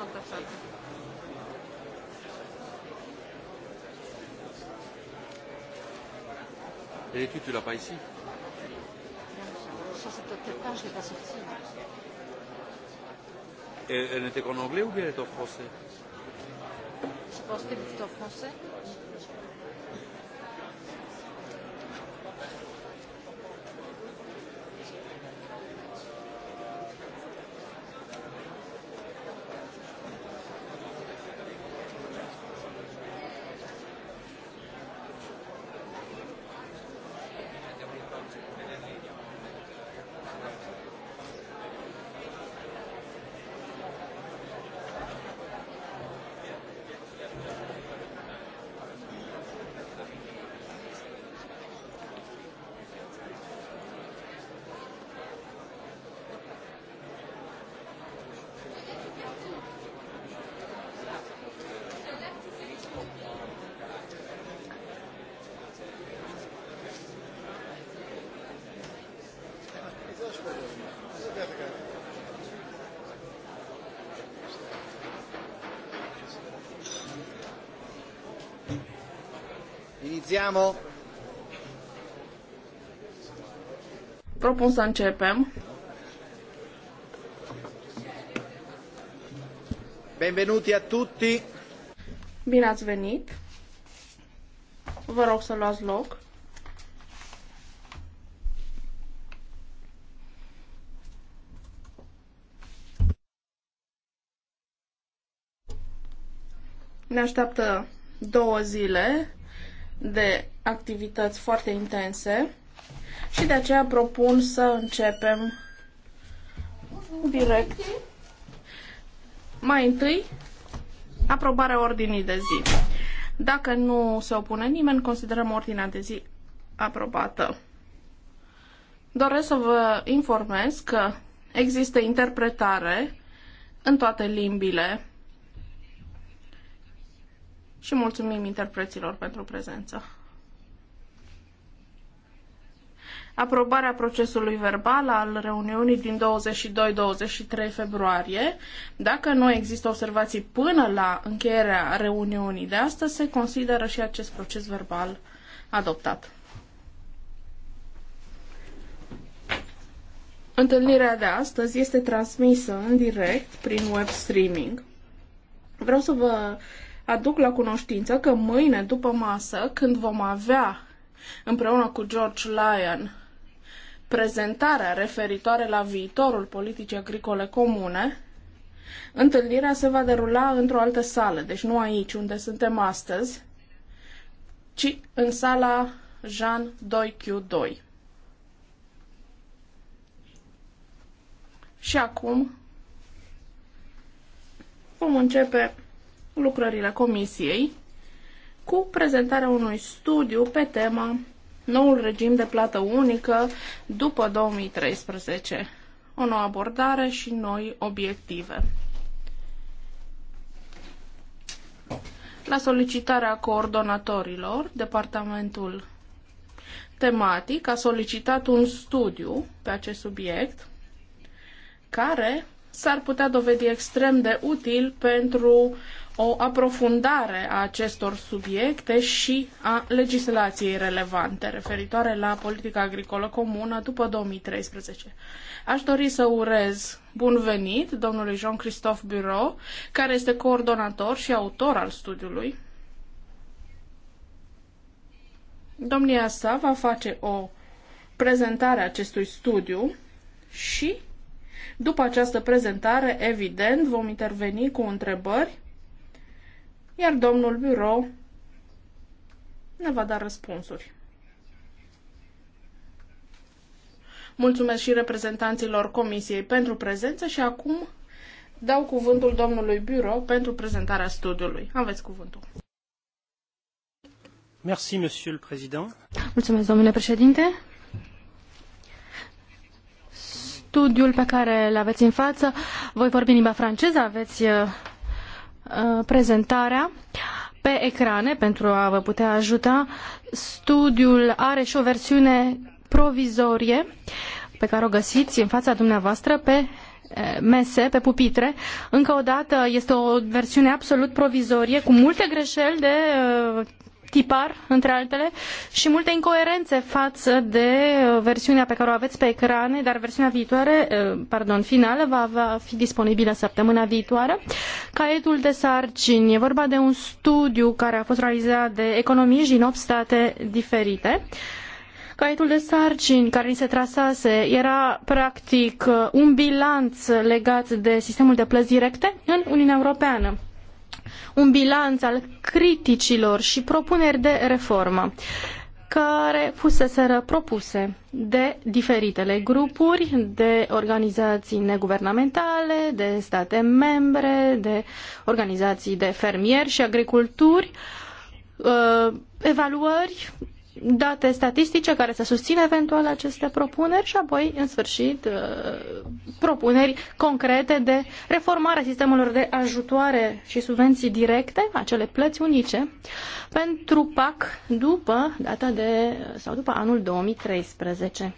halda fram. Et tu, tu l'as pas ici Ça, c'est peut-être je l'ai pas sorti. Et elle n'était qu'en anglais ou bien elle était en français Je pense qu'elle était en français. Iniziamo. Propun să începem. Benvenuti a tutti. Bine ați venit. Vă rog să luați loc. Ne așteaptă două zile de activități foarte intense și de aceea propun să începem direct. Mai întâi, aprobarea ordinii de zi. Dacă nu se opune nimeni, considerăm ordinea de zi aprobată. Doresc să vă informez că există interpretare în toate limbile și mulțumim interpreților pentru prezență. aprobarea procesului verbal al reuniunii din 22-23 februarie. Dacă nu există observații până la încheierea reuniunii de astăzi, se consideră și acest proces verbal adoptat. Întâlnirea de astăzi este transmisă în direct prin web streaming. Vreau să vă aduc la cunoștință că mâine după masă, când vom avea împreună cu George Lyon prezentarea referitoare la viitorul politicii agricole comune, întâlnirea se va derula într-o altă sală, deci nu aici unde suntem astăzi, ci în sala Jean 2Q2. Și acum vom începe lucrările Comisiei cu prezentarea unui studiu pe tema noul regim de plată unică după 2013, o nouă abordare și noi obiective. La solicitarea coordonatorilor, departamentul tematic a solicitat un studiu pe acest subiect care s-ar putea dovedi extrem de util pentru o aprofundare a acestor subiecte și a legislației relevante referitoare la politica agricolă comună după 2013. Aș dori să urez bun venit domnului Jean-Christophe Bureau, care este coordonator și autor al studiului. Domnia sa va face o prezentare a acestui studiu și după această prezentare, evident, vom interveni cu întrebări iar domnul birou ne va da răspunsuri. Mulțumesc și reprezentanților Comisiei pentru prezență și acum dau cuvântul domnului birou pentru prezentarea studiului. Aveți cuvântul. Merci, monsieur le président. Mulțumesc, domnule președinte. Studiul pe care îl aveți în față, voi vorbi în limba franceză, aveți uh, Uh, prezentarea pe ecrane pentru a vă putea ajuta. Studiul are și o versiune provizorie pe care o găsiți în fața dumneavoastră pe eh, mese, pe pupitre. Încă o dată este o versiune absolut provizorie cu multe greșeli de eh, tipar, între altele, și multe incoerențe față de uh, versiunea pe care o aveți pe ecrane, dar versiunea viitoare, uh, pardon, finală, va, va fi disponibilă săptămâna viitoare. Caietul de sarcini e vorba de un studiu care a fost realizat de economiști din 8 state diferite. Caietul de sarcini care li se trasase era practic uh, un bilanț legat de sistemul de plăți directe în Uniunea Europeană un bilanț al criticilor și propuneri de reformă care fuseseră propuse de diferitele grupuri, de organizații neguvernamentale, de state membre, de organizații de fermieri și agricultori, uh, evaluări date statistice care să susțină eventual aceste propuneri și apoi, în sfârșit, uh, propuneri concrete de reformare a sistemelor de ajutoare și subvenții directe, acele plăți unice, pentru PAC după data de sau după anul 2013.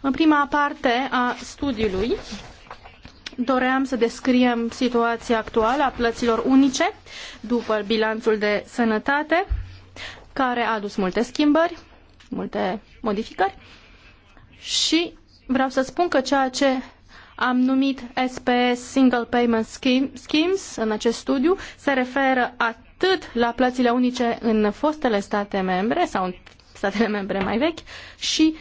În prima parte a studiului doream să descriem situația actuală a plăților unice după bilanțul de sănătate care a adus multe schimbări, multe modificări și vreau să spun că ceea ce am numit SPS Single Payment Schemes în acest studiu se referă atât la plățile unice în fostele state membre sau în statele membre mai vechi și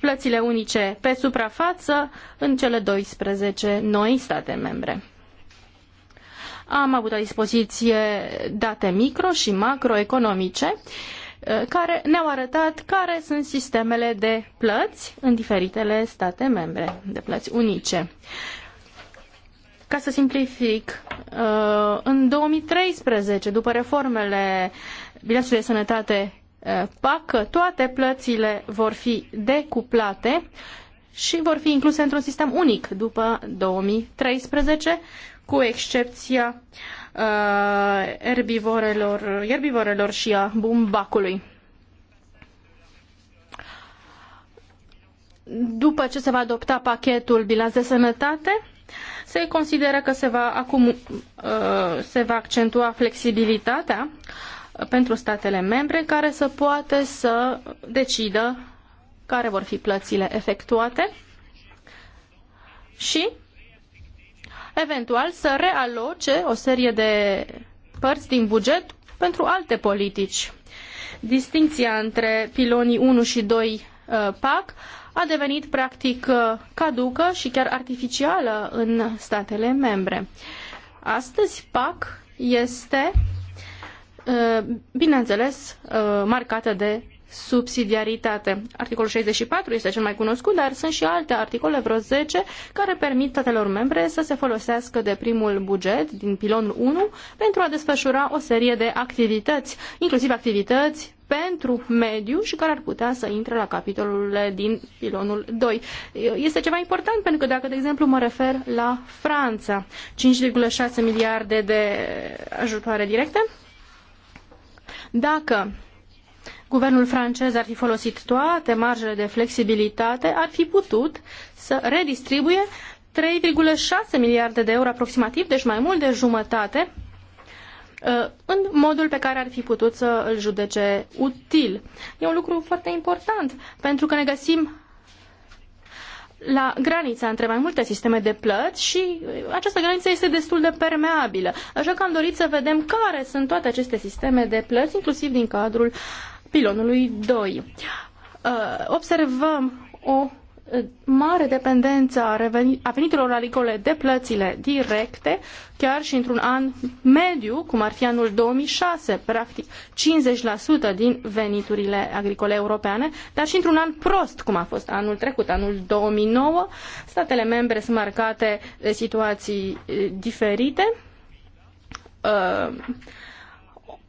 plățile unice pe suprafață în cele 12 noi state membre. Am avut la dispoziție date micro și macroeconomice eh, care ne-au arătat care sunt sistemele de plăți în diferitele state membre, de plăți unice. Ca să simplific, eh, în 2013, după reformele bilanțului de sănătate eh, PAC, toate plățile vor fi decuplate și vor fi incluse într-un sistem unic după 2013 cu excepția uh, erbivorelor, erbivorelor și a bumbacului. După ce se va adopta pachetul bilanț de sănătate, se consideră că se va, acum, uh, se va accentua flexibilitatea pentru statele membre care să poată să decidă care vor fi plățile efectuate și eventual să realoce o serie de părți din buget pentru alte politici. Distinția între pilonii 1 și 2 uh, PAC a devenit practic uh, caducă și chiar artificială în statele membre. Astăzi PAC este, uh, bineînțeles, marcată de subsidiaritate. Articolul 64 este cel mai cunoscut, dar sunt și alte articole, vreo 10, care permit statelor membre să se folosească de primul buget din pilonul 1 pentru a desfășura o serie de activități, inclusiv activități pentru mediu și care ar putea să intre la capitolul din pilonul 2. Este ceva important pentru că dacă, de exemplu, mă refer la Franța, 5,6 miliarde de ajutoare directe, dacă guvernul francez ar fi folosit toate marjele de flexibilitate, ar fi putut să redistribuie 3,6 miliarde de euro aproximativ, deci mai mult de jumătate, uh, în modul pe care ar fi putut să îl judece util. E un lucru foarte important, pentru că ne găsim la granița între mai multe sisteme de plăți și această graniță este destul de permeabilă. Așa că am dorit să vedem care sunt toate aceste sisteme de plăți, inclusiv din cadrul pilonului 2. Uh, observăm o uh, mare dependență a veniturilor agricole de plățile directe, chiar și într-un an mediu, cum ar fi anul 2006, practic 50% din veniturile agricole europene, dar și într-un an prost, cum a fost anul trecut, anul 2009. Statele membre sunt marcate de situații uh, diferite. Uh,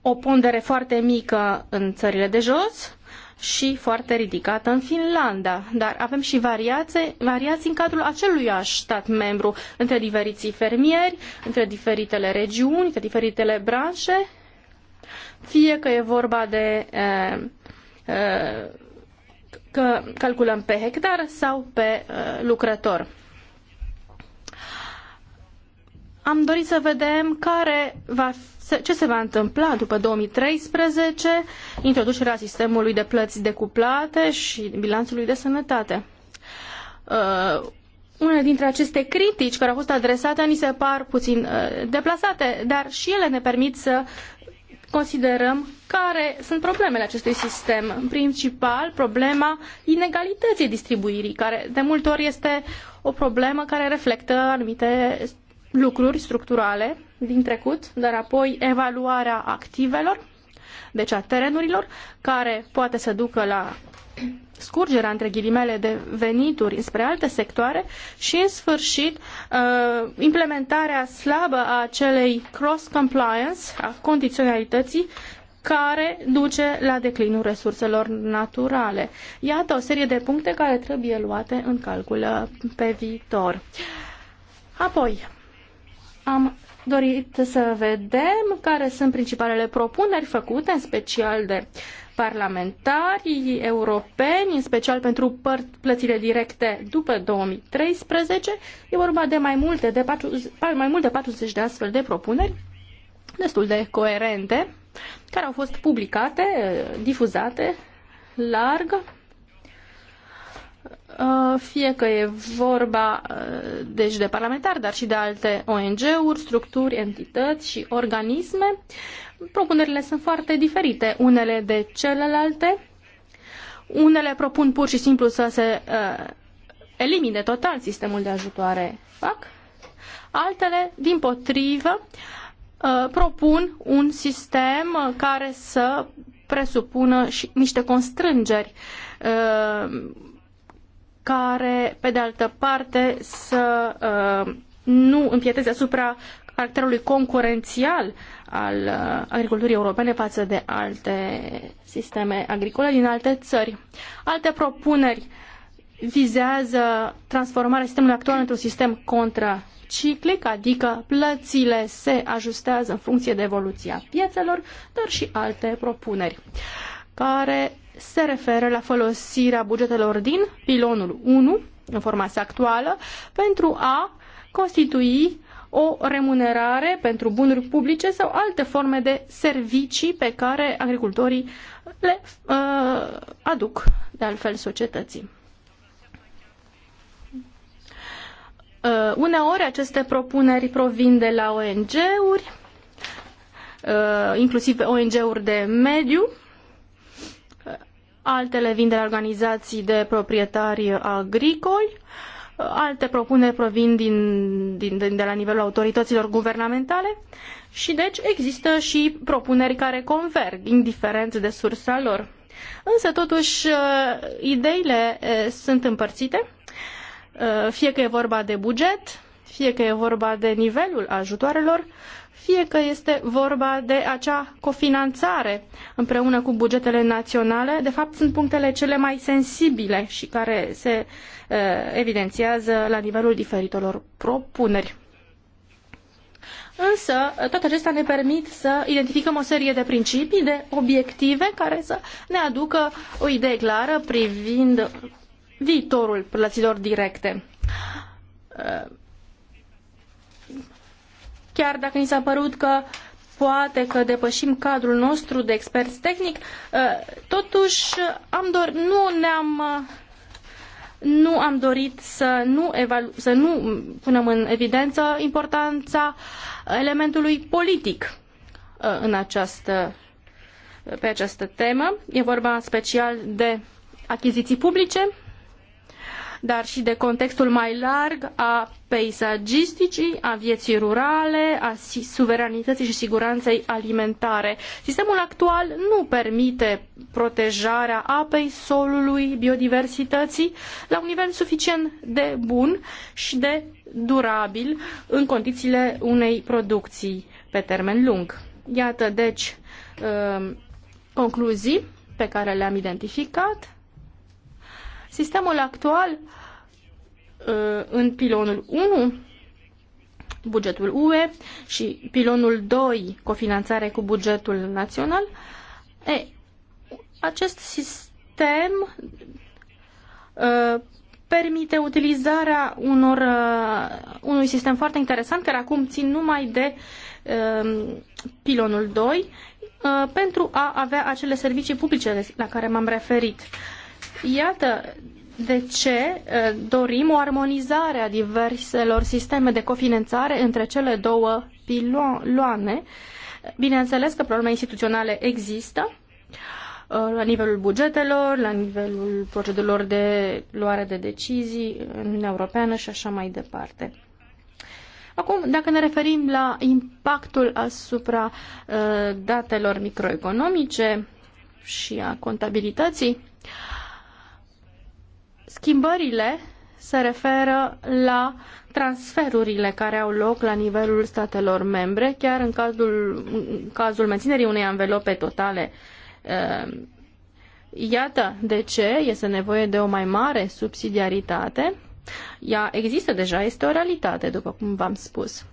o pondere foarte mică în țările de jos și foarte ridicată în Finlanda, dar avem și variații, variații în cadrul acelui stat membru între diferiții fermieri, între diferitele regiuni, între diferitele branșe, fie că e vorba de că calculăm pe hectar sau pe lucrător. am dorit să vedem care va, ce se va întâmpla după 2013, introducerea sistemului de plăți decuplate și bilanțului de sănătate. Uh, unele dintre aceste critici care au fost adresate ni se par puțin uh, deplasate, dar și ele ne permit să considerăm care sunt problemele acestui sistem. În principal, problema inegalității distribuirii, care de multe ori este o problemă care reflectă anumite lucruri structurale din trecut, dar apoi evaluarea activelor, deci a terenurilor, care poate să ducă la scurgerea între ghilimele de venituri spre alte sectoare și, în sfârșit, uh, implementarea slabă a acelei cross-compliance, a condiționalității, care duce la declinul resurselor naturale. Iată o serie de puncte care trebuie luate în calcul uh, pe viitor. Apoi, am dorit să vedem care sunt principalele propuneri făcute, în special de parlamentari europeni, în special pentru plățile directe după 2013. E vorba de mai multe de 40, mai mult de 40 de astfel de propuneri, destul de coerente, care au fost publicate, difuzate larg Uh, fie că e vorba uh, deci de parlamentari, dar și de alte ONG-uri, structuri, entități și organisme. Propunerile sunt foarte diferite unele de celelalte. Unele propun pur și simplu să se uh, elimine total sistemul de ajutoare PAC, altele, din potrivă, uh, propun un sistem care să presupună și niște constrângeri uh, care, pe de altă parte, să uh, nu împieteze asupra caracterului concurențial al uh, agriculturii europene față de alte sisteme agricole din alte țări. Alte propuneri vizează transformarea sistemului actual într-un sistem contraciclic, adică plățile se ajustează în funcție de evoluția piețelor, dar și alte propuneri care se referă la folosirea bugetelor din pilonul 1, în forma sa actuală, pentru a constitui o remunerare pentru bunuri publice sau alte forme de servicii pe care agricultorii le uh, aduc, de altfel, societății. Uh, uneori aceste propuneri provin de la ONG-uri, uh, inclusiv ONG-uri de mediu, altele vin de la organizații de proprietari agricoli, alte propuneri provin din, din, din, de la nivelul autorităților guvernamentale și deci există și propuneri care converg, indiferent de sursa lor. Însă, totuși, ideile eh, sunt împărțite, eh, fie că e vorba de buget, fie că e vorba de nivelul ajutoarelor, fie că este vorba de acea cofinanțare împreună cu bugetele naționale, de fapt sunt punctele cele mai sensibile și care se uh, evidențiază la nivelul diferitelor propuneri. Însă, toate acestea ne permit să identificăm o serie de principii, de obiective care să ne aducă o idee clară privind viitorul plăților directe. Uh, chiar dacă ni s-a părut că poate că depășim cadrul nostru de experți tehnic, ă, totuși am dor, nu ne-am ă, nu am dorit să nu, evalu- să nu punem în evidență importanța elementului politic ă, în această, pe această temă. E vorba special de achiziții publice, dar și de contextul mai larg a peisagisticii, a vieții rurale, a suveranității și siguranței alimentare. Sistemul actual nu permite protejarea apei, solului, biodiversității la un nivel suficient de bun și de durabil în condițiile unei producții pe termen lung. Iată, deci, uh, concluzii pe care le-am identificat Sistemul actual uh, în pilonul 1, bugetul UE, și pilonul 2, cofinanțare cu bugetul național, e, acest sistem uh, permite utilizarea unor, uh, unui sistem foarte interesant, care acum țin numai de um, pilonul 2, pentru a avea acele servicii publice la care m-am referit. Iată de ce dorim o armonizare a diverselor sisteme de cofinanțare între cele două piloane. Bineînțeles că probleme instituționale există la nivelul bugetelor, la nivelul procedurilor de luare de decizii în Uniunea Europeană și așa mai departe. Acum, dacă ne referim la impactul asupra datelor microeconomice și a contabilității, uh, Schimbările se referă la transferurile care au loc la nivelul statelor membre, chiar în cazul, în cazul menținerii unei anvelope totale. Ehm, iată de ce este nevoie de o mai mare subsidiaritate. Ea există deja, este o realitate, după cum v-am spus.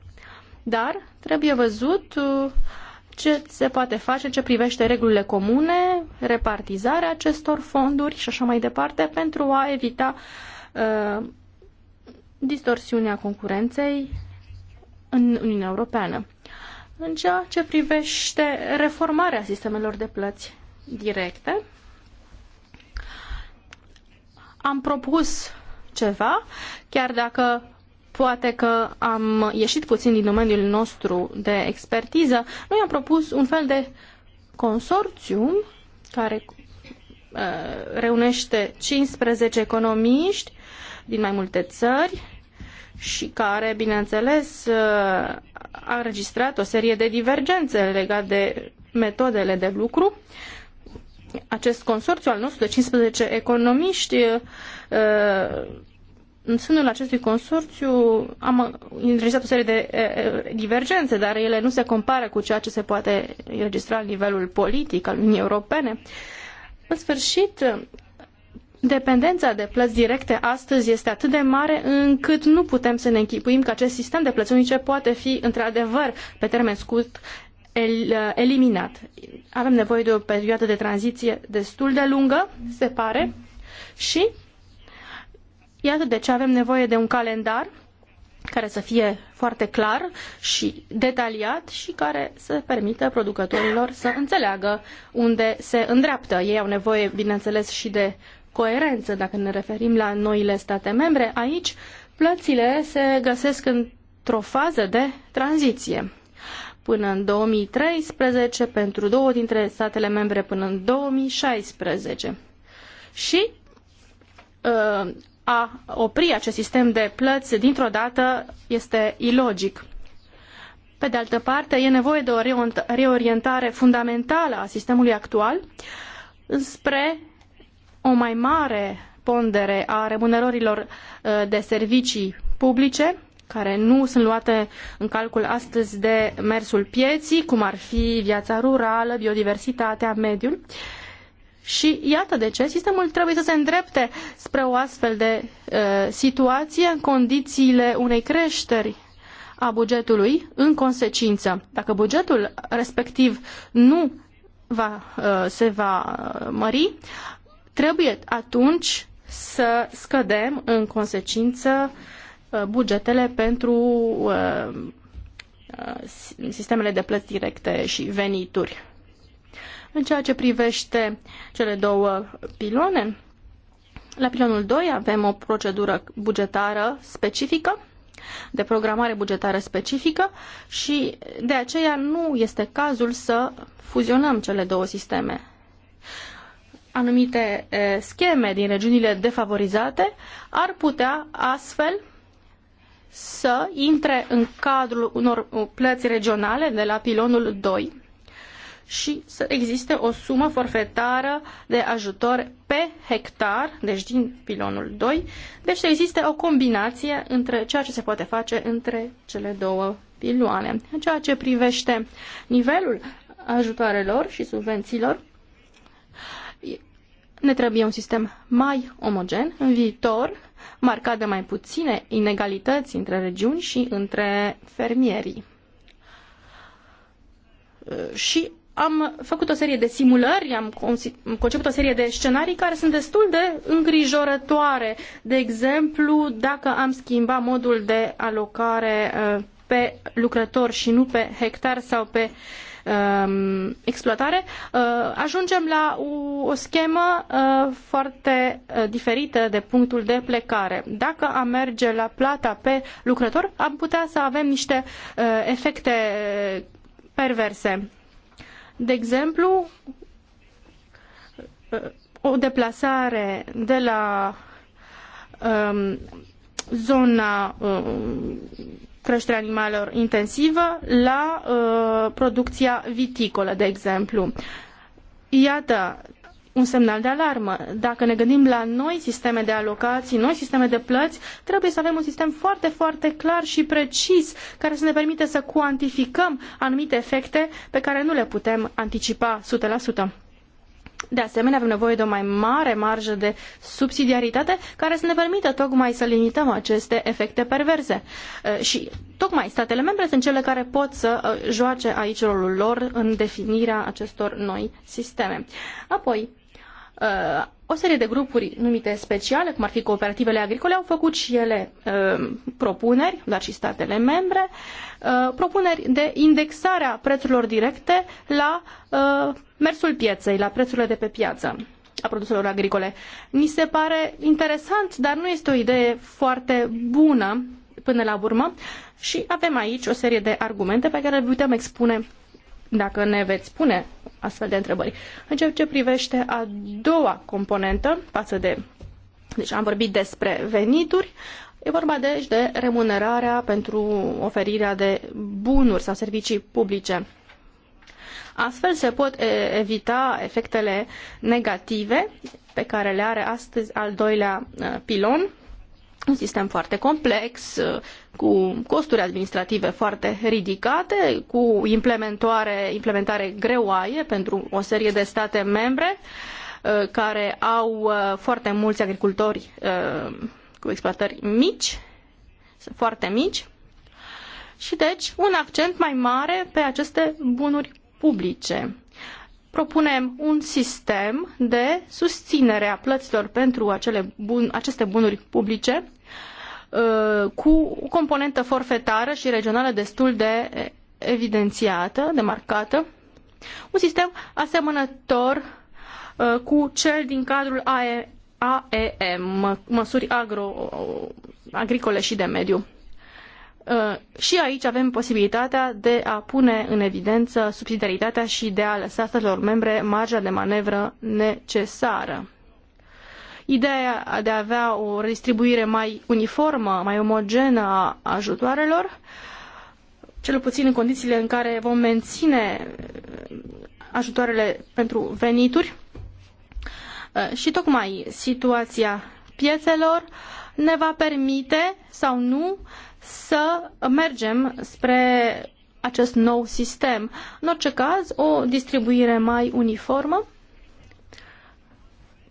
Dar trebuie văzut uh, ce se poate face în ce privește regulile comune, repartizarea acestor fonduri și așa mai departe, pentru a evita uh, distorsiunea concurenței în Uniunea Europeană. În ceea ce privește reformarea sistemelor de plăți directe, am propus ceva, chiar dacă Poate că am ieșit puțin din domeniul nostru de expertiză. Noi am propus un fel de consorțium care uh, reunește 15 economiști din mai multe țări și care, bineînțeles, uh, a înregistrat o serie de divergențe legate de metodele de lucru. Acest consorțiu al nostru de 15 economiști uh, în sânul acestui consorțiu am înregistrat o serie de divergențe, dar ele nu se compară cu ceea ce se poate înregistra la nivelul politic al Uniunii Europene. În sfârșit, dependența de plăți directe astăzi este atât de mare încât nu putem să ne închipuim că acest sistem de plăți unice poate fi, într-adevăr, pe termen scurt, eliminat. Avem nevoie de o perioadă de tranziție destul de lungă, se pare, și Iată de ce avem nevoie de un calendar care să fie foarte clar și detaliat și care să permită producătorilor să înțeleagă unde se îndreaptă. Ei au nevoie, bineînțeles, și de coerență dacă ne referim la noile state membre. Aici plățile se găsesc într-o fază de tranziție. Până în 2013, pentru două dintre statele membre până în 2016. Și uh, a opri acest sistem de plăți dintr-o dată este ilogic. Pe de altă parte, e nevoie de o reorientare fundamentală a sistemului actual spre o mai mare pondere a remunerărilor uh, de servicii publice, care nu sunt luate în calcul astăzi de mersul pieții, cum ar fi viața rurală, biodiversitatea, mediul. Uh, și iată de ce sistemul trebuie să se îndrepte spre o astfel de uh, situație în condițiile unei creșteri a bugetului în consecință. Dacă bugetul respectiv nu va, uh, se va uh, mări, trebuie atunci să scădem în consecință uh, bugetele pentru uh, sistemele de plăți directe și venituri. În ceea ce privește cele două piloane, la pilonul 2 avem o procedură bugetară specifică, de programare bugetară specifică și de aceea nu este cazul să fuzionăm cele două sisteme. Anumite scheme din regiunile defavorizate ar putea astfel să intre în cadrul unor plăți regionale de la pilonul 2 și să existe o sumă forfetară de ajutor pe hectar, deci din pilonul 2, deci să existe o combinație între ceea ce se poate face între cele două piloane. În ceea ce privește nivelul ajutoarelor și subvențiilor, ne trebuie un sistem mai omogen în viitor, marcat de mai puține inegalități între regiuni și între fermierii. Și am făcut o serie de simulări, am conceput o serie de scenarii care sunt destul de îngrijorătoare. De exemplu, dacă am schimba modul de alocare uh, pe lucrător și nu pe hectar sau pe um, exploatare, uh, ajungem la o schemă uh, foarte diferită de punctul de plecare. Dacă am merge la plata pe lucrător, am putea să avem niște efecte perverse de exemplu, o deplasare de la um, zona um, creșterea animalelor intensivă la uh, producția viticolă, de exemplu. Iată, un semnal de alarmă. Dacă ne gândim la noi sisteme de alocații, noi sisteme de plăți, trebuie să avem un sistem foarte, foarte clar și precis care să ne permite să cuantificăm anumite efecte pe care nu le putem anticipa 100%. De asemenea, avem nevoie de o mai mare marjă de subsidiaritate care să ne permită tocmai să limităm aceste efecte perverse. Și tocmai statele membre sunt cele care pot să joace aici rolul lor în definirea acestor noi sisteme. Apoi, uh, o serie de grupuri numite speciale, cum ar fi cooperativele agricole, au făcut și ele uh, propuneri, dar și statele membre, uh, propuneri de indexarea prețurilor directe la uh, mersul pieței, la prețurile de pe piață a produselor agricole. Ni se pare interesant, dar nu este o idee foarte bună până la urmă și avem aici o serie de argumente pe care le putem expune dacă ne veți pune astfel de întrebări. În ceea ce privește a doua componentă față de deci am vorbit despre venituri, e vorba deci de remunerarea pentru oferirea de bunuri sau servicii publice. Astfel se pot evita efectele negative pe care le are astăzi al doilea pilon un sistem foarte complex, cu costuri administrative foarte ridicate, cu implementare, implementare greoaie pentru o serie de state membre uh, care au uh, foarte mulți agricultori uh, cu exploatări mici, foarte mici, și deci un accent mai mare pe aceste bunuri publice propunem un sistem de susținere a plăților pentru acele bun, aceste bunuri publice uh, cu o componentă forfetară și regională destul de evidențiată, demarcată, un sistem asemănător uh, cu cel din cadrul AEM, măsuri agro, uh, agricole și de mediu. Uh, și aici avem posibilitatea de a pune în evidență subsidiaritatea și de a lăsa statelor membre marja de manevră necesară. Ideea de a avea o redistribuire mai uniformă, mai omogenă a ajutoarelor, cel puțin în condițiile în care vom menține uh, ajutoarele pentru venituri uh, și tocmai situația piețelor ne va permite sau nu să mergem spre acest nou sistem. În orice caz, o distribuire mai uniformă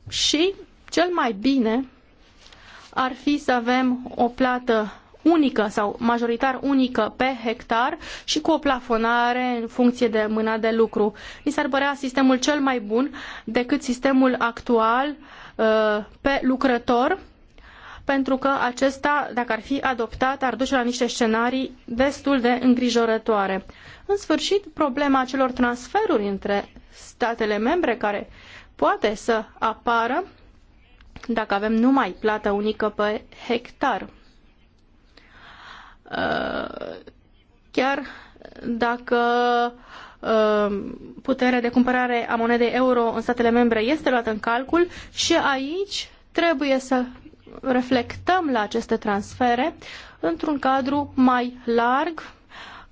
și cel mai bine ar fi să avem o plată unică sau majoritar unică pe hectar și cu o plafonare în funcție de mâna de lucru. Mi s-ar părea sistemul cel mai bun decât sistemul actual uh, pe lucrător pentru că acesta, dacă ar fi adoptat, ar duce la niște scenarii destul de îngrijorătoare. În sfârșit, problema celor transferuri între statele membre care poate să apară dacă avem numai plată unică pe hectar. Uh, chiar dacă uh, puterea de cumpărare a monedei euro în statele membre este luată în calcul și aici trebuie să reflectăm la aceste transfere într-un cadru mai larg,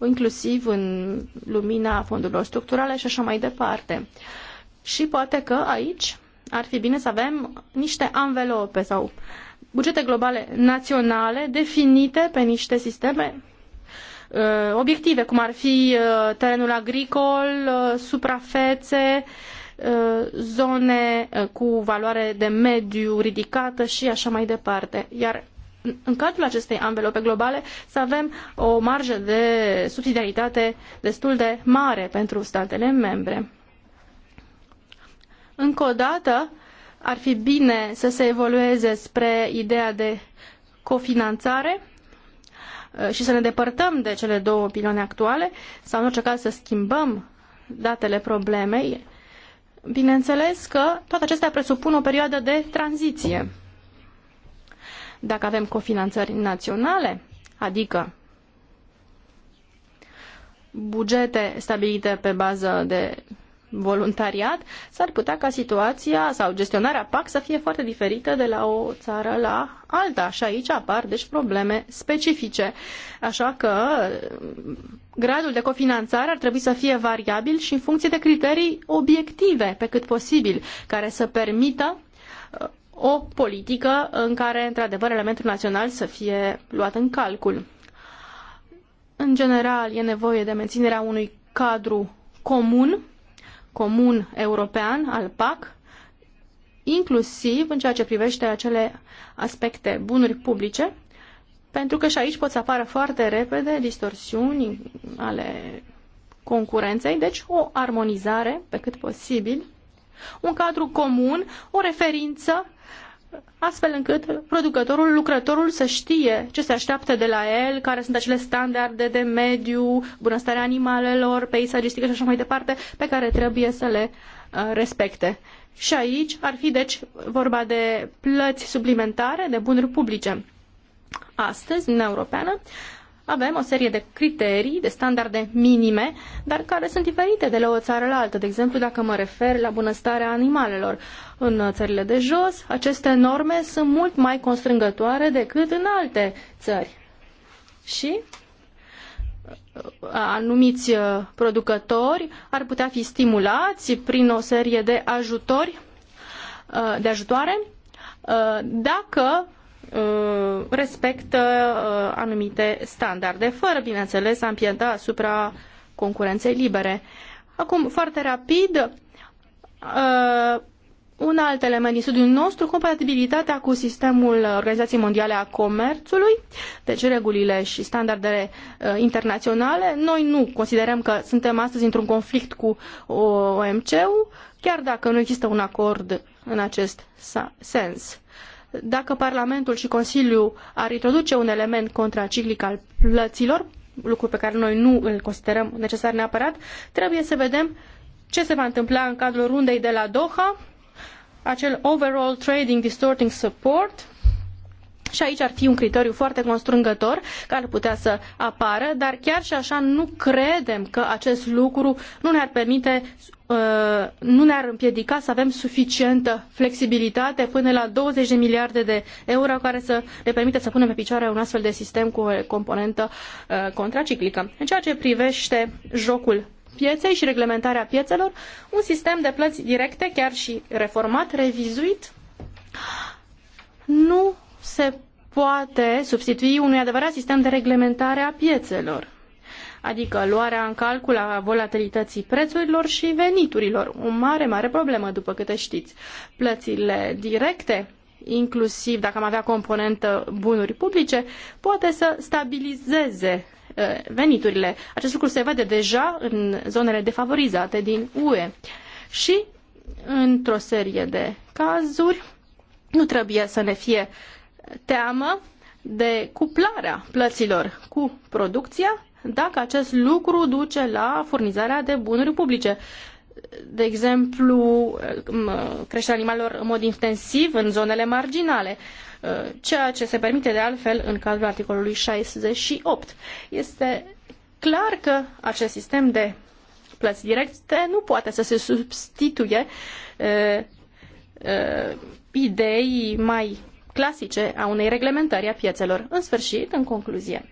inclusiv în lumina fondurilor structurale și așa mai departe. Și poate că aici ar fi bine să avem niște anvelope sau bugete globale naționale definite pe niște sisteme uh, obiective, cum ar fi uh, terenul agricol, uh, suprafețe, Uh, zone uh, cu valoare de mediu ridicată și așa mai departe. Iar în cadrul acestei anvelope globale să avem o marjă de subsidiaritate destul de mare pentru statele membre. Încă o dată, ar fi bine să se evolueze spre ideea de cofinanțare uh, și să ne depărtăm de cele două piloane actuale sau în orice caz să schimbăm datele problemei Bineînțeles că toate acestea presupun o perioadă de tranziție. Dacă avem cofinanțări naționale, adică bugete stabilite pe bază de voluntariat, s-ar putea ca situația sau gestionarea PAC să fie foarte diferită de la o țară la alta și aici apar deci probleme specifice. Așa că gradul de cofinanțare ar trebui să fie variabil și în funcție de criterii obiective, pe cât posibil, care să permită uh, o politică în care, într-adevăr, elementul național să fie luat în calcul. În general, e nevoie de menținerea unui cadru comun, comun european al PAC, inclusiv în ceea ce privește acele aspecte bunuri publice pentru că și aici pot să apară foarte repede distorsiuni ale concurenței, deci o armonizare pe cât posibil, un cadru comun, o referință, astfel încât producătorul, lucrătorul să știe ce se așteaptă de la el, care sunt acele standarde de mediu, bunăstarea animalelor, peisagistică și așa mai departe, pe care trebuie să le uh, respecte. Și aici ar fi, deci, vorba de plăți suplimentare, de bunuri publice. Astăzi, în Europeană, avem o serie de criterii, de standarde minime, dar care sunt diferite de la o țară la alta. De exemplu, dacă mă refer la bunăstarea animalelor în țările de jos, aceste norme sunt mult mai constrângătoare decât în alte țări. Și uh, anumiți uh, producători ar putea fi stimulați prin o serie de ajutori, uh, de ajutoare, dacă Uh, respectă uh, anumite standarde, fără, bineînțeles, a împieta asupra concurenței libere. Acum, foarte rapid, uh, un alt element din studiul nostru, compatibilitatea cu sistemul Organizației Mondiale a Comerțului, deci regulile și standardele internaționale. Noi nu considerăm că suntem astăzi într-un conflict cu OMC-ul, chiar dacă nu există un acord în acest sens. Dacă Parlamentul și Consiliul ar introduce un element contraciclic al plăților, lucru pe care noi nu îl considerăm necesar neapărat, trebuie să vedem ce se va întâmpla în cadrul rundei de la Doha, acel Overall Trading Distorting Support, și aici ar fi un criteriu foarte constrângător care ar putea să apară, dar chiar și așa nu credem că acest lucru nu ne-ar permite uh, nu ne-ar împiedica să avem suficientă flexibilitate până la 20 de miliarde de euro care să ne permită să punem pe picioare un astfel de sistem cu o componentă uh, contraciclică. În ceea ce privește jocul pieței și reglementarea piețelor, un sistem de plăți directe, chiar și reformat, revizuit, nu se poate substitui unui adevărat sistem de reglementare a piețelor, adică luarea în calcul a volatilității prețurilor și veniturilor, o mare, mare problemă, după câte știți. Plățile directe, inclusiv dacă am avea componentă bunuri publice, poate să stabilizeze eh, veniturile. Acest lucru se vede deja în zonele defavorizate din UE. Și, într-o serie de cazuri, nu trebuie să ne fie teamă de cuplarea plăților cu producția dacă acest lucru duce la furnizarea de bunuri publice. De exemplu, creșterea animalelor în mod intensiv în zonele marginale, uh, ceea ce se permite de altfel în cadrul articolului 68. Este clar că acest sistem de plăți directe nu poate să se substituie uh, uh, idei mai clasice a unei reglementări a piețelor. În sfârșit, în concluzie,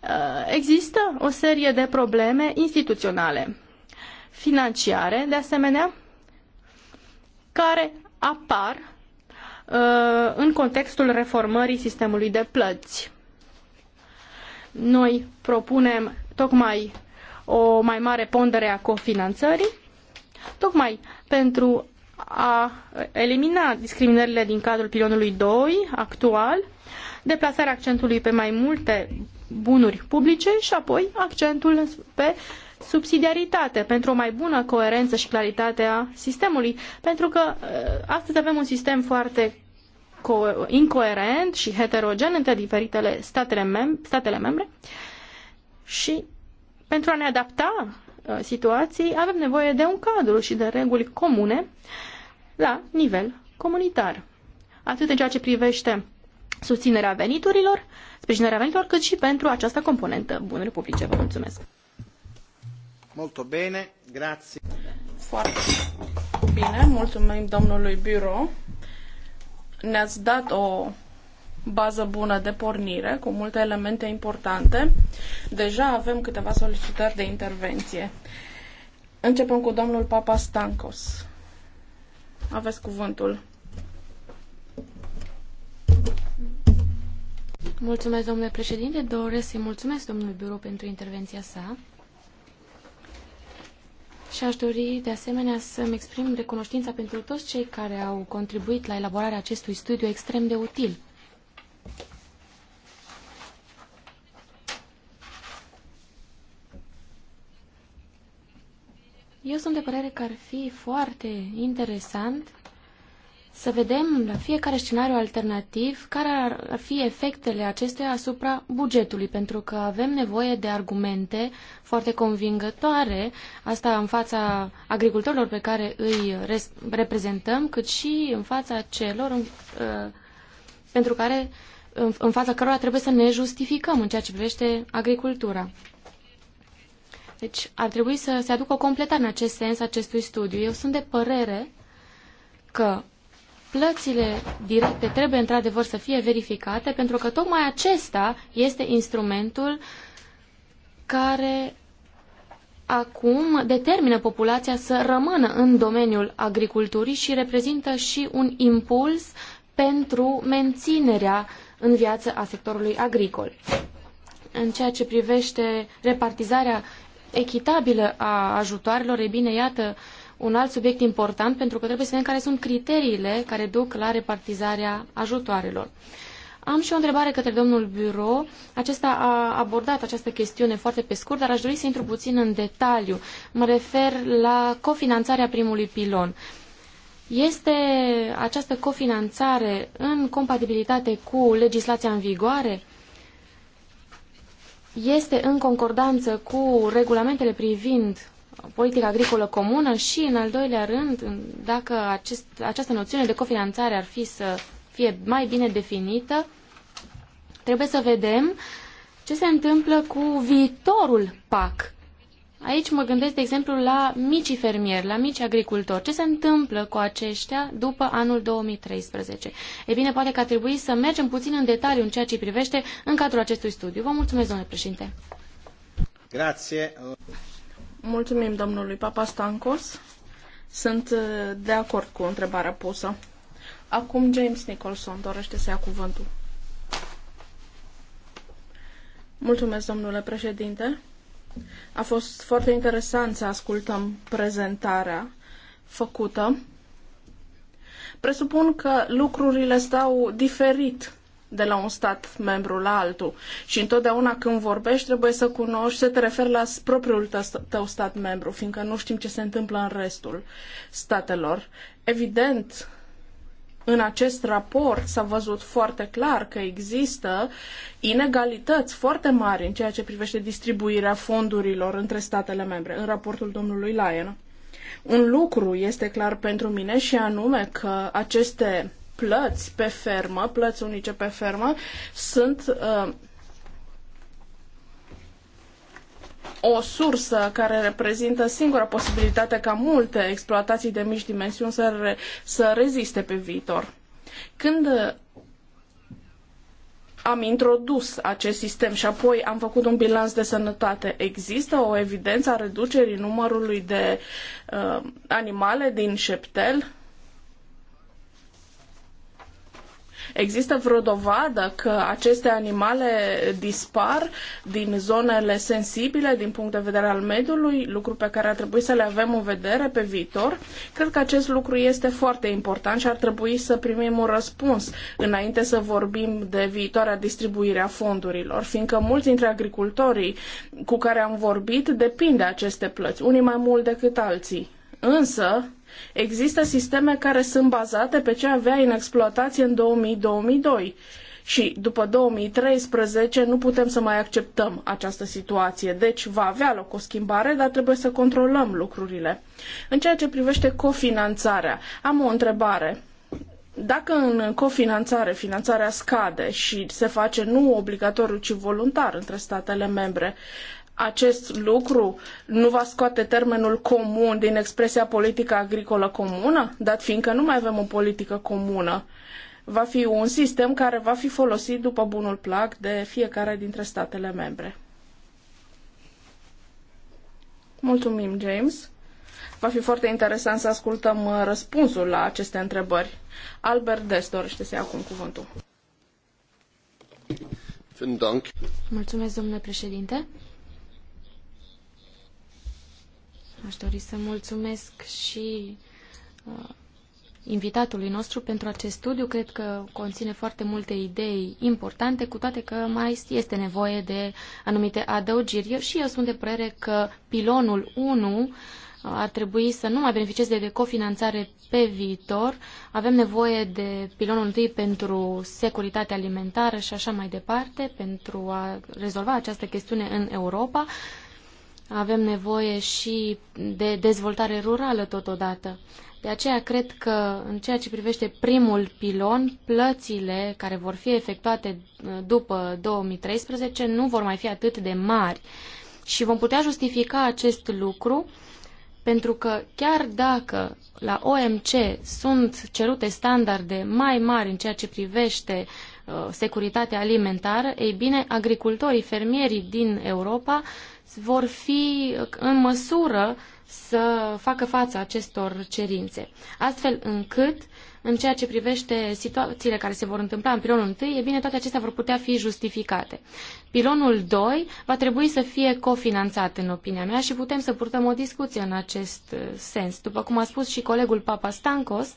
uh, există o serie de probleme instituționale, financiare, de asemenea, care apar uh, în contextul reformării sistemului de plăți. Noi propunem tocmai o mai mare pondere a cofinanțării, tocmai pentru a elimina discriminările din cadrul pilonului 2 actual, deplasarea accentului pe mai multe bunuri publice și apoi accentul pe subsidiaritate pentru o mai bună coerență și claritate a sistemului. Pentru că uh, astăzi avem un sistem foarte incoerent și heterogen între diferitele statele, mem statele membre și pentru a ne adapta Uh, situații, avem nevoie de un cadru și de reguli comune la nivel comunitar. Atât în ceea ce privește susținerea veniturilor, sprijinirea veniturilor, cât și pentru această componentă. Bun, Republice, vă mulțumesc! Molto bene, grazie. Foarte bine, mulțumim domnului Biro. Ne-ați dat o bază bună de pornire, cu multe elemente importante. Deja avem câteva solicitări de intervenție. Începem cu domnul Papa Stancos. Aveți cuvântul. Mulțumesc, domnule președinte. Doresc să-i mulțumesc domnului Biro pentru intervenția sa. Și aș dori, de asemenea, să-mi exprim recunoștința pentru toți cei care au contribuit la elaborarea acestui studiu extrem de util. Eu sunt de părere că ar fi foarte interesant să vedem la fiecare scenariu alternativ care ar fi efectele acesteia asupra bugetului, pentru că avem nevoie de argumente foarte convingătoare, asta în fața agricultorilor pe care îi reprezentăm, cât și în fața celor în, ă, pentru care, în, în fața cărora trebuie să ne justificăm în ceea ce privește agricultura. Deci ar trebui să se aducă o completare în acest sens acestui studiu. Eu sunt de părere că plățile directe trebuie într-adevăr să fie verificate pentru că tocmai acesta este instrumentul care acum determină populația să rămână în domeniul agriculturii și reprezintă și un impuls pentru menținerea în viață a sectorului agricol. În ceea ce privește repartizarea echitabilă a ajutoarelor, e bine, iată un alt subiect important, pentru că trebuie să vedem care sunt criteriile care duc la repartizarea ajutoarelor. Am și o întrebare către domnul Buro. Acesta a abordat această chestiune foarte pe scurt, dar aș dori să intru puțin în detaliu. Mă refer la cofinanțarea primului pilon. Este această cofinanțare în compatibilitate cu legislația în vigoare? este în concordanță cu regulamentele privind politica agricolă comună și, în al doilea rând, dacă acest, această noțiune de cofinanțare ar fi să fie mai bine definită, trebuie să vedem ce se întâmplă cu viitorul PAC. Aici mă gândesc, de exemplu, la micii fermieri, la mici agricultori. Ce se întâmplă cu aceștia după anul 2013? E bine, poate că ar trebui să mergem puțin în detaliu în ceea ce privește în cadrul acestui studiu. Vă mulțumesc, domnule președinte. Grație. Mulțumim domnului Papa Stancos. Sunt uh, de acord cu întrebarea pusă. Acum James Nicholson dorește să ia cuvântul. Mulțumesc, domnule președinte. A fost foarte interesant să ascultăm prezentarea făcută. Presupun că lucrurile stau diferit de la un stat membru la altul și întotdeauna când vorbești trebuie să cunoști, să te referi la propriul tău stat membru, fiindcă nu știm ce se întâmplă în restul statelor. Evident, în acest raport s-a văzut foarte clar că există inegalități foarte mari în ceea ce privește distribuirea fondurilor între statele membre, în raportul domnului Lyon. Un lucru este clar pentru mine și anume că aceste plăți pe fermă, plăți unice pe fermă, sunt uh, o sursă care reprezintă singura posibilitate ca multe exploatații de mici dimensiuni să, re, să reziste pe viitor. Când am introdus acest sistem și apoi am făcut un bilanț de sănătate. Există o evidență a reducerii numărului de uh, animale din șeptel? Există vreo dovadă că aceste animale dispar din zonele sensibile din punct de vedere al mediului, lucru pe care ar trebui să le avem în vedere pe viitor? Cred că acest lucru este foarte important și ar trebui să primim un răspuns înainte să vorbim de viitoarea distribuire a fondurilor, fiindcă mulți dintre agricultorii cu care am vorbit depind de aceste plăți, unii mai mult decât alții. Însă, Există sisteme care sunt bazate pe ce avea în exploatație în 2000-2002 și după 2013 nu putem să mai acceptăm această situație. Deci va avea loc o schimbare, dar trebuie să controlăm lucrurile. În ceea ce privește cofinanțarea, am o întrebare. Dacă în cofinanțare finanțarea scade și se face nu obligatoriu, ci voluntar între statele membre, acest lucru nu va scoate termenul comun din expresia politică agricolă comună, dat fiindcă nu mai avem o politică comună. Va fi un sistem care va fi folosit după bunul plac de fiecare dintre statele membre. Mulțumim, James. Va fi foarte interesant să ascultăm uh, răspunsul la aceste întrebări. Albert Des dorește să ia acum cuvântul. Mulțumesc, domnule președinte. Aș dori să mulțumesc și uh, invitatului nostru pentru acest studiu. Cred că conține foarte multe idei importante, cu toate că mai este nevoie de anumite adăugiri. Și eu sunt de părere că pilonul 1 uh, ar trebui să nu mai beneficieze de cofinanțare pe viitor. Avem nevoie de pilonul întâi pentru securitatea alimentară și așa mai departe, pentru a rezolva această chestiune în Europa avem nevoie și de dezvoltare rurală totodată. De aceea cred că în ceea ce privește primul pilon, plățile care vor fi efectuate uh, după 2013 nu vor mai fi atât de mari. Și vom putea justifica acest lucru pentru că chiar dacă la OMC sunt cerute standarde mai mari în ceea ce privește uh, securitatea alimentară, ei bine, agricultorii, fermierii din Europa vor fi în măsură să facă față acestor cerințe. Astfel încât, în ceea ce privește situațiile care se vor întâmpla în pilonul 1, e bine, toate acestea vor putea fi justificate. Pilonul 2 va trebui să fie cofinanțat, în opinia mea, și putem să purtăm o discuție în acest uh, sens. După cum a spus și colegul Papa Stancos,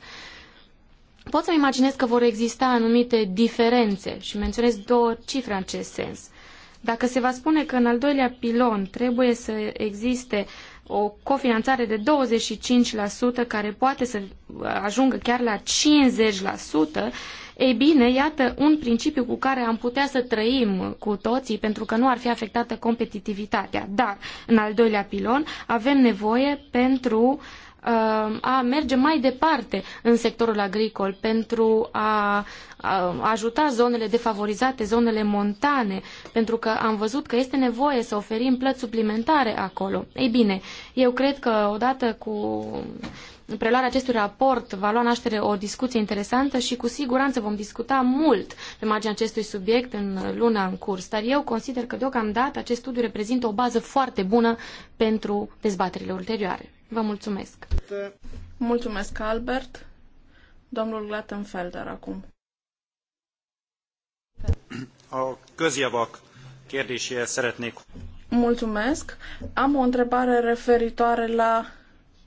pot să-mi imaginez că vor exista anumite diferențe și menționez două cifre în acest sens. Dacă se va spune că în al doilea pilon trebuie să existe o cofinanțare de 25% care poate să ajungă chiar la 50%, ei bine, iată un principiu cu care am putea să trăim cu toții pentru că nu ar fi afectată competitivitatea. Dar, în al doilea pilon, avem nevoie pentru uh, Um, a merge mai departe în sectorul agricol pentru a ajuta zonele defavorizate, zonele montane, pentru că am văzut că este nevoie să oferim plăți suplimentare acolo. Ei bine, eu cred că odată cu preluarea acestui raport va lua naștere o discuție interesantă și cu siguranță vom discuta mult pe marginea acestui subiect în luna în curs. Dar eu consider că deocamdată acest studiu reprezintă o bază foarte bună pentru dezbaterile ulterioare. Vă mulțumesc! Mulțumesc, Albert! Domnul Glattenfelder acum. A közjavak kérdéséhez szeretnék. Mulțumesc. Am o întrebare referitoare la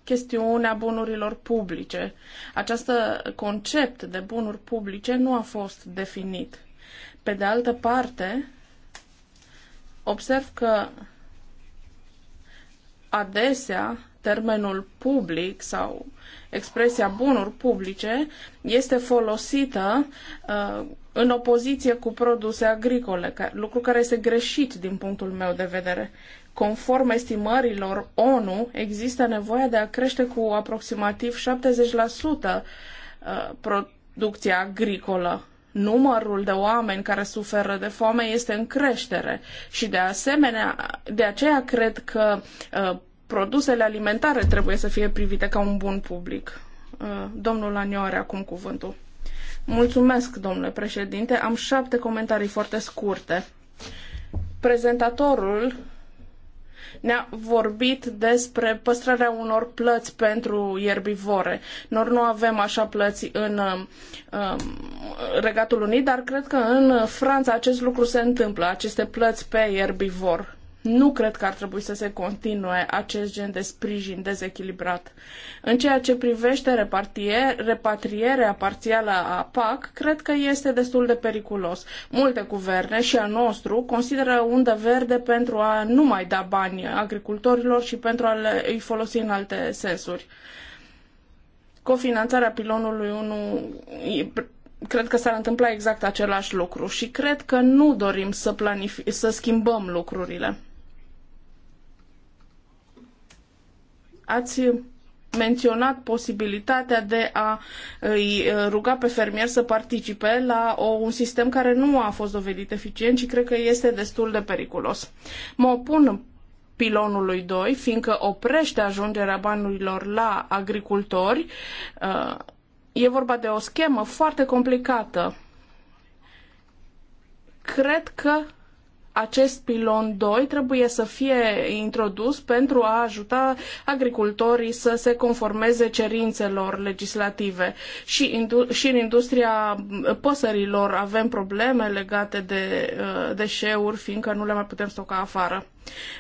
chestiunea bunurilor publice. Acest concept de bunuri publice nu a fost definit. Pe de altă parte, observ că adesea termenul public sau expresia bunuri publice este folosită uh, în opoziție cu produse agricole, lucru care este greșit din punctul meu de vedere. Conform estimărilor ONU, există nevoia de a crește cu aproximativ 70% uh, producția agricolă. Numărul de oameni care suferă de foame este în creștere și de asemenea, de aceea cred că uh, produsele alimentare trebuie să fie privite ca un bun public. Uh, domnul Anio are acum cuvântul. Mulțumesc, domnule președinte. Am șapte comentarii foarte scurte. Prezentatorul ne-a vorbit despre păstrarea unor plăți pentru ierbivore. Noi nu avem așa plăți în uh, Regatul Unit, dar cred că în Franța acest lucru se întâmplă, aceste plăți pe ierbivor. Nu cred că ar trebui să se continue acest gen de sprijin dezechilibrat. În ceea ce privește repatrierea parțială a PAC, cred că este destul de periculos. Multe guverne și al nostru consideră undă verde pentru a nu mai da bani agricultorilor și pentru a le, îi folosi în alte sensuri. Cofinanțarea pilonului 1 cred că s-ar întâmpla exact același lucru și cred că nu dorim să, planific- să schimbăm lucrurile. Ați menționat posibilitatea de a îi eh, ruga pe fermier să participe la o, un sistem care nu a fost dovedit eficient și cred că este destul de periculos. Mă opun pilonului 2, fiindcă oprește ajungerea banilor la agricultori. Eh, e vorba de o schemă foarte complicată. Cred că acest pilon 2 trebuie să fie introdus pentru a ajuta agricultorii să se conformeze cerințelor legislative. Și, indu- și în industria păsărilor avem probleme legate de uh, deșeuri, fiindcă nu le mai putem stoca afară.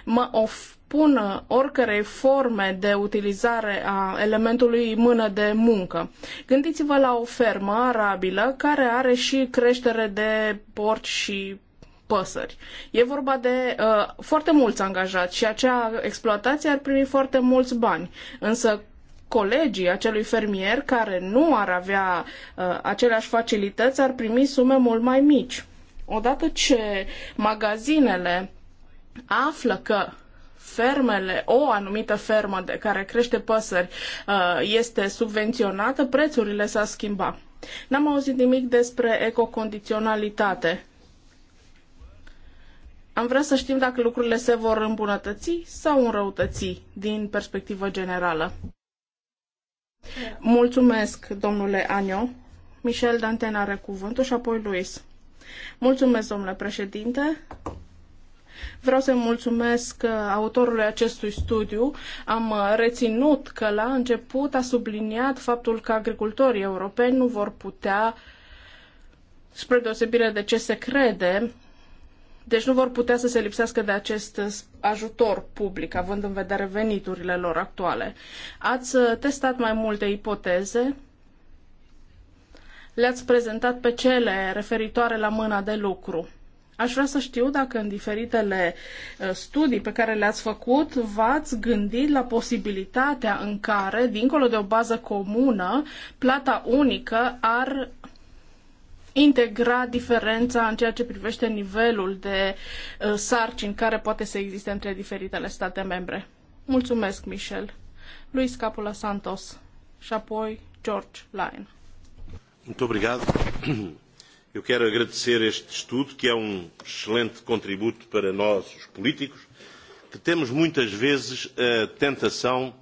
Mă of- pună oricărei forme de utilizare a elementului mână de muncă. Gândiți-vă la o fermă arabilă care are și creștere de porci și păsări. E vorba de uh, foarte mulți angajați și acea exploatație ar primi foarte mulți bani. Însă colegii acelui fermier care nu ar avea uh, aceleași facilități ar primi sume mult mai mici. Odată ce magazinele află că fermele, o anumită fermă de care crește păsări uh, este subvenționată, prețurile s au schimbat. N-am auzit nimic despre ecocondiționalitate. Am vrea să știm dacă lucrurile se vor îmbunătăți sau înrăutăți din perspectivă generală. Mulțumesc, domnule Anio. Michel Danten are cuvântul și apoi Luis. Mulțumesc, domnule președinte. Vreau să mulțumesc uh, autorului acestui studiu. Am uh, reținut că la început a subliniat faptul că agricultorii europeni nu vor putea, spre deosebire de ce se crede, deci nu vor putea să se lipsească de acest uh, ajutor public, având în vedere veniturile lor actuale. Ați uh, testat mai multe ipoteze, le-ați prezentat pe cele referitoare la mâna de lucru. Aș vrea să știu dacă în diferitele uh, studii pe care le-ați făcut v-ați gândit la posibilitatea în care, dincolo de o bază comună, plata unică ar integra diferența în ceea ce privește nivelul de uh, sarcini care poate să existe între diferitele state membre. Mulțumesc, Michel. Luis Capula Santos și apoi George Lyon. Muito obrigado. Eu quero agradecer este estudo, que é um excelente contributo para nós, os políticos, que temos muitas vezes a tentação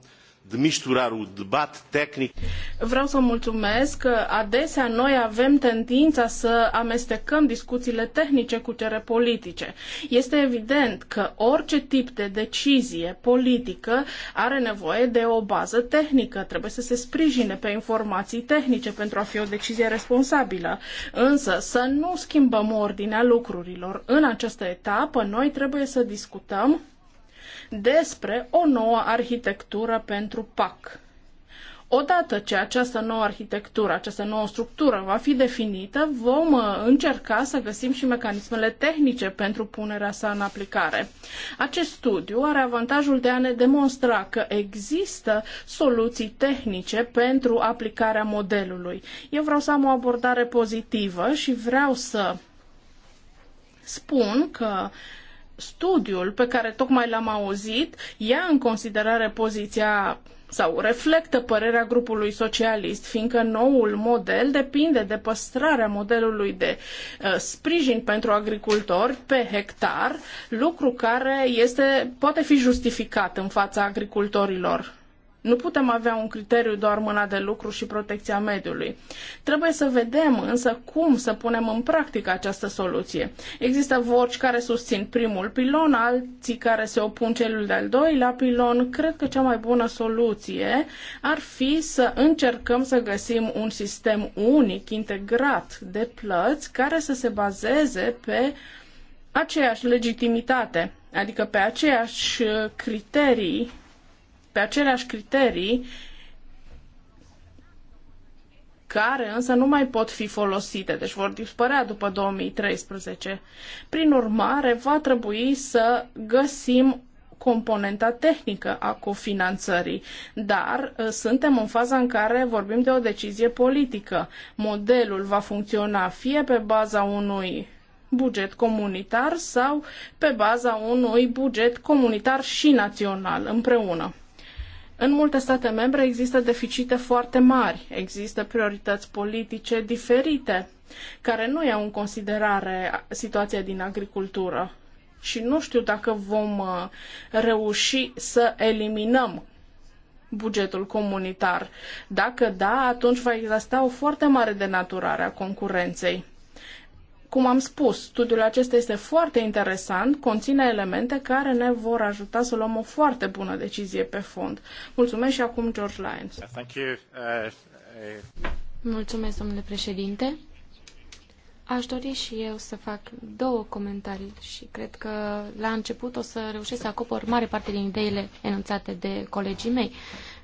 de tehnic. Vreau să mulțumesc că adesea noi avem tendința să amestecăm discuțiile tehnice cu cele politice. Este evident că orice tip de decizie politică are nevoie de o bază tehnică. Trebuie să se sprijine pe informații tehnice pentru a fi o decizie responsabilă. Însă să nu schimbăm ordinea lucrurilor. În această etapă noi trebuie să discutăm despre o nouă arhitectură pentru PAC. Odată ce această nouă arhitectură, această nouă structură va fi definită, vom uh, încerca să găsim și mecanismele tehnice pentru punerea sa în aplicare. Acest studiu are avantajul de a ne demonstra că există soluții tehnice pentru aplicarea modelului. Eu vreau să am o abordare pozitivă și vreau să spun că uh, studiul pe care tocmai l-am auzit ia în considerare poziția sau reflectă părerea grupului socialist, fiindcă noul model depinde de păstrarea modelului de uh, sprijin pentru agricultori pe hectar, lucru care este, poate fi justificat în fața agricultorilor nu putem avea un criteriu doar mâna de lucru și protecția mediului. Trebuie să vedem însă cum să punem în practică această soluție. Există voci care susțin primul pilon, alții care se opun celui de-al doilea pilon. Cred că cea mai bună soluție ar fi să încercăm să găsim un sistem unic, integrat de plăți care să se bazeze pe aceeași legitimitate, adică pe aceeași criterii pe aceleași criterii care însă nu mai pot fi folosite, deci vor dispărea după 2013. Prin urmare, va trebui să găsim componenta tehnică a cofinanțării, dar ă, suntem în faza în care vorbim de o decizie politică. Modelul va funcționa fie pe baza unui buget comunitar sau pe baza unui buget comunitar și național împreună. În multe state membre există deficite foarte mari, există priorități politice diferite care nu iau în considerare situația din agricultură. Și nu știu dacă vom uh, reuși să eliminăm bugetul comunitar. Dacă da, atunci va exista o foarte mare denaturare a concurenței. Cum am spus, studiul acesta este foarte interesant, conține elemente care ne vor ajuta să luăm o foarte bună decizie pe fond. Mulțumesc și acum George Lyons. Uh, uh, Mulțumesc, domnule președinte. Aș dori și eu să fac două comentarii și cred că la început o să reușesc să acopăr mare parte din ideile enunțate de colegii mei.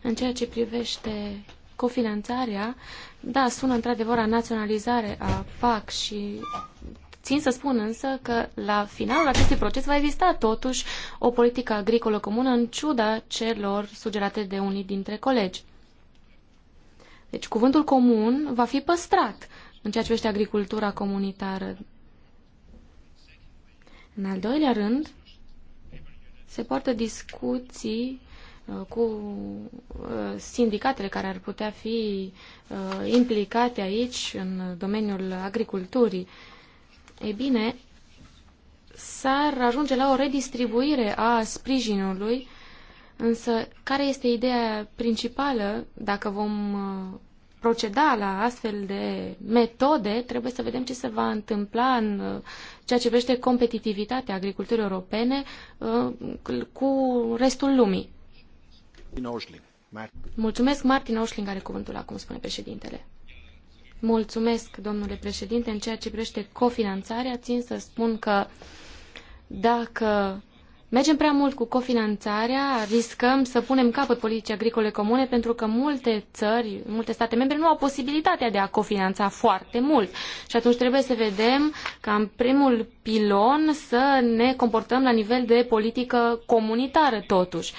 În ceea ce privește cofinanțarea, da, sună într-adevăr a naționalizare a PAC și țin să spun însă că la finalul acestui proces va exista totuși o politică agricolă comună în ciuda celor sugerate de unii dintre colegi. Deci cuvântul comun va fi păstrat în ceea ce vește agricultura comunitară. În al doilea rând, se poartă discuții Uh, cu uh, sindicatele care ar putea fi uh, implicate aici în domeniul agriculturii, e bine, s-ar ajunge la o redistribuire a sprijinului, însă care este ideea principală dacă vom proceda la astfel de metode, trebuie să vedem ce se va întâmpla în ceea ce privește competitivitatea agriculturii europene cu restul lumii. Mulțumesc, Martin are cuvântul acum, spune președintele. Mulțumesc, domnule președinte. În ceea ce privește cofinanțarea, țin să spun că dacă mergem prea mult cu cofinanțarea, riscăm să punem capăt politicii agricole comune pentru că multe țări, multe state membre nu au posibilitatea de a cofinanța foarte mult. Și atunci trebuie să vedem ca în primul pilon să ne comportăm la nivel de politică comunitară totuși.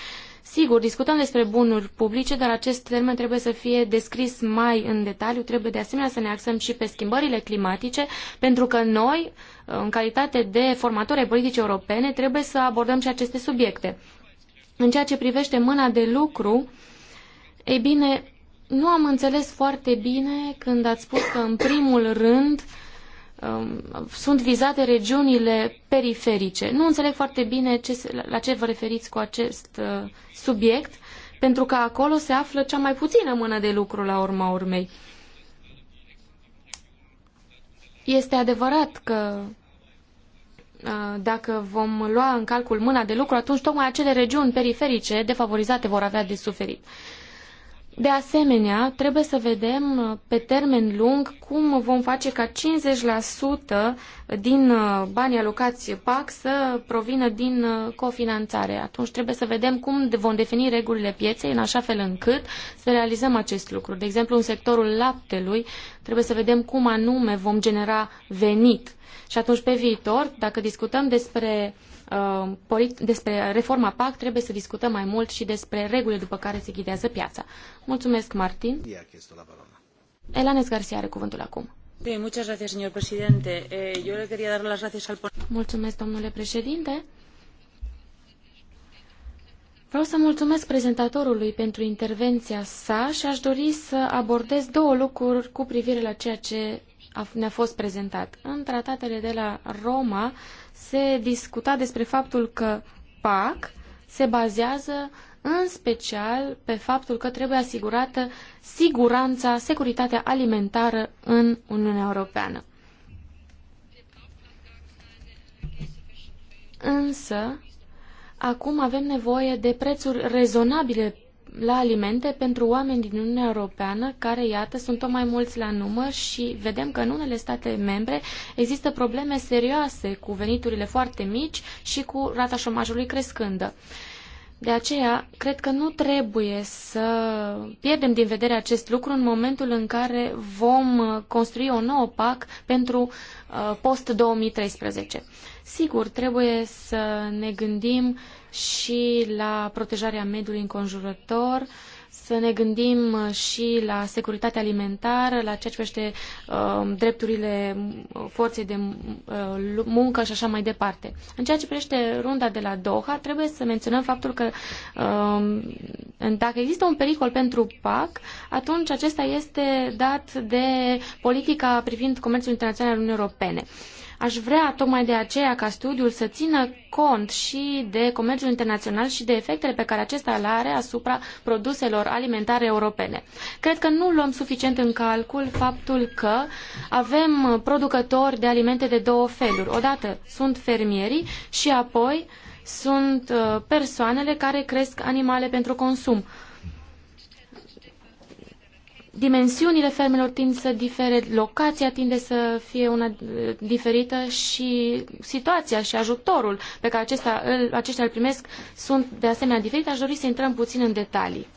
Sigur, discutăm despre bunuri publice, dar acest termen trebuie să fie descris mai în detaliu. Trebuie de asemenea să ne axăm și pe schimbările climatice, pentru că noi, în calitate de formatori ai politici europene, trebuie să abordăm și aceste subiecte. În ceea ce privește mâna de lucru, ei bine, nu am înțeles foarte bine când ați spus că în primul rând Um, sunt vizate regiunile periferice. Nu înțeleg foarte bine ce, la ce vă referiți cu acest uh, subiect, pentru că acolo se află cea mai puțină mână de lucru la urma urmei. Este adevărat că uh, dacă vom lua în calcul mâna de lucru, atunci tocmai acele regiuni periferice defavorizate vor avea de suferit. De asemenea, trebuie să vedem uh, pe termen lung cum vom face ca 50% din uh, banii alocați PAC să provină din uh, cofinanțare. Atunci trebuie să vedem cum vom defini regulile pieței în așa fel încât să realizăm acest lucru. De exemplu, în sectorul laptelui trebuie să vedem cum anume vom genera venit. Și atunci, pe viitor, dacă discutăm despre uh, Uh, despre reforma PAC, trebuie să discutăm mai mult și despre regulile după care se ghidează piața. Mulțumesc, Martin. Elanes Garcia are cuvântul acum. Mulțumesc, domnule președinte. Vreau să mulțumesc prezentatorului pentru intervenția sa și aș dori să abordez două lucruri cu privire la ceea ce ne-a fost prezentat. În tratatele de la Roma se discuta despre faptul că PAC se bazează în special pe faptul că trebuie asigurată siguranța, securitatea alimentară în Uniunea Europeană. Însă, acum avem nevoie de prețuri rezonabile la alimente pentru oameni din Uniunea Europeană, care, iată, sunt tot mai mulți la număr și vedem că în unele state membre există probleme serioase cu veniturile foarte mici și cu rata șomajului crescândă. De aceea, cred că nu trebuie să pierdem din vedere acest lucru în momentul în care vom construi o nouă PAC pentru uh, post-2013. Sigur, trebuie să ne gândim și la protejarea mediului înconjurător, să ne gândim și la securitatea alimentară, la ceea ce privește um, uh, drepturile forței de uh, muncă și așa mai departe. În ceea ce privește runda de la Doha, trebuie să menționăm faptul că uh, dacă există un pericol pentru PAC, atunci acesta este dat de politica privind comerțul internațional al Uniunii Europene. Uh, Aș vrea tocmai de aceea ca studiul să țină cont și de comerțul internațional și de efectele pe care acesta le are asupra produselor alimentare europene. Cred că nu luăm suficient în calcul faptul că avem producători de alimente de două feluri. Odată sunt fermierii și apoi sunt uh, persoanele care cresc animale pentru consum dimensiunile fermelor tind să difere, locația tinde să fie una eh, diferită și situația și ajutorul pe care acesta îl, aceștia îl primesc sunt de asemenea diferite. Aș dori să intrăm puțin în detalii.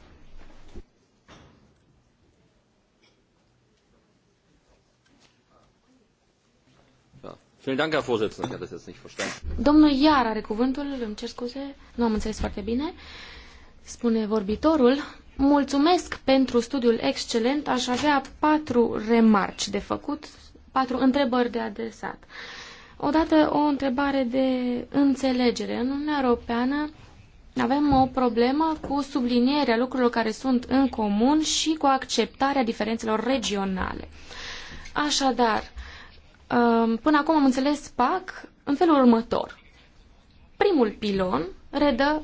Domnul Iar are cuvântul, îmi cer scuze, nu am înțeles foarte bine. Uh, spune vorbitorul. Mulțumesc pentru studiul excelent. Aș avea patru remarci de făcut, patru întrebări de adresat. Odată o întrebare de înțelegere. În Uniunea Europeană avem o problemă cu sublinierea lucrurilor care sunt în comun și cu acceptarea diferențelor regionale. Așadar, um, până acum am înțeles PAC în felul următor. Primul pilon redă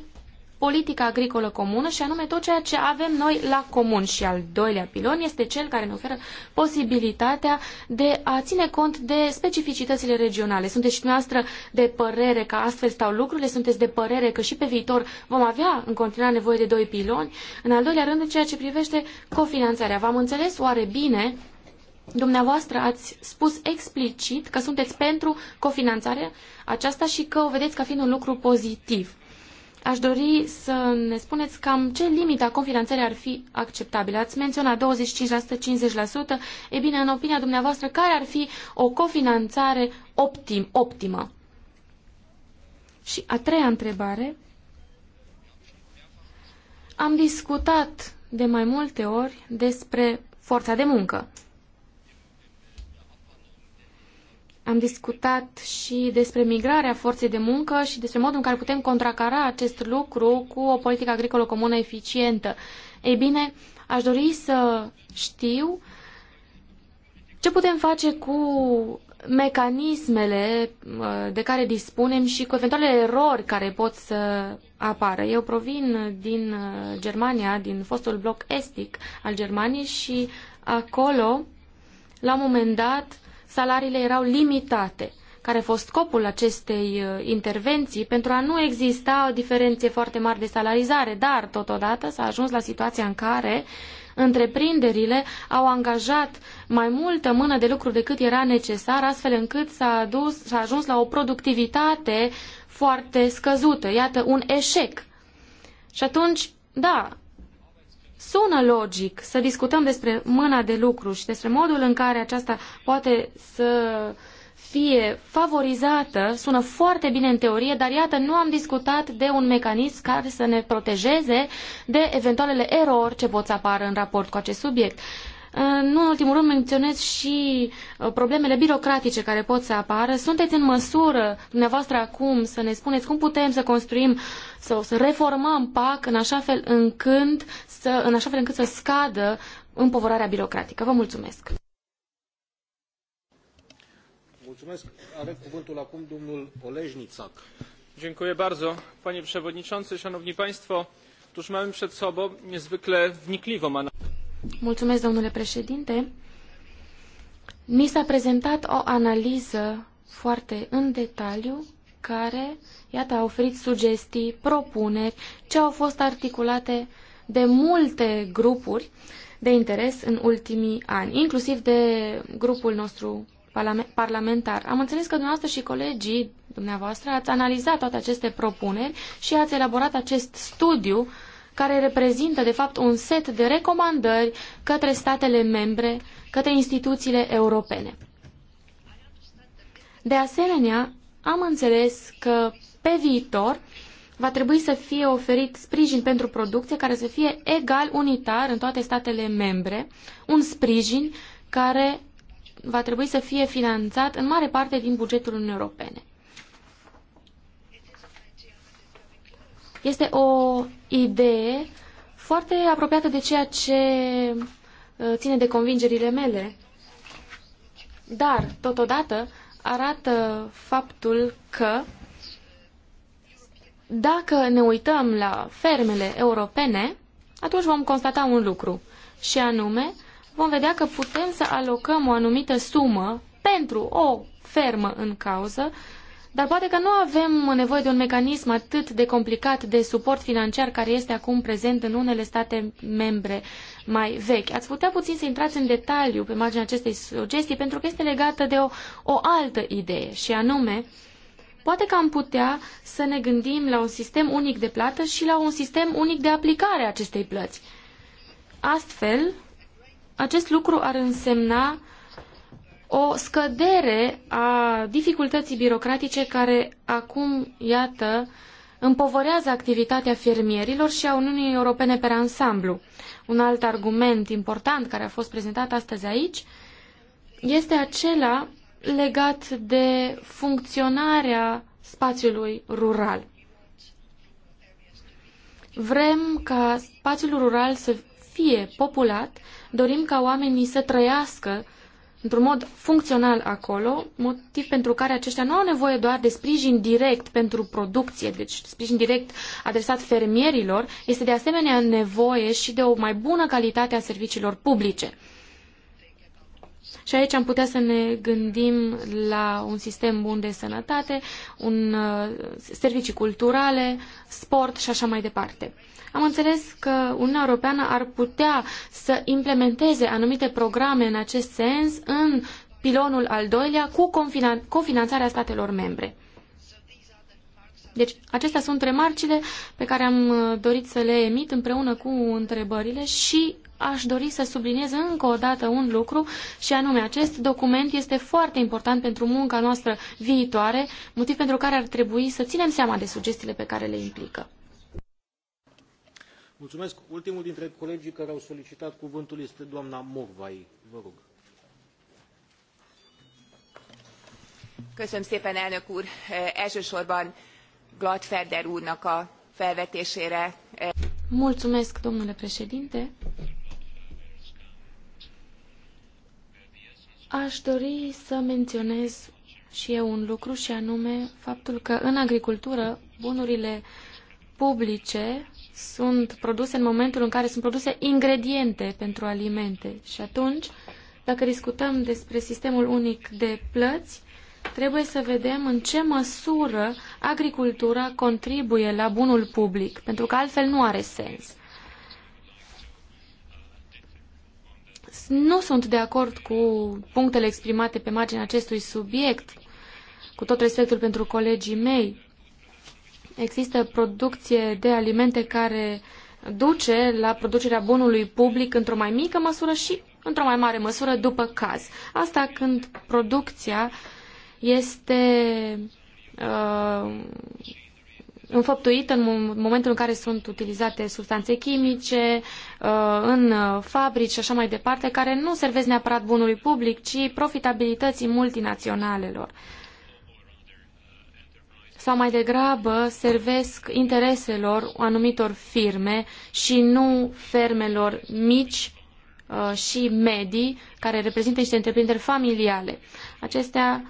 politica agricolă comună și anume tot ceea ce avem noi la comun. Și al doilea pilon este cel care ne oferă posibilitatea de a ține cont de specificitățile regionale. Sunteți și dumneavoastră de părere că astfel stau lucrurile? Sunteți de părere că și pe viitor vom avea în continuare nevoie de doi piloni? În al doilea rând, în ceea ce privește cofinanțarea. V-am înțeles oare bine Dumneavoastră ați spus explicit că sunteți pentru cofinanțarea aceasta și că o vedeți ca fiind un lucru pozitiv. Aș dori să ne spuneți cam ce limita confinanțării ar fi acceptabilă. Ați menționat 25%, 50%. E bine, în opinia dumneavoastră, care ar fi o cofinanțare optim, optimă? Și a treia întrebare. Am discutat de mai multe ori despre forța de muncă. Am discutat și despre migrarea forței de muncă și despre modul în care putem contracara acest lucru cu o politică agricolă comună eficientă. Ei bine, aș dori să știu ce putem face cu mecanismele uh, de care dispunem și cu eventuale erori care pot să apară. Eu provin din uh, Germania, din fostul bloc estic al Germaniei și acolo, la un moment dat, salariile erau limitate, care a fost scopul acestei uh, intervenții pentru a nu exista o diferențe foarte mari de salarizare, dar totodată s-a ajuns la situația în care întreprinderile au angajat mai multă mână de lucru decât era necesar, astfel încât s-a, s-a ajuns la o productivitate foarte scăzută. Iată, un eșec. Și atunci, da, Sună logic să discutăm despre mâna de lucru și despre modul în care aceasta poate să fie favorizată, sună foarte bine în teorie, dar iată, nu am discutat de un mecanism care să ne protejeze de eventualele erori ce pot să apară în raport cu acest subiect. Nu în ultimul rând menționez și uh, problemele birocratice care pot să apară. Sunteți în măsură, dumneavoastră, acum să ne spuneți cum putem să construim sau să reformăm PAC în așa fel încât să, în așa fel încât să scadă împovorarea birocratică. Vă mulțumesc! Mulțumesc. Are cuvântul acum domnul Oleșnițac. Dziękuję bardzo. Panie Przewodniczący, Szanowni Państwo, otóż mamy przed sobą niezwykle wnikliwą analizę. Mulțumesc, domnule președinte. Mi s-a prezentat o analiză foarte în detaliu care, iată, a oferit sugestii, propuneri, ce au fost articulate de multe grupuri de interes în ultimii ani, inclusiv de grupul nostru parlamentar. Am înțeles că dumneavoastră și colegii dumneavoastră ați analizat toate aceste propuneri și ați elaborat acest studiu care reprezintă, de fapt, un set de recomandări către statele membre, către instituțiile europene. De asemenea, am înțeles că pe viitor va trebui să fie oferit sprijin pentru producție care să fie egal, unitar în toate statele membre, un sprijin care va trebui să fie finanțat în mare parte din bugetul Uniunii Europene. Este o idee foarte apropiată de ceea ce uh, ține de convingerile mele, dar, totodată, arată faptul că dacă ne uităm la fermele europene, atunci vom constata un lucru, și anume vom vedea că putem să alocăm o anumită sumă pentru o fermă în cauză, dar poate că nu avem nevoie de un mecanism atât de complicat de suport financiar care este acum prezent în unele state membre mai vechi. Ați putea puțin să intrați în detaliu pe marginea acestei sugestii pentru că este legată de o, o altă idee și anume Poate că am putea să ne gândim la un sistem unic de plată și la un sistem unic de aplicare a acestei plăți. Astfel, acest lucru ar însemna o scădere a dificultății birocratice care acum, iată, împovărează activitatea fermierilor și a Uniunii Europene pe ansamblu. Un alt argument important care a fost prezentat astăzi aici este acela legat de funcționarea spațiului rural. Vrem ca spațiul rural să fie populat, dorim ca oamenii să trăiască într-un mod funcțional acolo, motiv pentru care aceștia nu au nevoie doar de sprijin direct pentru producție, deci sprijin direct adresat fermierilor, este de asemenea nevoie și de o mai bună calitate a serviciilor publice. Și aici am putea să ne gândim la un sistem bun de sănătate, un, uh, servicii culturale, sport și așa mai departe. Am înțeles că Uniunea Europeană ar putea să implementeze anumite programe în acest sens în pilonul al doilea cu cofinanțarea statelor membre. Deci, acestea sunt remarcile pe care am uh, dorit să le emit împreună cu întrebările și aș dori să subliniez încă o dată un lucru și anume acest document este foarte important pentru munca noastră viitoare, motiv pentru care ar trebui să ținem seama de sugestiile pe care le implică. Mulțumesc. Ultimul dintre colegii care au solicitat cuvântul este doamna Morvai. Vă rog. Köszönöm szépen, elnök úr! Elsősorban Gladferder úrnak a felvetésére. Mulțumesc, domnule președinte. Aș dori să menționez și eu un lucru și anume faptul că în agricultură bunurile publice sunt produse în momentul în care sunt produse ingrediente pentru alimente și atunci dacă discutăm despre sistemul unic de plăți, trebuie să vedem în ce măsură agricultura contribuie la bunul public, pentru că altfel nu are sens. nu sunt de acord cu punctele exprimate pe marginea acestui subiect, cu tot respectul pentru colegii mei. Există producție de alimente care duce la producerea bunului public într-o mai mică măsură și într-o mai mare măsură după caz. Asta când producția este uh, înfăptuit în momentul în care sunt utilizate substanțe chimice, uh, în uh, fabrici și așa mai departe, care nu servesc neapărat bunului public, ci profitabilității multinaționalelor. Sau mai degrabă servesc intereselor anumitor firme și nu fermelor mici uh, și medii, care reprezintă niște întreprinderi familiale. Acestea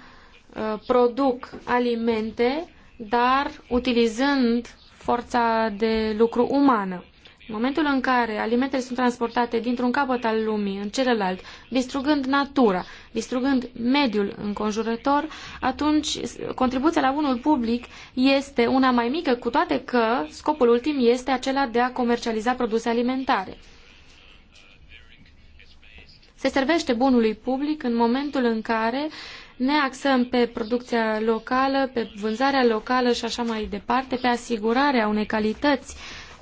produc alimente dar utilizând forța de lucru umană. În momentul în care alimentele sunt transportate dintr-un capăt al lumii în celălalt, distrugând natura, distrugând mediul înconjurător, atunci contribuția la bunul public este una mai mică, cu toate că scopul ultim este acela de a comercializa produse alimentare. Se servește bunului public în momentul în care uh, ne axăm pe producția locală, pe vânzarea locală și așa mai departe, pe asigurarea unei calități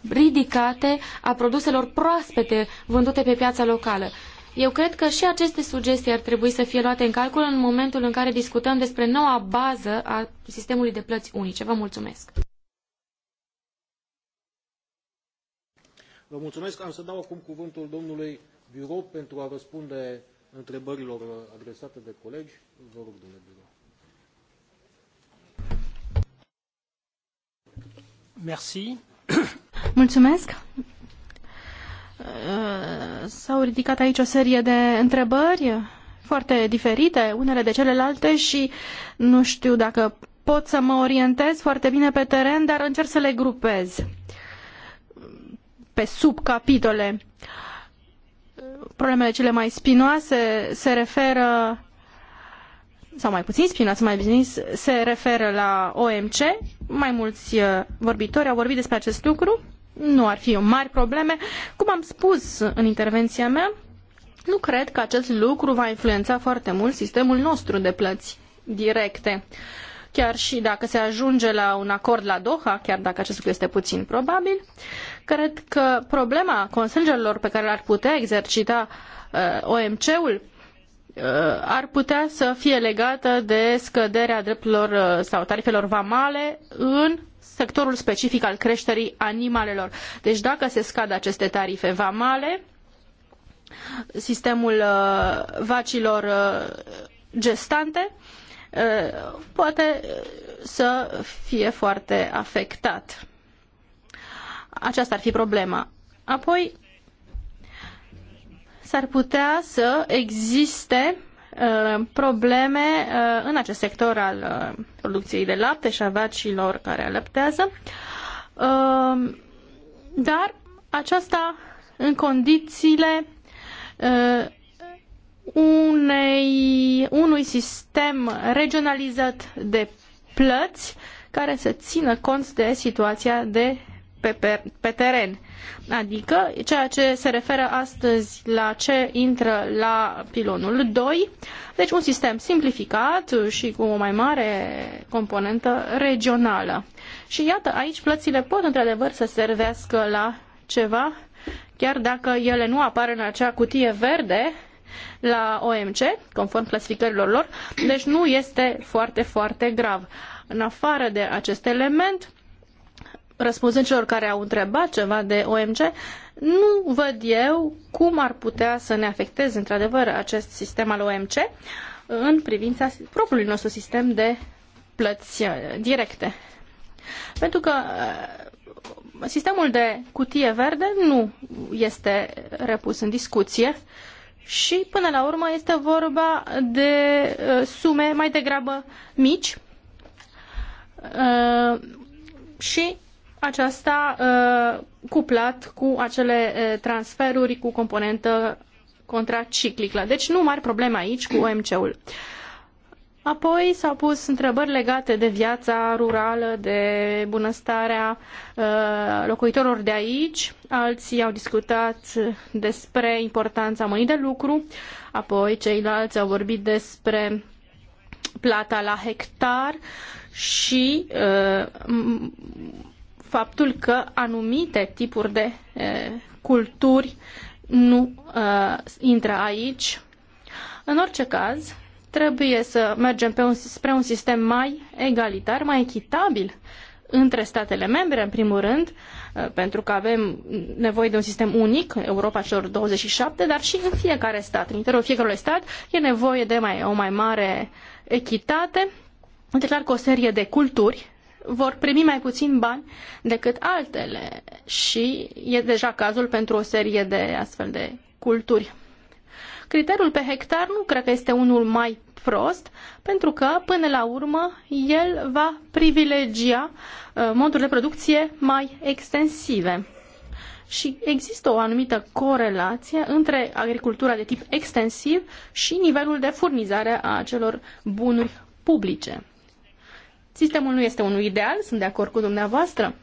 ridicate a produselor proaspete vândute pe piața locală. Eu cred că și aceste sugestii ar trebui să fie luate în calcul în momentul în care discutăm despre noua bază a sistemului de plăți unice. Vă mulțumesc! Vă mulțumesc. Am să dau acum cuvântul domnului Birou pentru a răspunde întrebărilor adresate de colegi. Vă rog, domnule Birou. Merci. Mulțumesc. S-au ridicat aici o serie de întrebări foarte diferite unele de celelalte și nu știu dacă pot să mă orientez foarte bine pe teren, dar încerc să le grupez pe subcapitole problemele cele mai spinoase se referă sau mai puțin spinoase, mai bine se referă la OMC. Mai mulți uh, vorbitori au vorbit despre acest lucru. Nu ar fi mari probleme. Cum am spus în intervenția mea, nu cred că acest lucru va influența foarte mult sistemul nostru de plăți directe. Chiar și dacă se ajunge la un acord la Doha, chiar dacă acest lucru este puțin probabil, uh, Cred că problema constrângerilor pe care le-ar putea exercita uh, OMC-ul uh, ar putea să fie legată de scăderea drepturilor uh, sau tarifelor vamale în sectorul specific al creșterii animalelor. Deci dacă se scad aceste tarife vamale, sistemul vacilor gestante poate să fie foarte afectat. Aceasta ar fi problema. Apoi, s-ar putea să existe uh, probleme uh, în acest sector al uh, producției de lapte și a vacilor care alăptează, dar aceasta în condițiile unei, unui sistem regionalizat de plăți care să țină cont de situația de pe, pe, pe teren, adică ceea ce se referă astăzi la ce intră la pilonul 2, deci un sistem simplificat și cu o mai mare componentă regională. Și iată, aici plățile pot într-adevăr să servească la ceva, chiar dacă ele nu apar în acea cutie verde la OMC, conform clasificărilor lor, deci nu este foarte, foarte grav. În afară de acest element, răspunzând celor care au întrebat ceva de OMC, nu văd eu cum ar putea să ne afecteze într-adevăr acest sistem al OMC în privința propriului nostru sistem de plăți uh, directe. Pentru că uh, sistemul de cutie verde nu este repus în discuție și până la urmă este vorba de uh, sume mai degrabă mici și aceasta uh, cuplat cu acele uh, transferuri cu componentă contraciclică. Deci nu mari probleme aici cu OMC-ul. Apoi s-au pus întrebări legate de viața rurală, de bunăstarea uh, locuitorilor de aici. Alții au discutat despre importanța mâinii de lucru. Apoi ceilalți au vorbit despre plata la hectar și uh, faptul că anumite tipuri de culturi nu intră aici. În orice caz, trebuie să mergem pe un, spre un sistem mai egalitar, mai echitabil între statele membre, în primul rând, pentru că avem nevoie de un sistem unic, Europa celor 27, dar și în fiecare stat, în interiorul fiecărui stat, e nevoie de mai, o mai mare echitate. într clar cu o serie de culturi vor primi mai puțin bani decât altele și e deja cazul pentru o serie de astfel de culturi. Criteriul pe hectar nu cred că este unul mai prost, pentru că, până la urmă, el va privilegia uh, moduri de producție mai extensive. Și există o anumită corelație între agricultura de tip extensiv și nivelul de furnizare a acelor bunuri publice. Sistemul nu este unul ideal, sunt de acord cu dumneavoastră,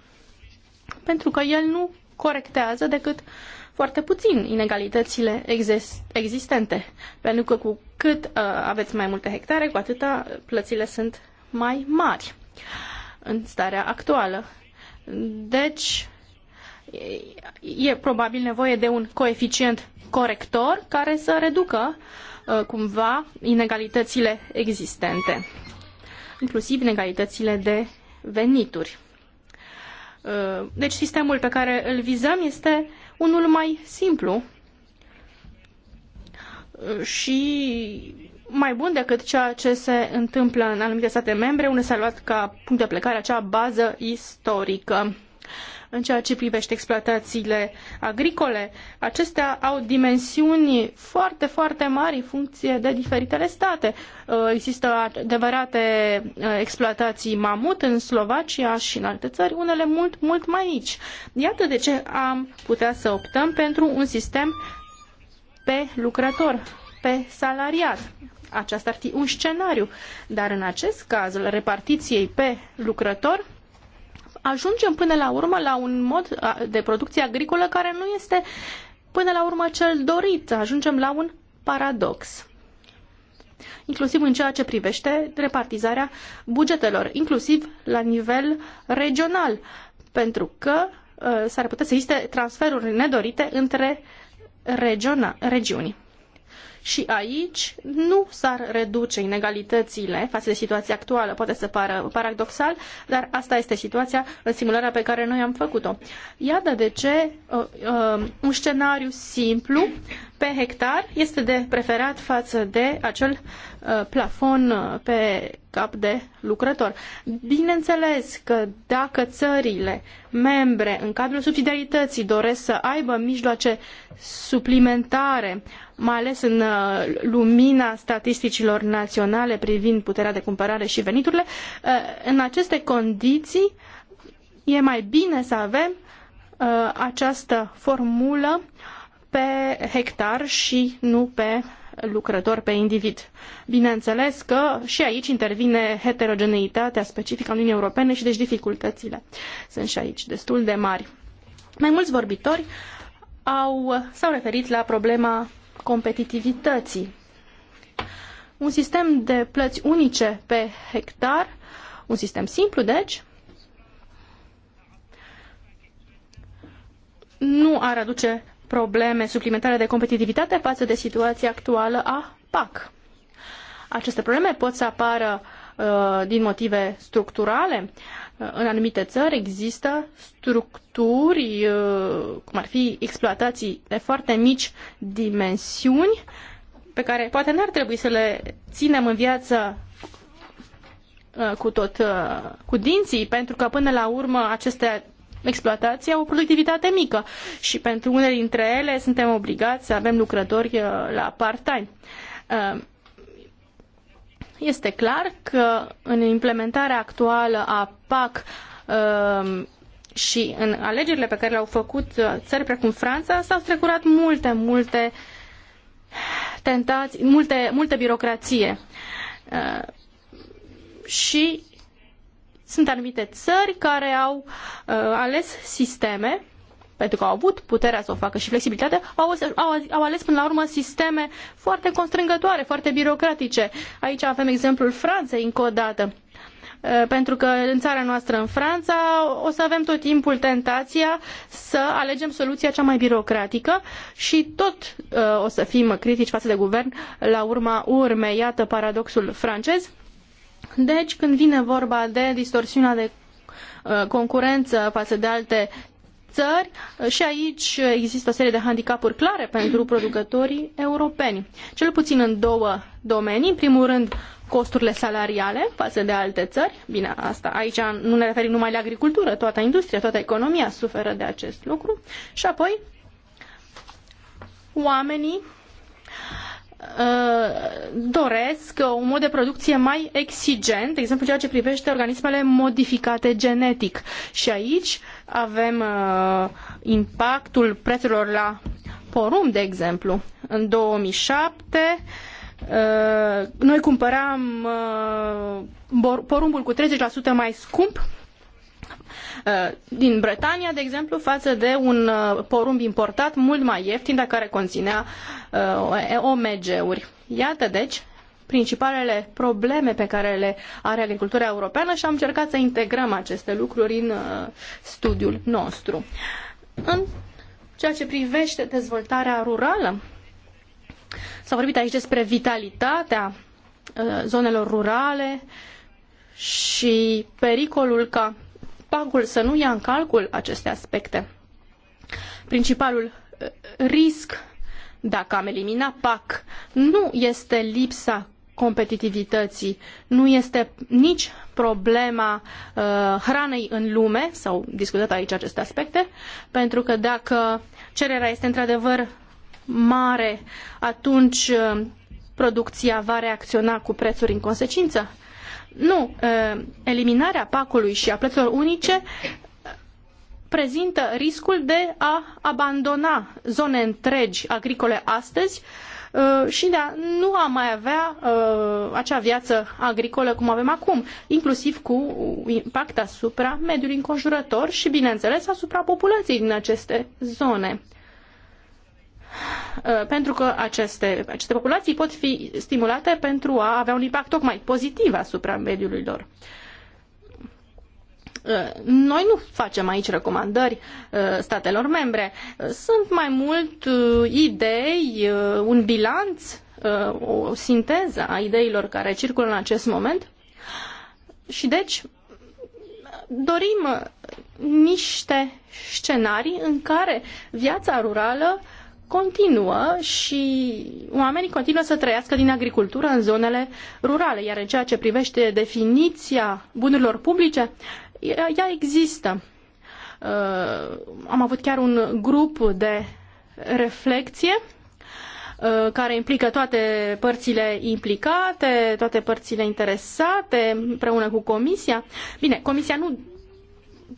pentru că el nu corectează decât foarte puțin inegalitățile existente, pentru că cu cât uh, aveți mai multe hectare, cu atâta uh, plățile sunt mai mari în starea actuală. Deci, e, e probabil nevoie de un coeficient corector care să reducă uh, cumva inegalitățile existente inclusiv inegalitățile de venituri. Uh, deci sistemul pe care îl vizăm este unul mai simplu uh, și mai bun decât ceea ce se întâmplă în anumite state membre, unde s-a luat ca punct de plecare acea bază istorică în ceea ce privește exploatațiile agricole. Acestea au dimensiuni foarte, foarte mari în funcție de diferitele state. Uh, există adevărate uh, exploatații mamut în Slovacia și în alte țări, unele mult, mult mai mici. Iată de ce am putea să optăm pentru un sistem pe lucrător, pe salariat. Aceasta ar fi un scenariu, dar în acest caz, repartiției pe lucrător, ajungem până la urmă la un mod de producție agricolă care nu este până la urmă cel dorit. Ajungem la un paradox inclusiv în ceea ce privește repartizarea bugetelor, inclusiv la nivel regional, pentru că s-ar putea să existe transferuri nedorite între regiuni. Și aici nu s-ar reduce inegalitățile față de situația actuală. Poate să pară paradoxal, dar asta este situația în simularea pe care noi am făcut-o. Iată de ce uh, uh, un scenariu simplu pe hectar este de preferat față de acel uh, plafon uh, pe cap de lucrător. Bineînțeles că dacă țările membre în cadrul subsidiarității doresc să aibă mijloace suplimentare mai ales în uh, lumina statisticilor naționale privind puterea de cumpărare și veniturile, uh, în aceste condiții e mai bine să avem uh, această formulă pe hectar și nu pe lucrător pe individ. Bineînțeles că și aici intervine heterogeneitatea specifică a Uniunii Europene și deci dificultățile sunt și aici destul de mari. Mai mulți vorbitori au, s-au referit la problema competitivității. Un sistem de plăți unice pe hectar, un sistem simplu, deci, nu ar aduce probleme suplimentare de competitivitate față de situația actuală a PAC. Aceste probleme pot să apară uh, din motive structurale, uh, în anumite țări există structuri, uh, cum ar fi exploatații de foarte mici dimensiuni, pe care poate n-ar trebui să le ținem în viață uh, cu tot uh, cu dinții, pentru că până la urmă aceste exploatații au o productivitate mică și pentru unele dintre ele suntem obligați să avem lucrători la part-time. Este clar că în implementarea actuală a PAC um, și în alegerile pe care le-au făcut uh, țări precum Franța s-au strecurat multe, multe tentații, multe, multe birocrație. Uh, și sunt anumite țări care au uh, ales sisteme pentru că au avut puterea să o facă și flexibilitatea, au, au, au ales până la urmă sisteme foarte constrângătoare, foarte birocratice. Aici avem exemplul Franței încă o dată pentru că în țara noastră, în Franța, o să avem tot timpul tentația să alegem soluția cea mai birocratică și tot o să fim critici față de guvern la urma urmei. Iată paradoxul francez. Deci, când vine vorba de distorsiunea de concurență față de alte țări și aici există o serie de handicapuri clare pentru producătorii europeni, cel puțin în două domenii. În primul rând, costurile salariale față de alte țări. Bine, asta aici nu ne referim numai la agricultură, toată industria, toată economia suferă de acest lucru. Și apoi, oamenii uh, doresc un mod de producție mai exigent, de exemplu ceea ce privește organismele modificate genetic. Și aici uh, avem uh, impactul prețurilor la porumb, de exemplu. În 2007 uh, noi cumpăram uh, porumbul cu 30% mai scump uh, din Bretania, de exemplu, față de un uh, porumb importat mult mai ieftin, dar care conținea uh, OMG-uri. Iată, deci, principalele probleme pe care le are agricultura europeană și am încercat să integrăm aceste lucruri în uh, studiul nostru. În ceea ce privește dezvoltarea rurală, s-a vorbit aici despre vitalitatea uh, zonelor rurale și pericolul ca pagul să nu ia în calcul aceste aspecte. Principalul uh, risc dacă am elimina PAC nu este lipsa competitivității. Nu este nici problema uh, hranei în lume, sau discutat aici aceste aspecte, pentru că dacă cererea este într-adevăr mare, atunci uh, producția va reacționa cu prețuri în consecință. Nu, uh, eliminarea pacului și a plăților unice uh, prezintă riscul de a abandona zone întregi agricole astăzi uh, Uh, și de a nu a mai avea uh, acea viață agricolă cum avem acum, inclusiv cu impact asupra mediului înconjurător și, bineînțeles, asupra populației din aceste zone uh, pentru că aceste, aceste populații pot fi stimulate pentru a avea un impact tocmai pozitiv asupra mediului lor. Uh, Uh, noi nu facem aici recomandări uh, statelor membre. Uh, sunt mai mult idei, un bilanț, o sinteză a ideilor care circulă în acest moment. Și deci dorim niște scenarii în care viața rurală continuă și oamenii continuă să trăiască din agricultură în zonele rurale, iar în ceea ce privește definiția bunurilor publice, ea există. Uh, am avut chiar un grup de reflexie uh, care implică toate părțile implicate, toate părțile interesate, împreună cu Comisia. Bine, Comisia nu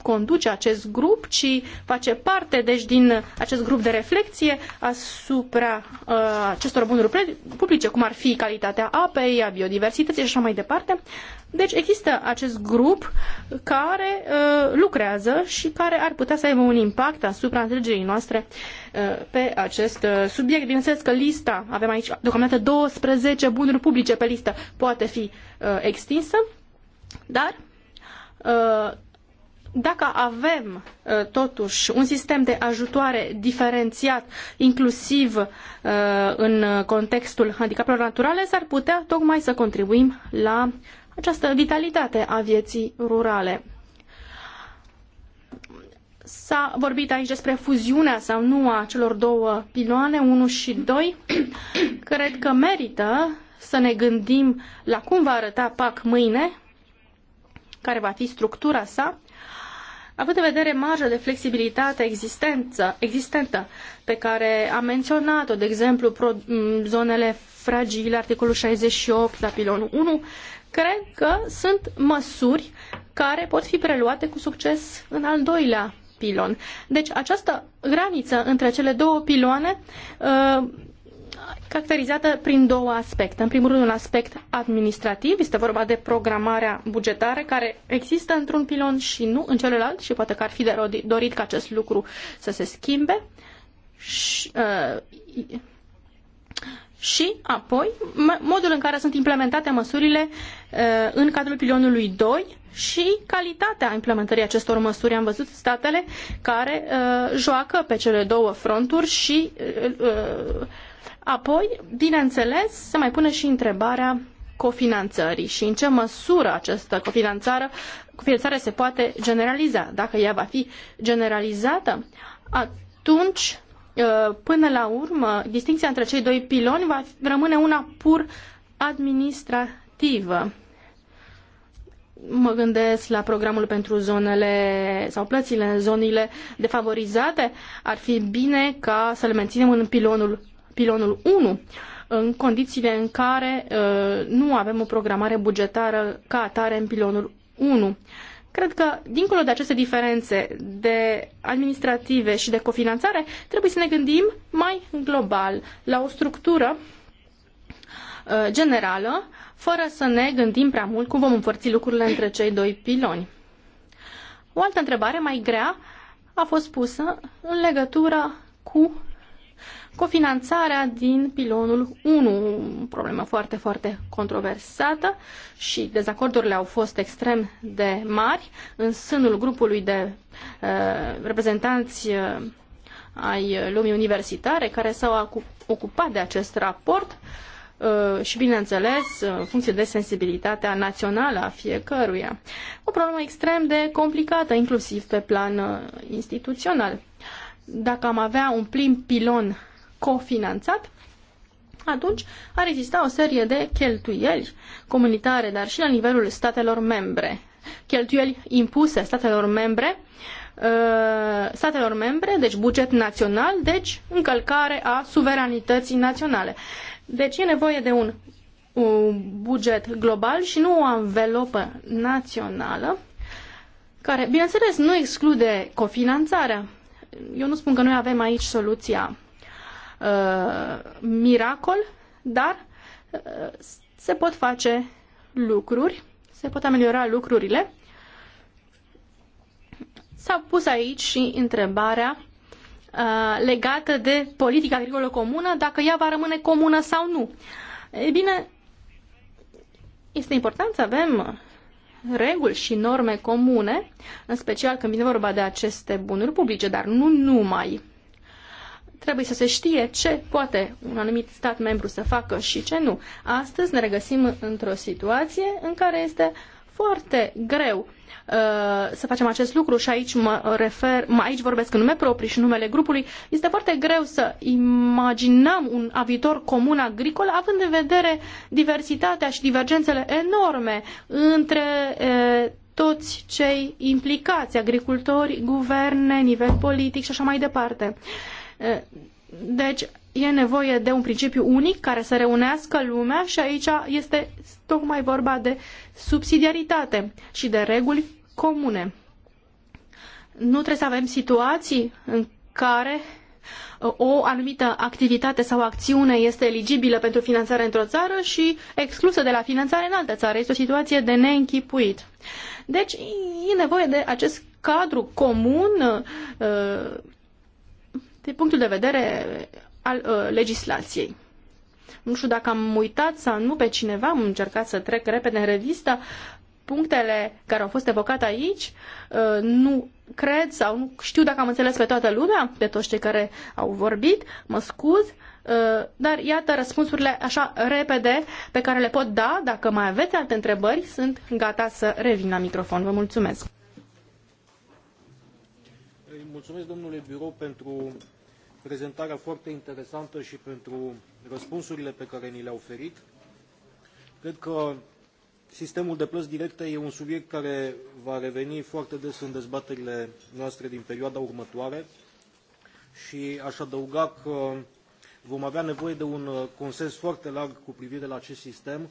conduce acest grup, ci face parte deci din acest grup de reflexie asupra uh, acestor bunuri publice, cum ar fi calitatea apei, a biodiversității și așa mai departe. Deci există acest grup care uh, lucrează și care ar putea să aibă un impact asupra înțelegerii noastre uh, pe acest uh, subiect. Bineînțeles că lista, avem aici deocamdată 12 bunuri publice pe listă, poate fi uh, extinsă, dar uh, dacă avem uh, totuși un sistem de ajutoare diferențiat, inclusiv uh, în contextul handicapelor naturale, s-ar putea tocmai să contribuim la această vitalitate a vieții rurale. S-a vorbit aici despre fuziunea sau nu a celor două piloane, 1 și 2. Cred că merită să ne gândim la cum va arăta PAC mâine, care va fi structura sa Având în vedere marja de flexibilitate existență, existentă pe care am menționat-o, de exemplu, pro, zonele fragile, articolul 68 la pilonul 1, cred că sunt măsuri care pot fi preluate cu succes în al doilea pilon. Deci această graniță între cele două piloane uh, caracterizată prin două aspecte. În primul rând, un aspect administrativ, este vorba de programarea bugetară care există într-un pilon și nu în celălalt și poate că ar fi de dorit ca acest lucru să se schimbe. Și, uh, și apoi modul în care sunt implementate măsurile uh, în cadrul pilonului 2 și calitatea implementării acestor măsuri. Am văzut statele care uh, joacă pe cele două fronturi și uh, Apoi, bineînțeles, se mai pune și întrebarea cofinanțării și în ce măsură această cofinanțare, cofinanțare se poate generaliza. Dacă ea va fi generalizată, atunci, ă, până la urmă, distinția între cei doi piloni va rămâne una pur administrativă. Mă gândesc la programul pentru zonele sau plățile în zonele defavorizate. Ar fi bine ca să le menținem în pilonul pilonul 1 în condițiile în care uh, nu avem o programare bugetară ca atare în pilonul 1. Cred că, dincolo de aceste diferențe de administrative și de cofinanțare, trebuie să ne gândim mai global la o structură uh, generală, fără să ne gândim prea mult cum vom împărți lucrurile între cei doi piloni. O altă întrebare mai grea a fost pusă în legătură cu cofinanțarea din pilonul 1, o problemă foarte, foarte controversată și dezacordurile au fost extrem de mari în sânul grupului de uh, reprezentanți uh, ai lumii universitare care s-au ocupat de acest raport uh, și, bineînțeles, uh, în funcție de sensibilitatea națională a fiecăruia. O problemă extrem de complicată, inclusiv pe plan uh, instituțional dacă am avea un prim pilon cofinanțat, atunci ar exista o serie de cheltuieli comunitare, dar și la nivelul statelor membre. Cheltuieli impuse statelor membre, uh, statelor membre, deci buget național, deci încălcare a suveranității naționale. Deci e nevoie de un, un buget global și nu o anvelopă națională, care, bineînțeles, nu exclude cofinanțarea. Eu nu spun că noi avem aici soluția Uh, miracol, dar uh, se pot face lucruri, se pot ameliora lucrurile. S-a pus aici și întrebarea uh, legată de politica agricolă comună, dacă ea va rămâne comună sau nu. E bine, este important să avem reguli și norme comune, în special când vine vorba de aceste bunuri publice, dar nu numai. Trebuie să se știe ce poate un anumit stat membru să facă și ce nu. Astăzi ne regăsim într-o situație în care este foarte greu uh, să facem acest lucru și aici mă refer, mă, aici vorbesc în nume proprii și numele grupului, este foarte greu să imaginăm un viitor comun agricol având în vedere diversitatea și divergențele enorme între uh, toți cei implicați, agricultori, guverne, nivel politic și așa mai departe. Uh, deci e nevoie de un principiu unic care să reunească lumea și aici este tocmai vorba de subsidiaritate și de reguli comune. Nu trebuie să avem situații în care uh, o anumită activitate sau acțiune este eligibilă pentru finanțare într-o țară și exclusă de la finanțare în altă țară. Este o situație de neînchipuit. Deci e nevoie de acest cadru comun uh, din punctul de vedere al uh, legislației. Nu știu dacă am uitat sau nu pe cineva, am încercat să trec repede în revistă punctele care au fost evocate aici. Uh, nu cred sau nu știu dacă am înțeles pe toată lumea, pe toți cei care au vorbit, mă scuz, uh, dar iată răspunsurile așa repede pe care le pot da. Dacă mai aveți alte întrebări, sunt gata să revin la microfon. Vă mulțumesc! mulțumesc domnule Birou pentru prezentarea foarte interesantă și pentru răspunsurile pe care ni le-a oferit. Cred că sistemul de plăți directe e un subiect care va reveni foarte des în dezbaterile noastre din perioada următoare și aș adăuga că vom avea nevoie de un consens foarte larg cu privire la acest sistem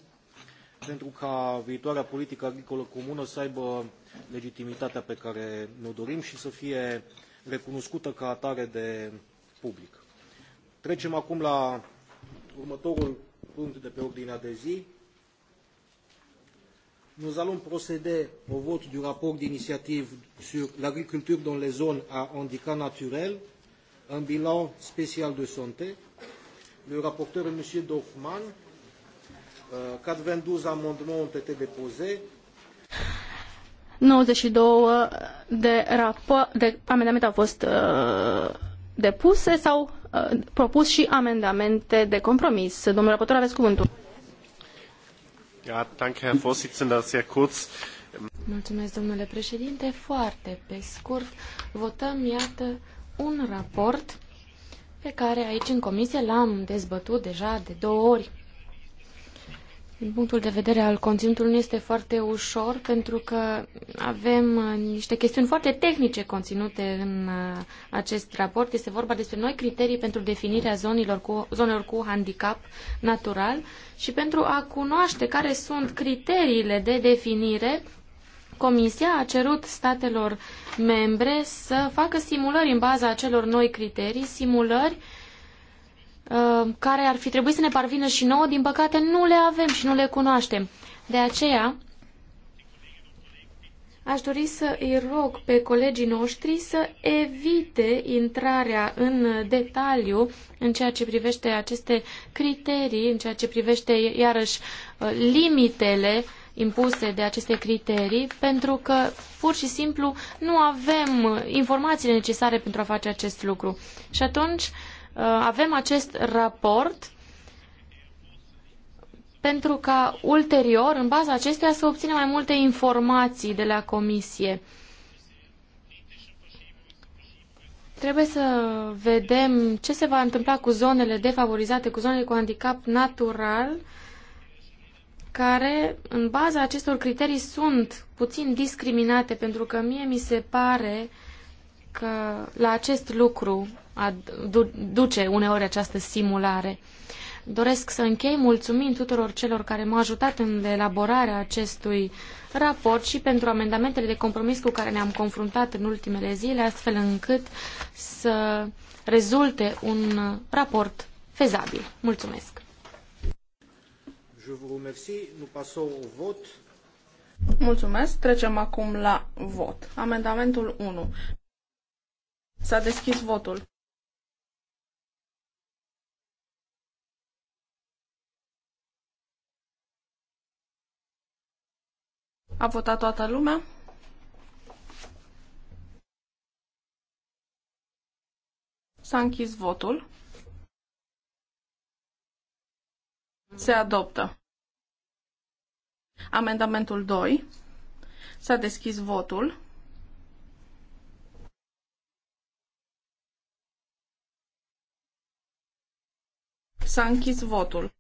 pentru ca viitoarea politică agricolă comună să aibă legitimitatea pe care ne-o dorim și să fie recunoscută ca atare de public. Trecem acum la următorul punct de pe ordinea de zi. Nous allons procéder au vote du rapport d'initiative sur l'agriculture dans les zones à handicap naturel, un bilan spécial de santé. Le rapporteur est M. Dorfman. 92 euh, amendements ont été déposés. 92 de, rapo- de amendamente au fost uh, depuse sau uh, propus și amendamente de compromis. Domnule raportor, aveți cuvântul. Ja, danke, Herr Vorsitzender, sehr kurz. Mulțumesc, domnule președinte. Foarte pe scurt, votăm, iată, un raport pe care aici în comisie l-am dezbătut deja de două ori. Din punctul de vedere al conținutului nu este foarte ușor pentru că avem uh, niște chestiuni foarte tehnice conținute în uh, acest raport. Este vorba despre noi criterii pentru definirea zonelor cu, zonelor cu handicap natural și pentru a cunoaște care sunt criteriile de definire Comisia a cerut statelor membre să facă simulări în baza acelor noi criterii, simulări uh, Uh, care ar fi trebuit să ne parvină și nouă, din păcate nu le avem și nu le cunoaștem. De aceea, aș dori să îi rog pe colegii noștri să evite intrarea în detaliu în ceea ce privește aceste criterii, în ceea ce privește, iarăși, uh, limitele impuse de aceste criterii, pentru că pur și simplu nu avem uh, informațiile necesare pentru a face acest lucru. Și atunci, Uh, avem acest raport pentru ca ulterior, în baza acestuia, să obținem mai multe informații de la comisie. Trebuie să vedem ce se va întâmpla cu zonele defavorizate, cu zonele cu handicap natural, care, în baza acestor criterii, sunt puțin discriminate, pentru că mie mi se pare că la acest lucru duce uneori această simulare. Doresc să închei mulțumind tuturor celor care m-au ajutat în elaborarea acestui raport și pentru amendamentele de compromis cu care ne-am confruntat în ultimele zile, astfel încât să rezulte un raport fezabil. Mulțumesc! Mulțumesc. Trecem acum la vot. Amendamentul 1. S-a deschis votul. A votat toată lumea? S-a închis votul. Se adoptă. Amendamentul 2. S-a deschis votul. S-a închis votul.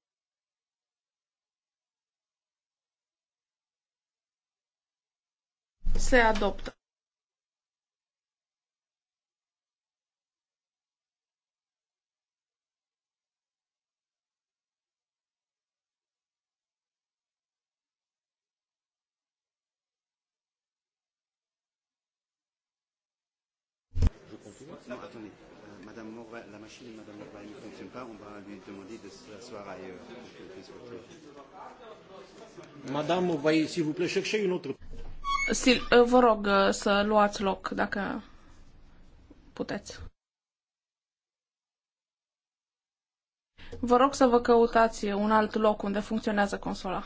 Se adoptă. Euh, Madame Morva, la machine de Madame Morva ne fonctionne pas. On va lui demander de s'asseoir ailleurs. Madame Morva, s'il vous plaît, cherchez une autre. Sil, ă, vă rog ă, să luați loc dacă puteți. Vă rog să vă căutați un alt loc unde funcționează consola.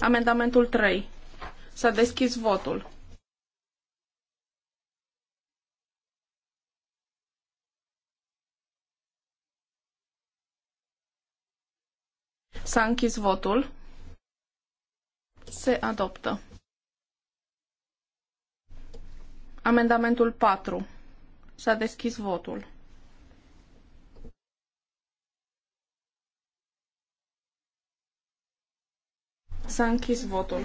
Amendamentul 3. S-a deschis votul. S-a închis votul. Se adoptă. Amendamentul 4. S-a deschis votul. S-a închis votul.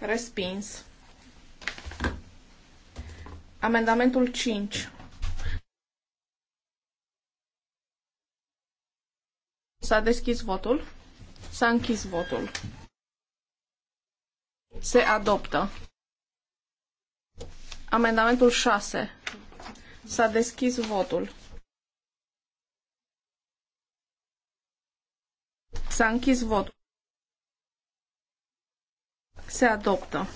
Respins. Amendamentul 5. S-a deschis votul. S-a închis votul. Se adoptă. Amendamentul 6. S-a deschis votul. S-a închis votul. Se adoptă.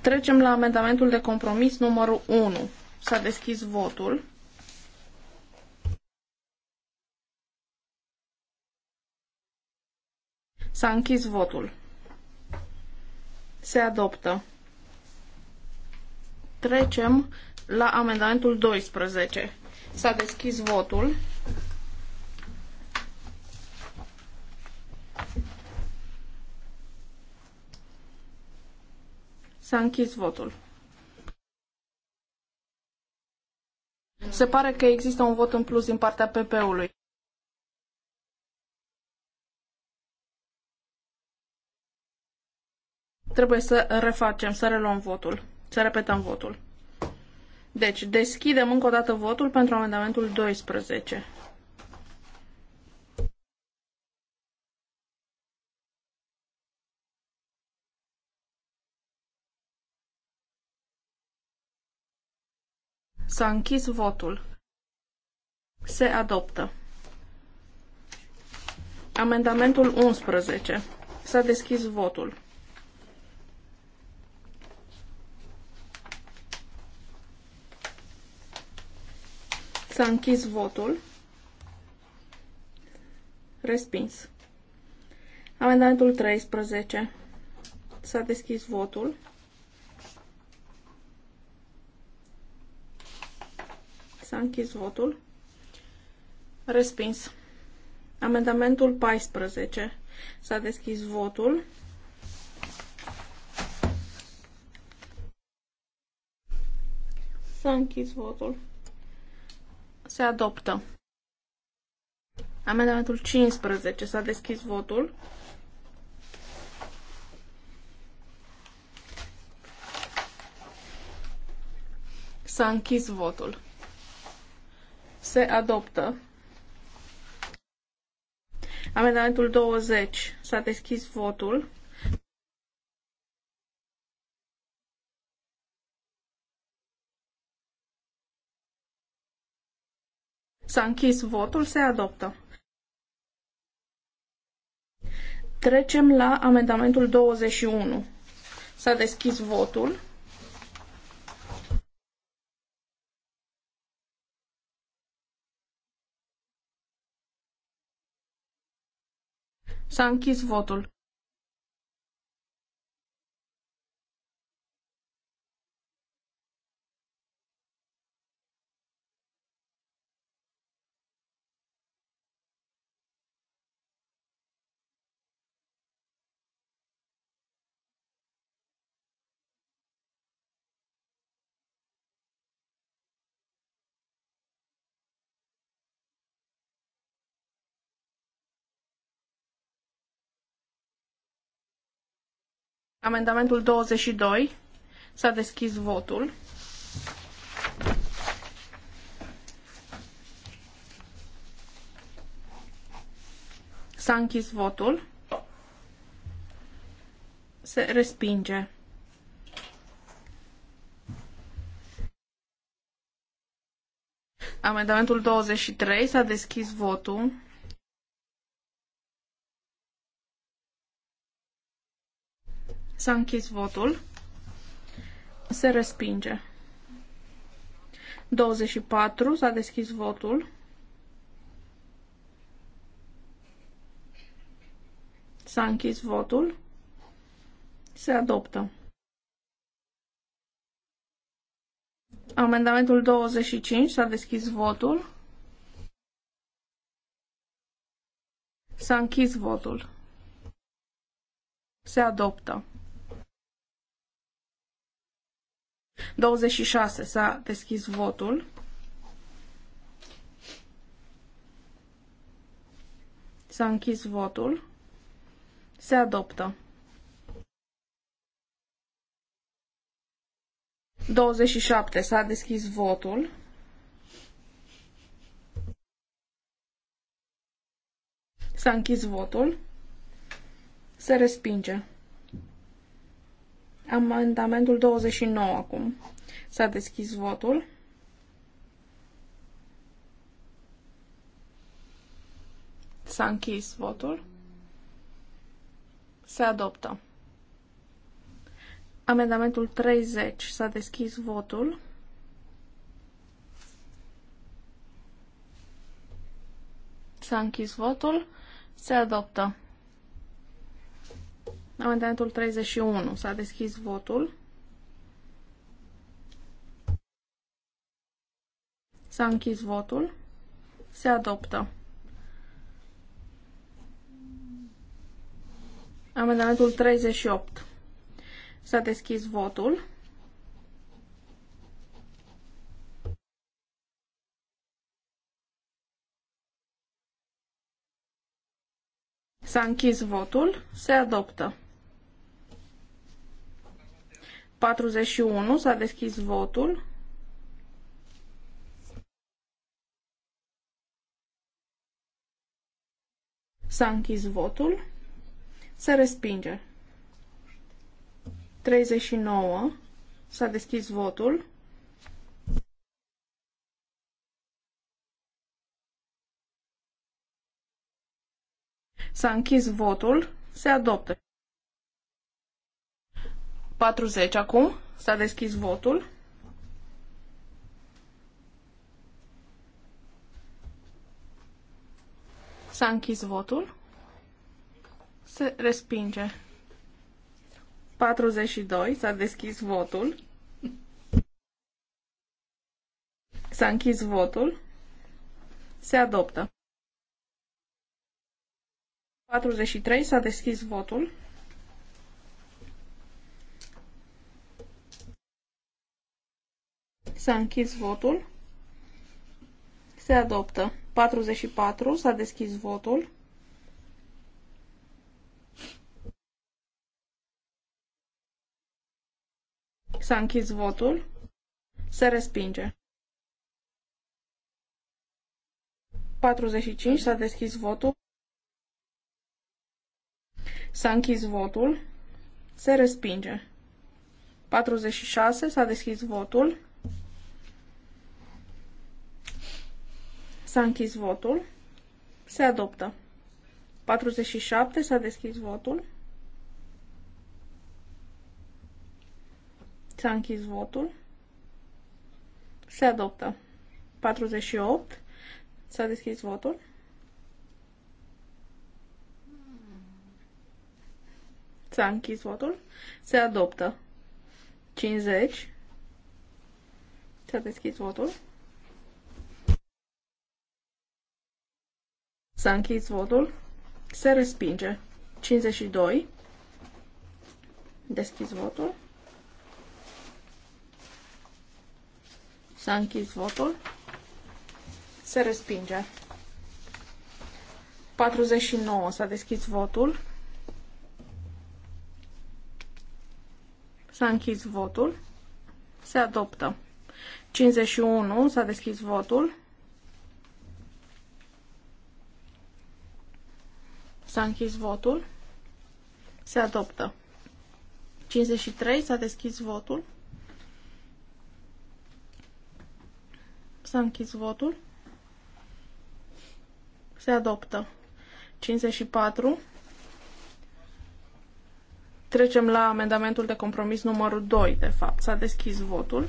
Trecem la amendamentul de compromis numărul 1. S-a deschis votul. S-a închis votul. Se adoptă. Trecem la amendamentul 12. S-a deschis votul. S-a închis votul. Se pare că există un vot în plus din partea PP-ului. Trebuie să refacem, să reluăm votul, să repetăm votul. Deci, deschidem încă o dată votul pentru amendamentul 12. S-a închis votul. Se adoptă. Amendamentul 11. S-a deschis votul. S-a închis votul. Respins. Amendamentul 13. S-a deschis votul. S-a închis votul. Respins. Amendamentul 14. S-a deschis votul. S-a închis votul. Se adoptă. Amendamentul 15. S-a deschis votul. S-a închis votul se adoptă. Amendamentul 20. S-a deschis votul. S-a închis votul, se adoptă. Trecem la amendamentul 21. S-a deschis votul. S-a închis votul. Amendamentul 22. S-a deschis votul. S-a închis votul. Se respinge. Amendamentul 23 s-a deschis votul. S-a închis votul. Se respinge. 24. S-a deschis votul. S-a închis votul. Se adoptă. Amendamentul 25. S-a deschis votul. S-a închis votul. Se adoptă. 26. S-a deschis votul. S-a închis votul. Se adoptă. 27. S-a deschis votul. S-a închis votul. Se respinge. Amendamentul 29 acum. S-a deschis votul. S-a închis votul. Se adoptă. Amendamentul 30. S-a deschis votul. S-a închis votul. Se adoptă. Amendamentul 31. S-a deschis votul. S-a închis votul. Se adoptă. Amendamentul 38. S-a deschis votul. S-a închis votul. Se adoptă. 41. S-a deschis votul. S-a închis votul. Se respinge. 39. S-a deschis votul. S-a închis votul. Se adoptă. 40 acum. S-a deschis votul. S-a închis votul. Se respinge. 42. S-a deschis votul. S-a închis votul. Se adoptă. 43. S-a deschis votul. S-a închis votul. Se adoptă. 44. S-a deschis votul. S-a închis votul. Se respinge. 45. S-a deschis votul. S-a închis votul. Se respinge. 46. S-a deschis votul. S-a închis votul. Se adoptă. 47. S-a deschis votul. S-a închis votul. Se adoptă. 48. S-a deschis votul. S-a închis votul. Se adoptă. 50. S-a deschis votul. S-a închis votul. Se respinge. 52. Deschis votul. S-a închis votul. Se respinge. 49. S-a deschis votul. S-a închis votul. Se adoptă. 51. S-a deschis votul. S-a închis votul. Se adoptă. 53. S-a deschis votul. S-a închis votul. Se adoptă. 54. Trecem la amendamentul de compromis numărul 2, de fapt. S-a deschis votul.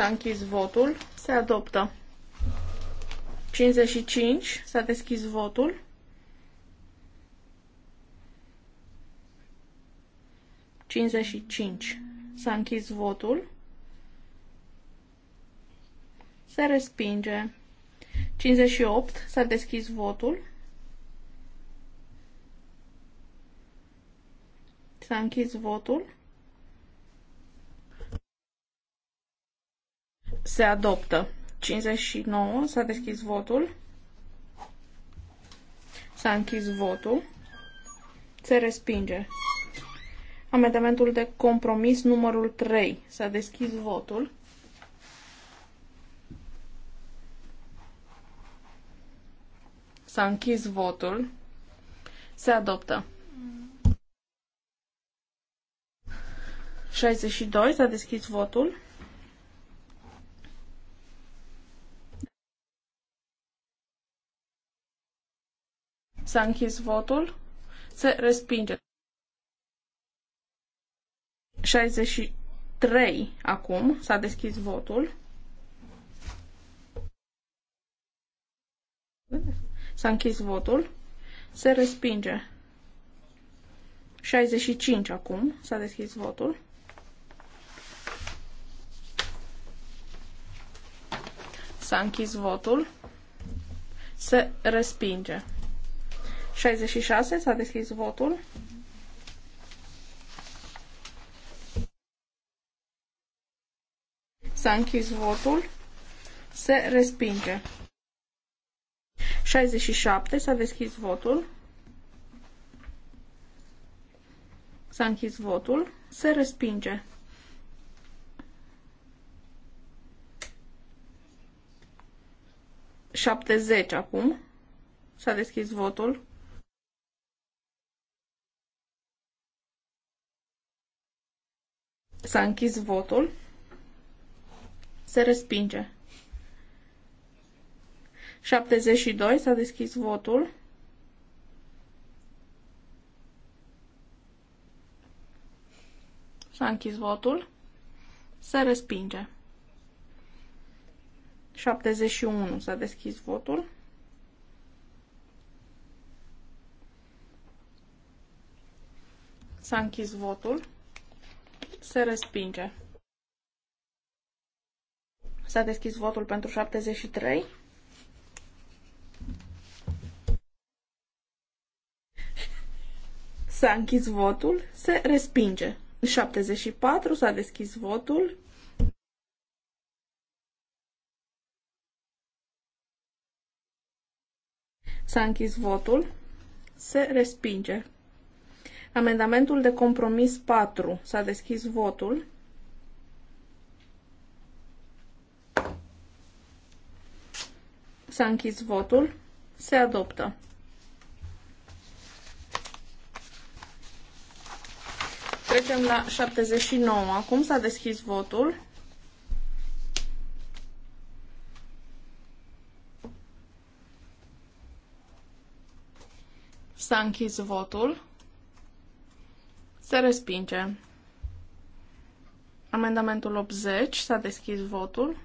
S-a închis votul. Se adoptă. 55. S-a deschis votul. Cincizeci cinci. S-a închis votul. Se respinge. 58. S-a deschis votul. S-a închis votul. Se adoptă. 59. S-a deschis votul. S-a închis votul. Se respinge. Amendamentul de compromis numărul 3. S-a deschis votul. S-a închis votul. Se adoptă. 62. S-a deschis votul. S-a închis votul. Se respinge. 63 acum. S-a deschis votul. S-a închis votul. Se respinge. 65 acum. S-a deschis votul. S-a închis votul. Se respinge. 66 s-a deschis votul. S-a închis votul. Se respinge. 67 s-a deschis votul. S-a închis votul. Se respinge. 70, acum. S-a deschis votul. S-a închis votul. Se respinge. 72. S-a deschis votul. S-a închis votul. Se respinge. 71. S-a deschis votul. S-a închis votul. Se respinge. S-a deschis votul pentru 73. S-a închis votul, se respinge. 74 s-a deschis votul. S-a închis votul, se respinge. Amendamentul de compromis 4. S-a deschis votul. S-a închis votul. Se adoptă. Trecem la 79. Acum s-a deschis votul. S-a închis votul. Se respinge. Amendamentul 80. S-a deschis votul.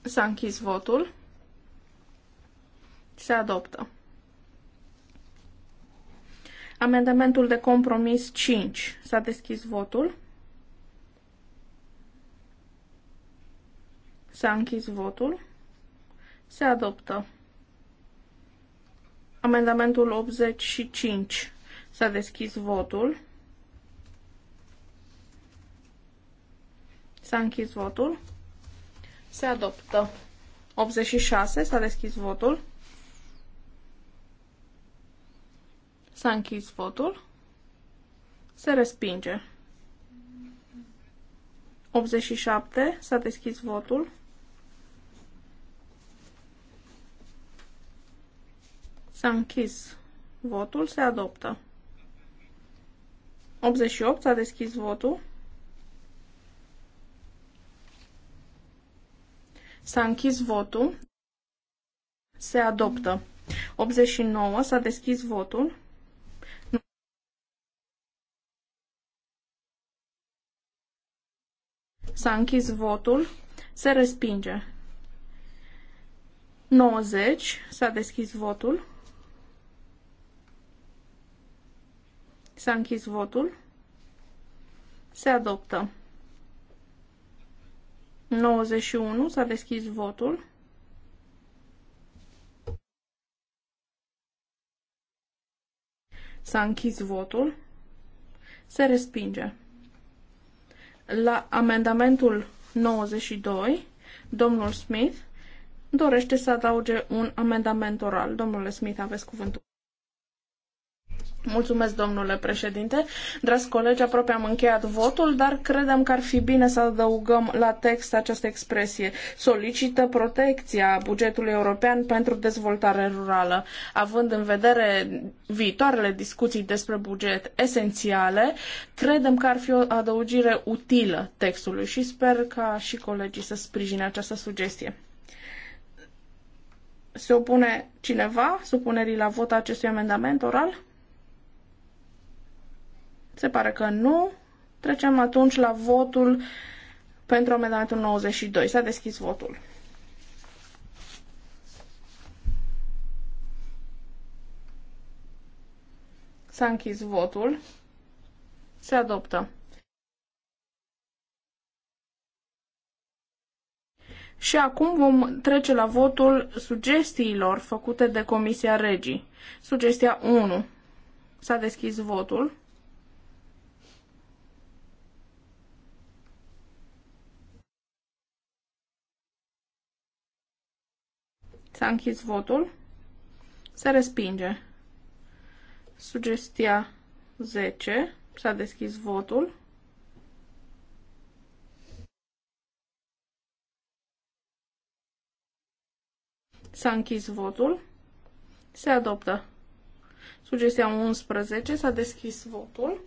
S-a închis votul. Se adoptă. Amendamentul de compromis 5. S-a deschis votul. S-a închis votul. Se adoptă. Amendamentul 85. S-a deschis votul. S-a închis votul. Se adoptă. 86. S-a deschis votul. S-a închis votul. Se respinge. 87. S-a deschis votul. S-a închis votul, se adoptă. 88 s-a deschis votul. S-a închis votul. Se adoptă. 89 s-a deschis votul. S-a închis votul. Se respinge. 90 s-a deschis votul. S-a închis votul. Se adoptă. 91. S-a deschis votul. S-a închis votul. Se respinge. La amendamentul 92, domnul Smith dorește să adauge un amendament oral. Domnule Smith, aveți cuvântul. Mulțumesc, domnule președinte. Dragi colegi, aproape am încheiat votul, dar credem că ar fi bine să adăugăm la text această expresie. Solicită protecția bugetului european pentru dezvoltare rurală, având în vedere viitoarele discuții despre buget esențiale, credem că ar fi o adăugire utilă textului și sper ca și colegii să sprijine această sugestie. Se opune cineva supunerii la vot a acestui amendament oral? Se pare că nu. Trecem atunci la votul pentru amendamentul 92. S-a deschis votul. S-a închis votul. Se adoptă. Și acum vom trece la votul sugestiilor făcute de Comisia Regii. Sugestia 1. S-a deschis votul. S-a închis votul. Se respinge. Sugestia 10. S-a deschis votul. S-a închis votul. Se adoptă. Sugestia 11. S-a deschis votul.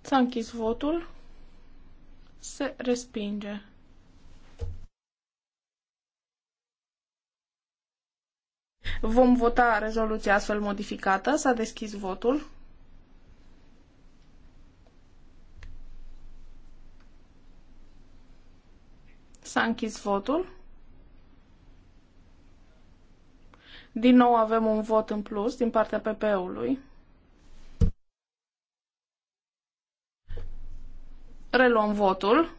S-a închis votul se respinge. Vom vota rezoluția astfel modificată. S-a deschis votul. S-a închis votul. Din nou avem un vot în plus din partea PP-ului. Reluăm votul.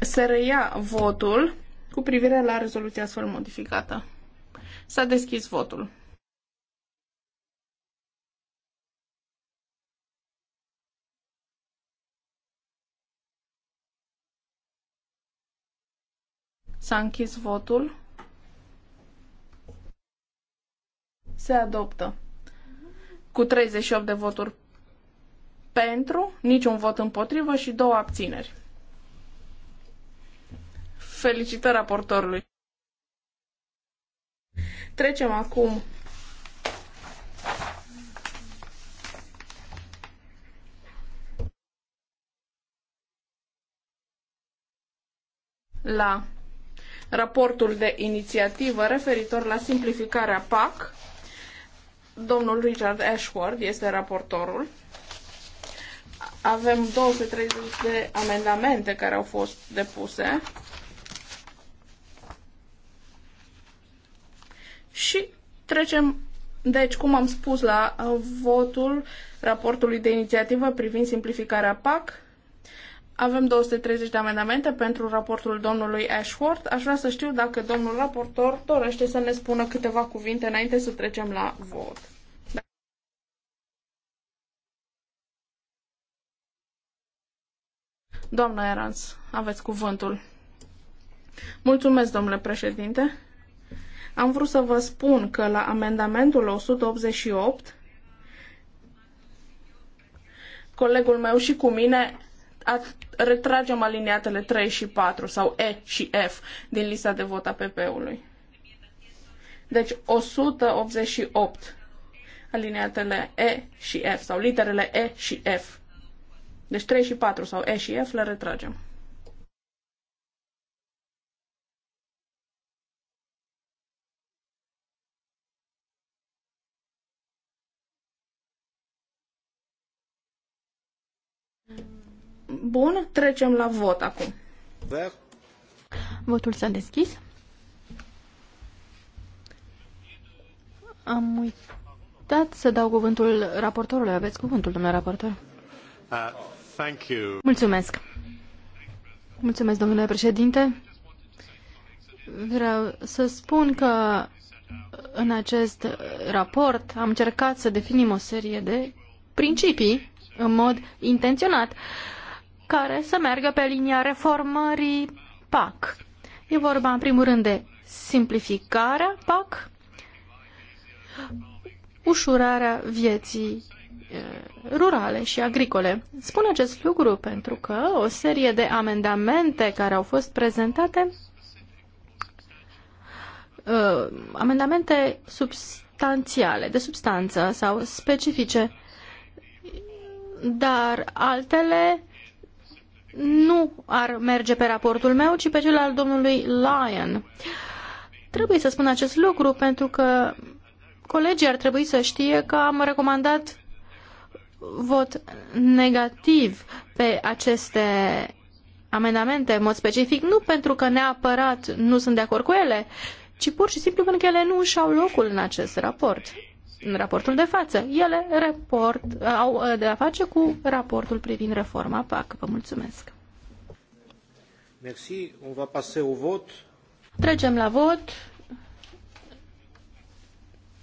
se reia votul cu privire la rezoluția astfel modificată. S-a deschis votul. S-a închis votul. Se adoptă. Cu 38 de voturi pentru, niciun vot împotrivă și două abțineri. Felicitări raportorului. Trecem acum la raportul de inițiativă referitor la simplificarea PAC. Domnul Richard Ashworth este raportorul. Avem 230 de amendamente care au fost depuse. Și trecem, deci, cum am spus, la uh, votul raportului de inițiativă privind simplificarea PAC avem 230 de amendamente pentru raportul domnului Ashworth. Aș vrea să știu dacă domnul raportor dorește să ne spună câteva cuvinte înainte să trecem la vot. Doamna Erans, aveți cuvântul. Mulțumesc, domnule președinte. Am vrut să vă spun că la amendamentul 188, colegul meu și cu mine retragem aliniatele 3 și 4 sau E și F din lista de vot a PP-ului. Deci 188 aliniatele E și F sau literele E și F. Deci 3 și 4 sau E și F le retragem. Bun, trecem la vot acum. Ver. Votul s-a deschis. Am uitat să dau cuvântul raportorului. Aveți cuvântul, domnule raportor. Uh, thank you. Mulțumesc. Mulțumesc, domnule președinte. Vreau să spun că în acest raport am încercat să definim o serie de principii în mod intenționat. Uh, care să meargă pe linia reformării PAC. E vorba, în primul rând, de simplificarea PAC, ușurarea vieții rurale și agricole. Spun acest lucru pentru că o serie de amendamente care au fost prezentate, amendamente substanțiale, de substanță sau specifice, dar altele nu ar merge pe raportul meu, ci pe cel al domnului Lyon. Trebuie să spun acest lucru pentru că colegii ar trebui să știe că am recomandat vot negativ pe aceste amendamente, în mod specific, nu pentru că neapărat nu sunt de acord cu ele, ci pur și simplu pentru că ele nu își au locul în acest raport în raportul de față. Ele report, uh, au uh, de a face cu raportul privind reforma PAC. Vă mulțumesc. Merci. On va passer au vot. Trecem la vot.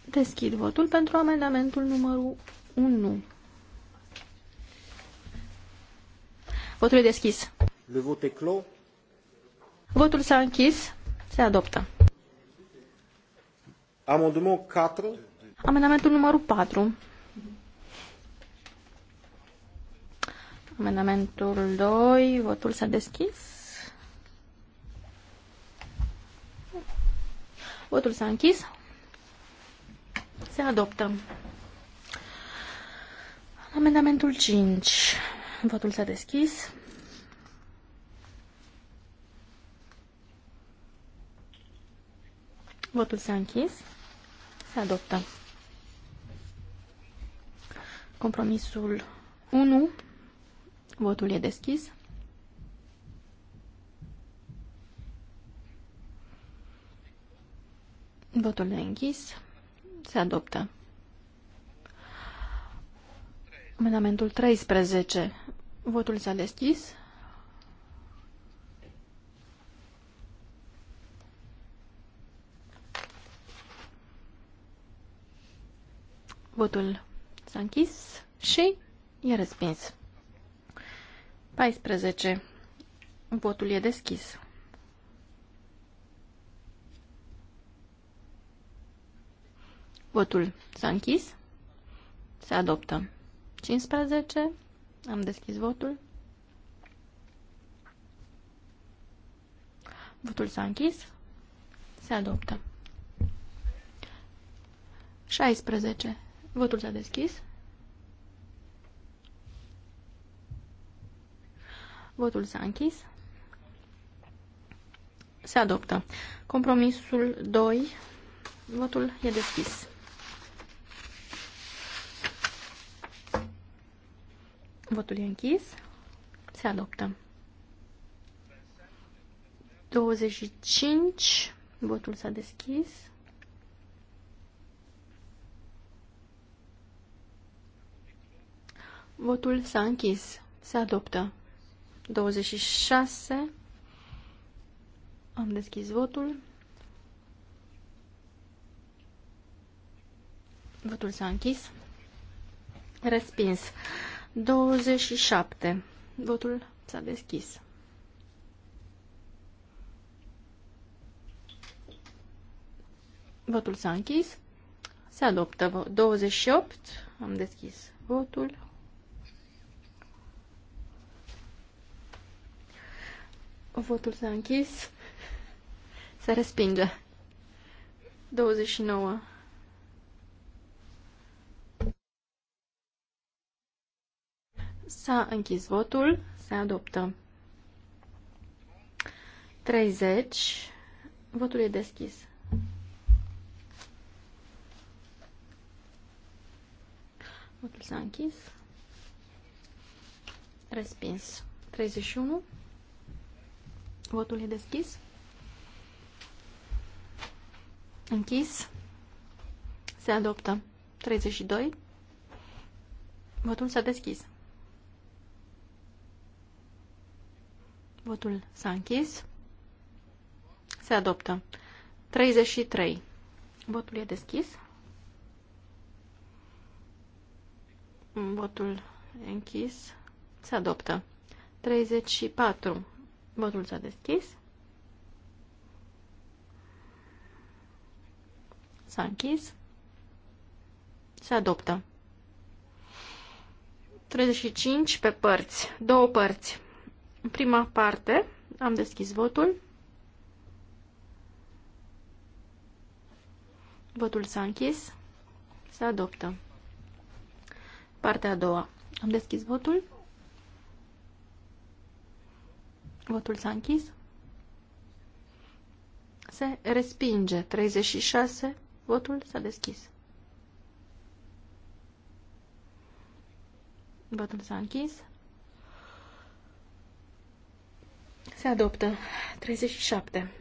Deschid votul pentru amendamentul numărul 1. Votul e deschis. Le vot est clos. Votul s-a închis. Se adoptă. Amendement 4. Amendamentul numărul 4. Amendamentul 2. Votul s-a deschis. Votul s-a închis. Se adoptă. Amendamentul 5. Votul s-a deschis. Votul s-a închis. Se adoptă. Compromisul 1. Votul e deschis. Votul e închis. Se adoptă. Amendamentul 13. Votul s-a deschis. Votul s-a închis și e respins. 14. Votul e deschis. Votul s-a închis. Se adoptă. 15. Am deschis votul. Votul s-a închis. Se adoptă. 16. Votul s-a deschis. Votul s-a închis. Se adoptă. Compromisul 2. Votul e deschis. Votul e închis. Se adoptă. 25. Votul s-a deschis. Votul s-a închis. Se adoptă. 26. Am deschis votul. Votul s-a închis. Respins. 27. Votul s-a deschis. Votul s-a închis. Se adoptă 28. Am deschis votul. Votul s-a închis. Se respinge. 29. S-a închis votul. Se adoptă. 30. Votul e deschis. Votul s-a închis. Respins. 31. Votul e deschis. Închis. Se adoptă. 32. Votul s-a deschis. Votul s-a închis. Se adoptă. 33. Votul e deschis. Votul e închis. Se adoptă. 34. Votul s-a deschis. S-a închis. Se adoptă. 35 pe părți. Două părți. În prima parte am deschis votul. Votul s-a închis. Se adoptă. Partea a doua. Am deschis votul. Votul s-a închis. Se respinge. 36. Votul s-a deschis. Votul s-a închis. Se adoptă. 37.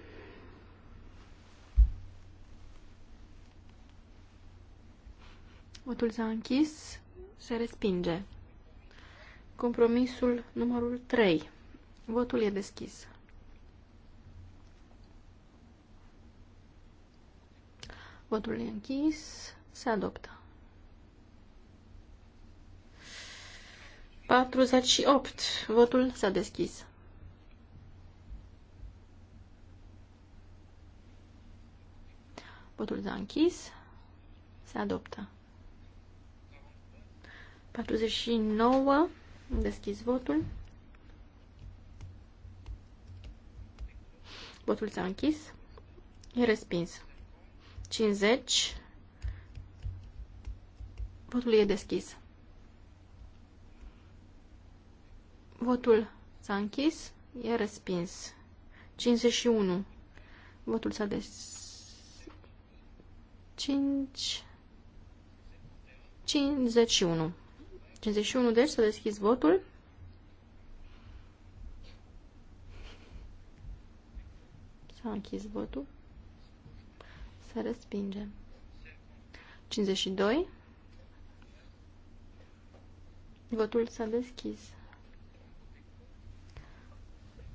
Votul s-a închis. Se respinge. Compromisul numărul 3. Votul e deschis. Votul e închis. Se adoptă. 48. Votul s-a deschis. Votul s-a închis. Se adoptă. 49. Deschis votul. botul s-a închis. E respins. 50. Botul e deschis. Votul s-a închis. E respins. 51. Votul s-a des... 5... 51. 51, deci s-a deschis votul. S-a închis votul. Se respinge. 52. Votul s-a deschis.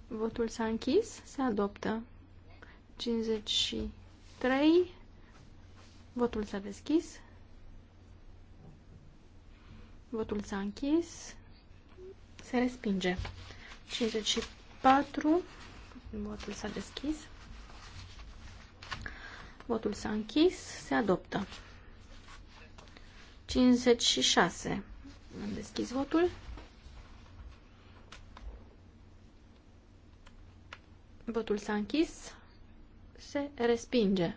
Votul s-a închis. Se adoptă. 53. Votul s-a deschis. Votul s-a închis. Se respinge. 54. Votul s-a deschis. Votul s-a închis. Se adoptă. 56. Am deschis votul. Votul s-a închis. Se respinge.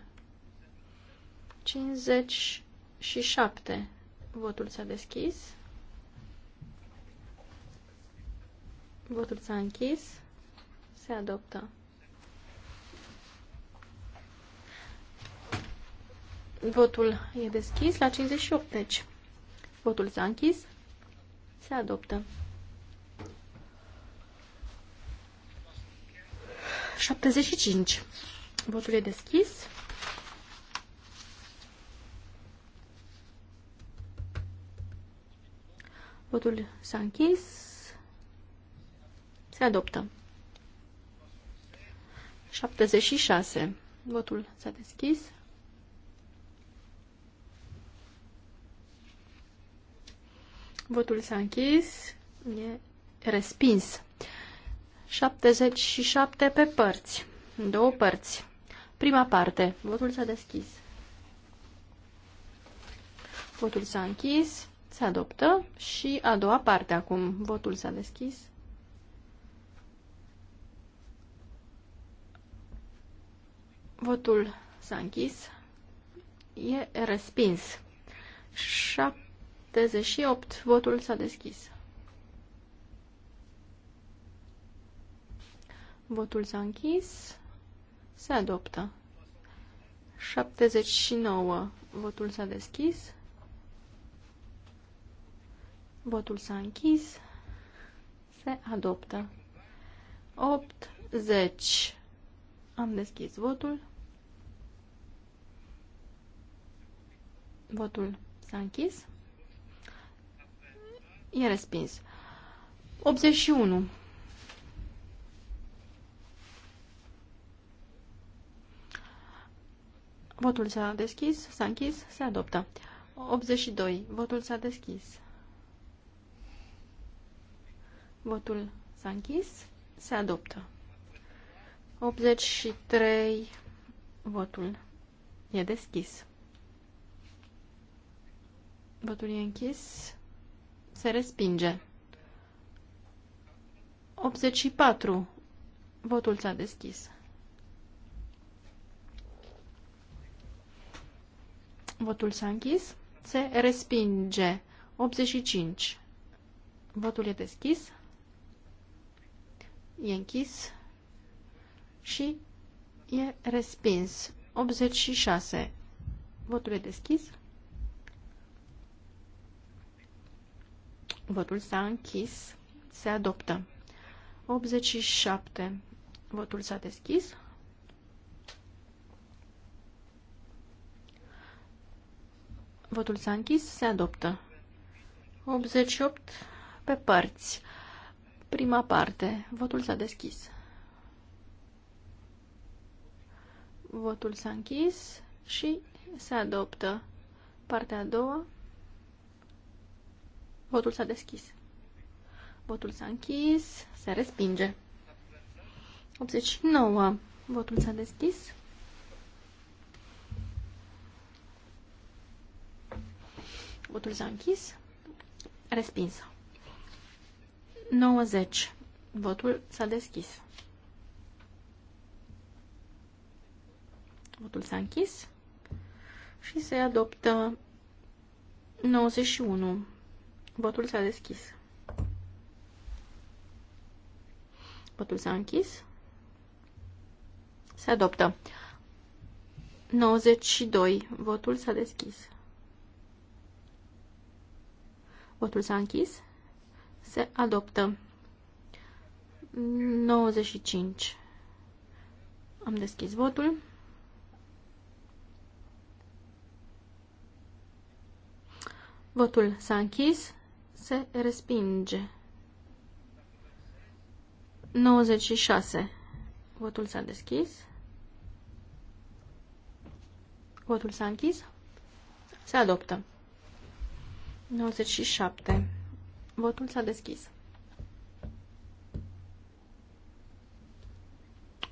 57. Votul s-a deschis. Votul s-a închis. Se adoptă. Votul e deschis la 58, deci. Votul s-a închis. Se adoptă. 75. Votul e deschis. Votul s-a închis. Se adoptă. 76. Votul s-a deschis. Votul s-a închis. E respins. 77 pe părți. În două părți. Prima parte. Votul s-a deschis. Votul s-a închis. Se adoptă. Și a doua parte acum. Votul s-a deschis. Votul s-a închis. E respins. 7 78. Votul s-a deschis. Votul s-a închis. Se adoptă. 79. Votul s-a deschis. Votul s-a închis. Se adoptă. 80. Am deschis votul. Votul s-a închis. E respins. 81. Votul s-a deschis, s-a închis, se adoptă. 82. Votul s-a deschis. Votul s-a închis, se adoptă. 83. Votul e deschis. Votul e închis se respinge. 84. Votul s-a deschis. Votul s-a închis. Se respinge. 85. Votul e deschis. E închis. Și e respins. 86. Votul e deschis. Votul s-a închis. Se adoptă. 87. Votul s-a deschis. Votul s-a închis. Se adoptă. 88 pe părți. Prima parte. Votul s-a deschis. Votul s-a închis și se adoptă. Partea a doua. Votul s-a deschis. Votul s-a închis. Se respinge. 89. Votul s-a deschis. Votul s-a închis. Respinsă. 90. Votul s-a deschis. Votul s-a închis și se adoptă 91. Votul s-a deschis. Votul s-a închis. Se adoptă. 92. Votul s-a deschis. Votul s-a închis. Se adoptă. 95. Am deschis votul. Votul s-a închis se respinge. 96. Votul s-a deschis. Votul s-a închis. Se adoptă. 97. Votul s-a deschis.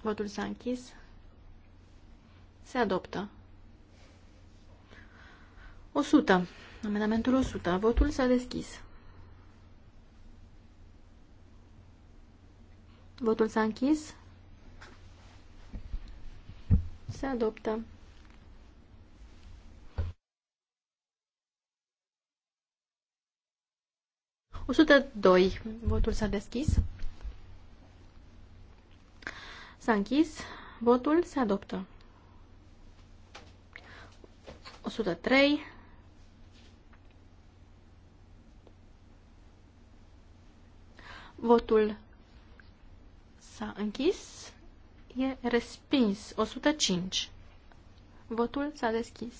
Votul s-a închis. Se adoptă. 100. Amendamentul 100. Votul s-a deschis. Votul s-a închis. Se adoptă. Usută doi. Votul s-a deschis. S-a închis. Votul se adoptă. 103. Votul S-a închis. E respins. 105. Votul s-a deschis.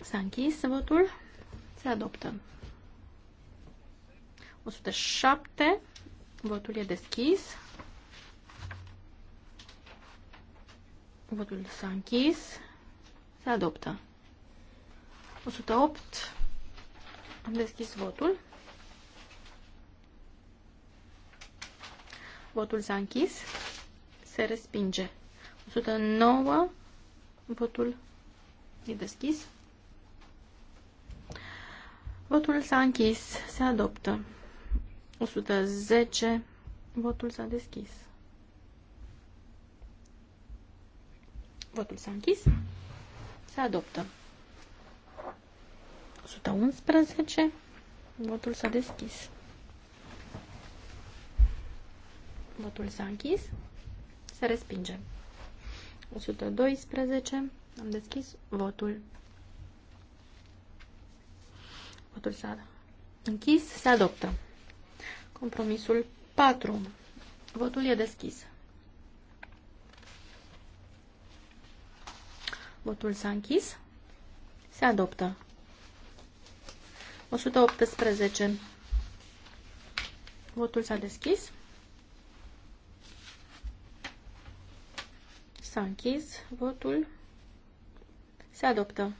S-a închis votul. Se adoptă. 107. Votul e deschis. Votul s-a închis. Se adoptă. 108. Am deschis votul. Votul s-a închis. Se respinge. 109. Votul e deschis. Votul s-a închis. Se adoptă. 110. Votul s-a deschis. Votul s-a închis. Se adoptă. 111. Votul s-a deschis. Votul s-a închis. Se respinge. 112. Am deschis votul. Votul s-a închis. Se adoptă. Compromisul 4. Votul e deschis. Votul s-a închis. Se adoptă. 118. Votul s-a deschis. S-a închis votul. Se adoptă.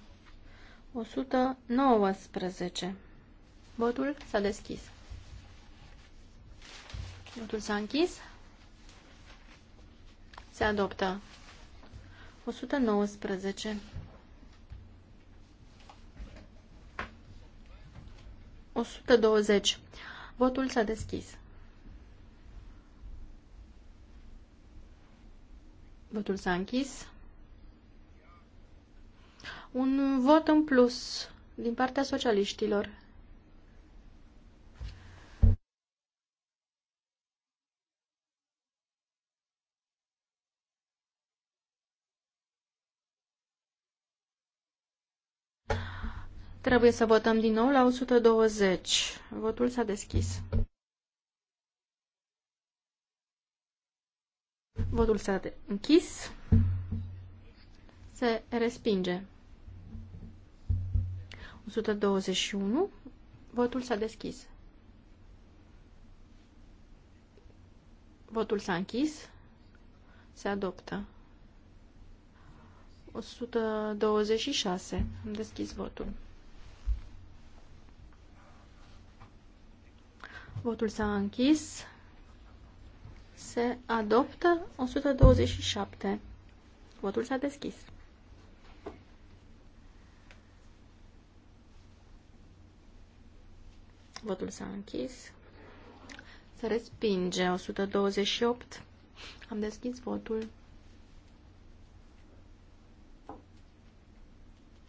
119. Votul s-a deschis. Votul s-a închis. Se adoptă. 119. 120. Votul s-a deschis. Votul s-a închis. Un vot în plus din partea socialiștilor. Trebuie să votăm din nou la 120. Votul s-a deschis. Votul s-a închis. Se respinge. 121. Votul s-a deschis. Votul s-a închis. Se adoptă. 126. Am deschis votul. Votul s-a închis. Se adoptă 127. Votul s-a deschis. Votul s-a închis. Se respinge 128. Am deschis votul.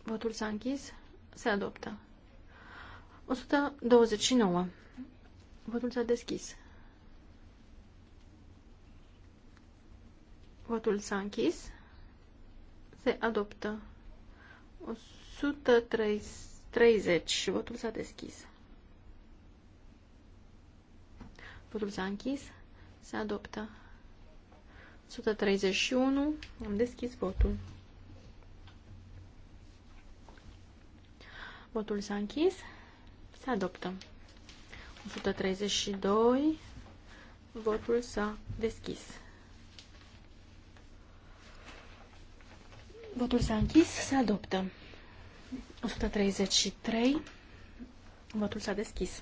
Votul s-a închis. Se adoptă. 129. Votul s-a deschis. Votul s-a închis. Se adoptă. 130. Votul s-a deschis. Votul s-a închis. Se adoptă. 131. Am deschis votul. Votul s-a închis. Se adoptă. 132. Votul s-a deschis. Votul s-a închis, se adoptă. 133. Votul s-a deschis.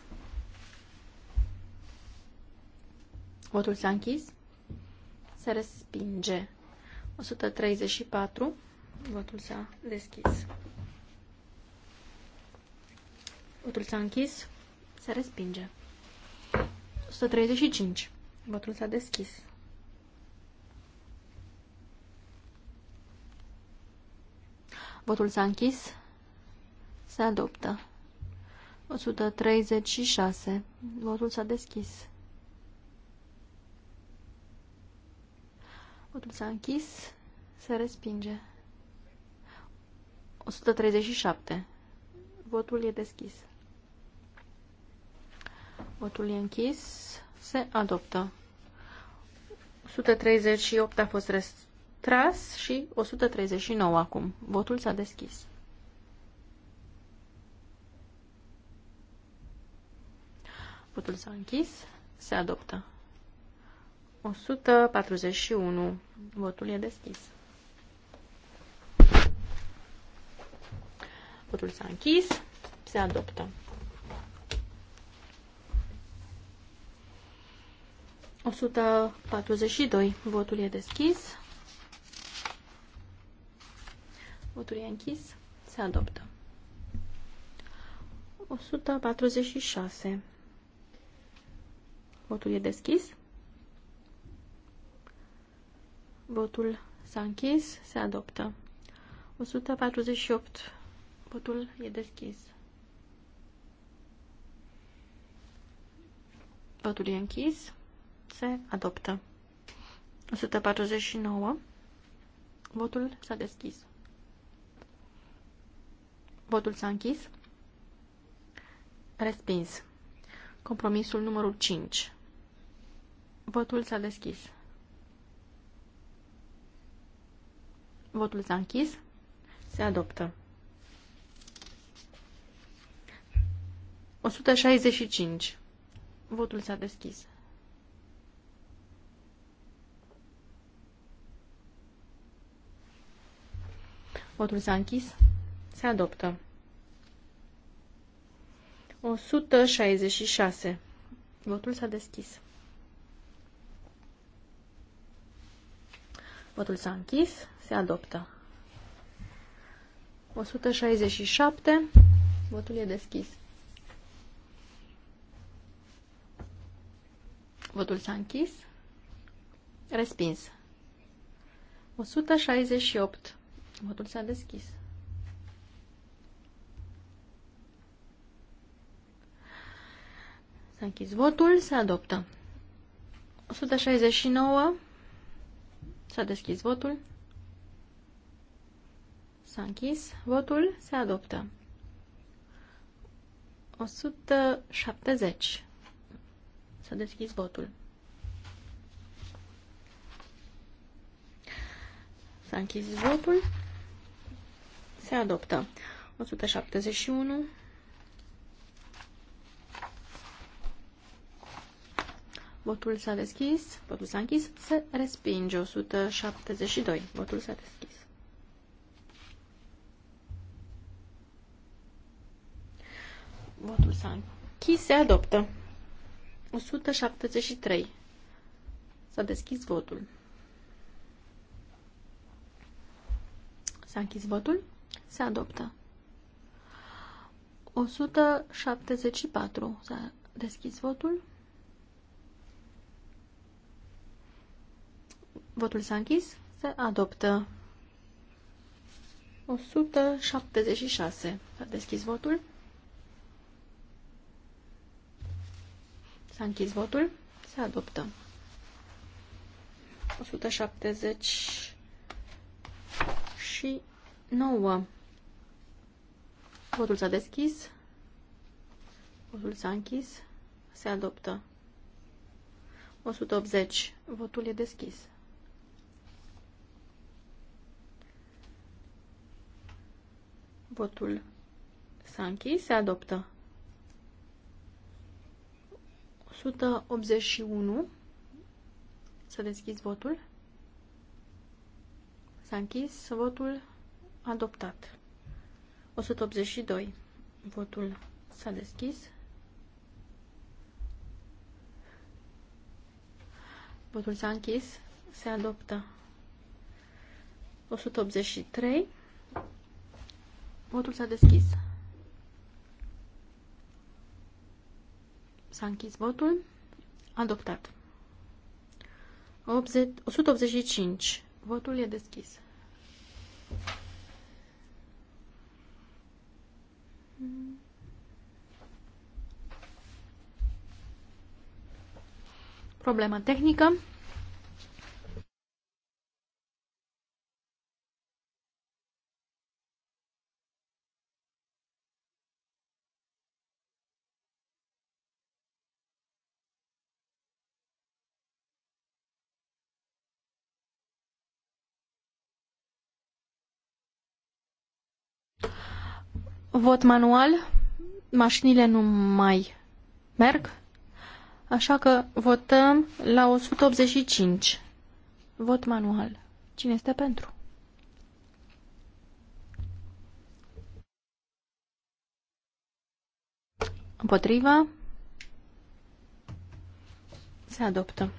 Votul s-a închis. Se respinge. 134. Votul s-a deschis. Votul s-a închis. Se respinge. 135. Votul s-a deschis. Votul s-a închis. Se adoptă. 136. Votul s-a deschis. Votul s-a închis. Se respinge. 137. Votul e deschis. Votul e închis. Se adoptă. 138 a fost Tras și 139 acum. Votul s-a deschis. Votul s-a închis. Se adoptă. 141. Votul e deschis. Votul s-a închis. Se adoptă. 142. Votul e deschis. Votul e închis. Se adoptă. 146. Votul e deschis. Votul s-a închis. Se adoptă. 148. Votul e deschis. Votul e închis. Se adoptă. 149. Votul s-a deschis. Votul s-a închis. Respins. Compromisul numărul 5. Votul s-a deschis. Votul s-a închis. Se adoptă. 165. Votul s-a deschis. Votul s-a închis. Se adoptă. 166. Votul s-a deschis. Votul s-a închis. Se adoptă. 167. Votul e deschis. Votul s-a închis. Respins. 168. Votul s-a deschis. S-a închis votul, se adoptă. 169. S-a deschis votul. S-a închis votul, se adoptă. 170. S-a deschis votul. S-a închis votul. Se adoptă. 171. Votul s-a deschis, votul s-a închis, se respinge 172. Votul s-a deschis. Votul s-a închis, se adoptă. 173. S-a deschis votul. S-a închis votul, se adoptă. 174. S-a deschis votul. Votul s-a închis. Se adoptă. 176. S-a deschis votul. S-a închis votul. Se adoptă. 170 și 9. Votul s-a deschis. Votul s-a închis. Se adoptă. 180. Votul e deschis. Votul s-a închis, se adoptă. 181. Să deschizi votul. S-a închis votul adoptat. 182. Votul s-a deschis. Votul s-a închis. Se adoptă. 183. Votul s-a deschis. S-a închis votul. Adoptat. 80, 185. Votul e deschis. Problema tehnică. vot manual. Mașinile nu mai merg. Așa că votăm la 185. Vot manual. Cine este pentru? Împotriva? Se adoptă.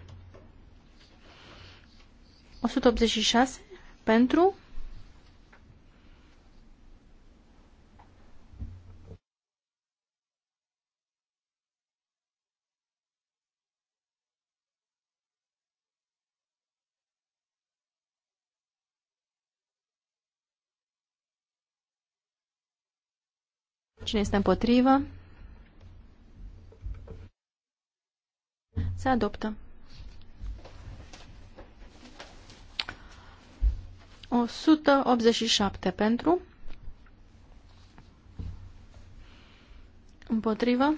186 pentru Cine este împotrivă? Se adoptă. 187 pentru. Împotrivă.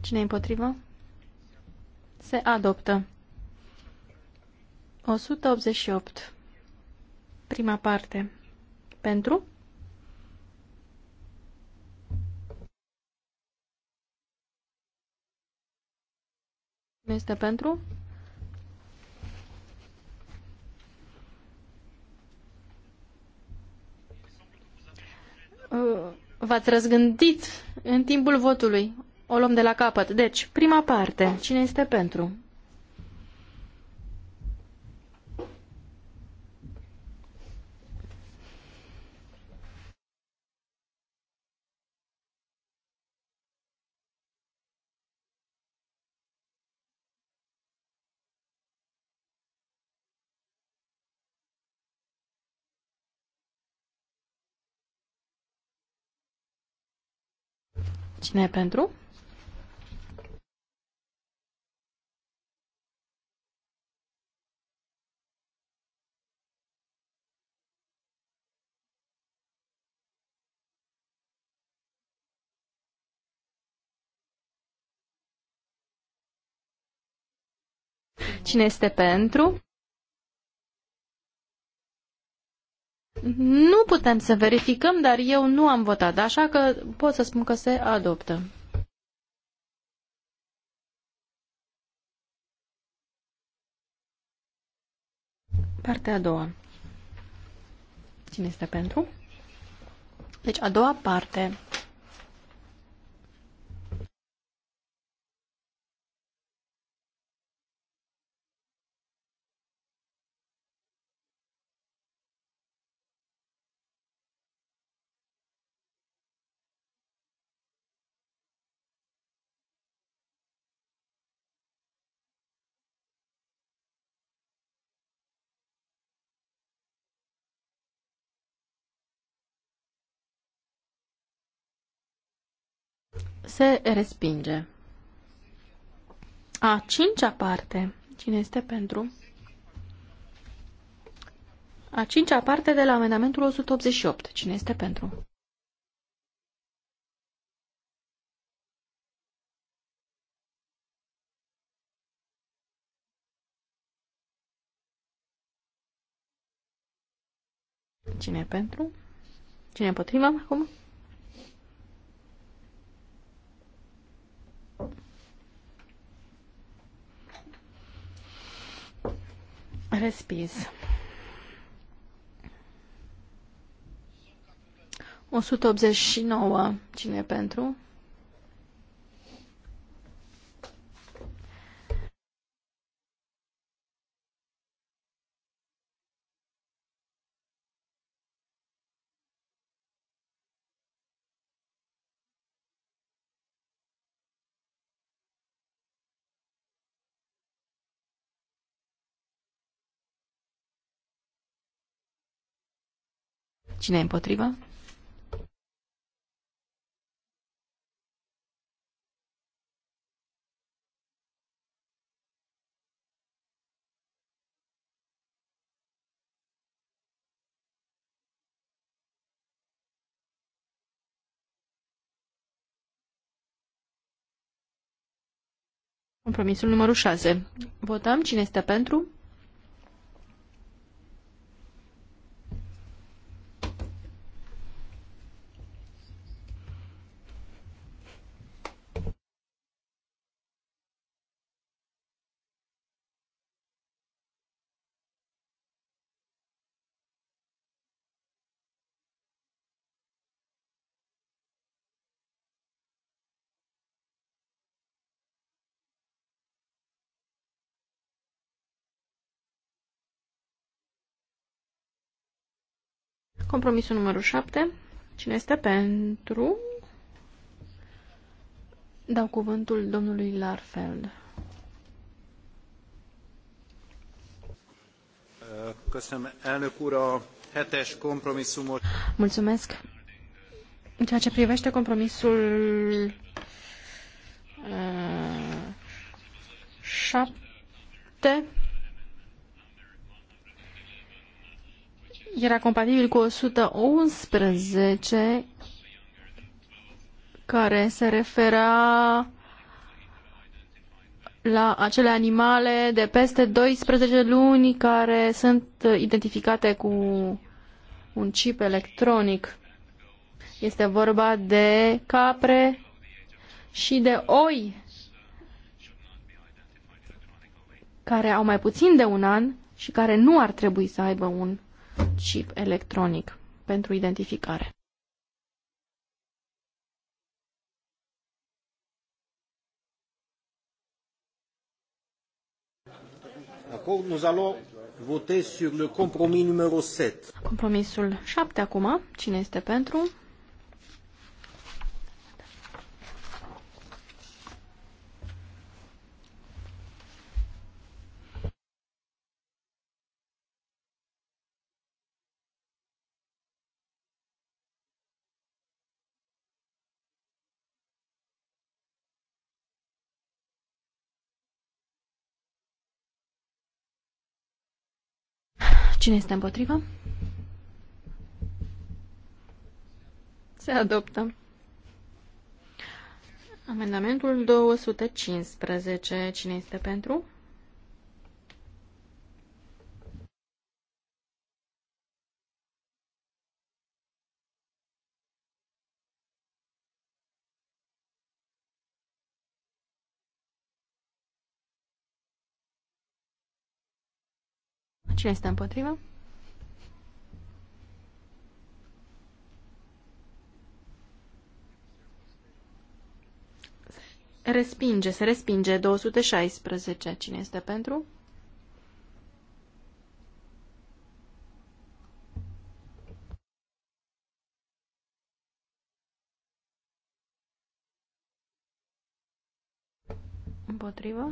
Cine împotrivă? Se adoptă. 188. Prima parte. Pentru? Nu este pentru? Uh, v-ați răzgândit în timpul votului. O luăm de la capăt. Deci, prima parte. Cine este pentru? Cine e pentru? Cine este pentru? Nu putem să verificăm, dar eu nu am votat, așa că pot să spun că se adoptă. Partea a doua. Cine este pentru? Deci a doua parte se respinge. A cincea parte. Cine este pentru? A cincea parte de la amendamentul 188. Cine este pentru? Cine e pentru? Cine e împotriva acum? Respins. 189. Cine e pentru? Cine e împotrivă? Compromisul numărul 6. Votăm cine este pentru, Compromisul numărul 7. Cine este pentru? Dau cuvântul domnului Larfeld. Mulțumesc. În ceea ce privește compromisul uh, șapte, era compatibil cu 111 care se refera la acele animale de peste 12 luni care sunt identificate cu un chip electronic. Este vorba de capre și de oi care au mai puțin de un an și care nu ar trebui să aibă un chip electronic pentru identificare. nous allons voter sur le compromis numéro 7. Compromisul 7 acum. Cine este pentru? Cine este împotrivă? Se adoptă. Amendamentul 215. Cine este pentru? Cine este împotrivă? Respinge, se respinge 216. Cine este pentru? Împotrivă?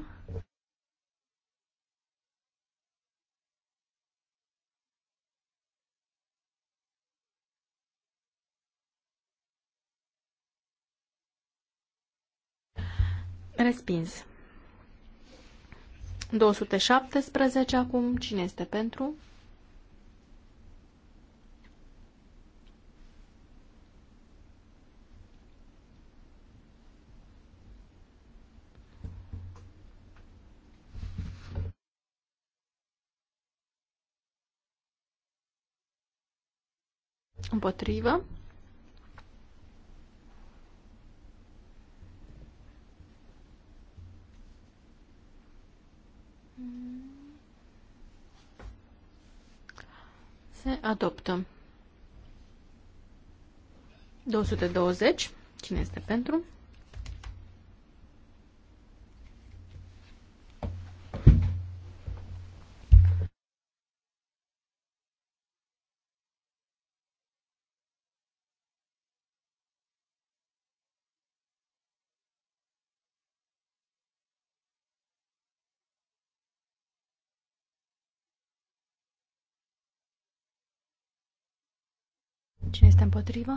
Respins. 217 acum. Cine este pentru? Împotrivă. Se adoptă. 220. Cine este pentru? Cine este împotrivă?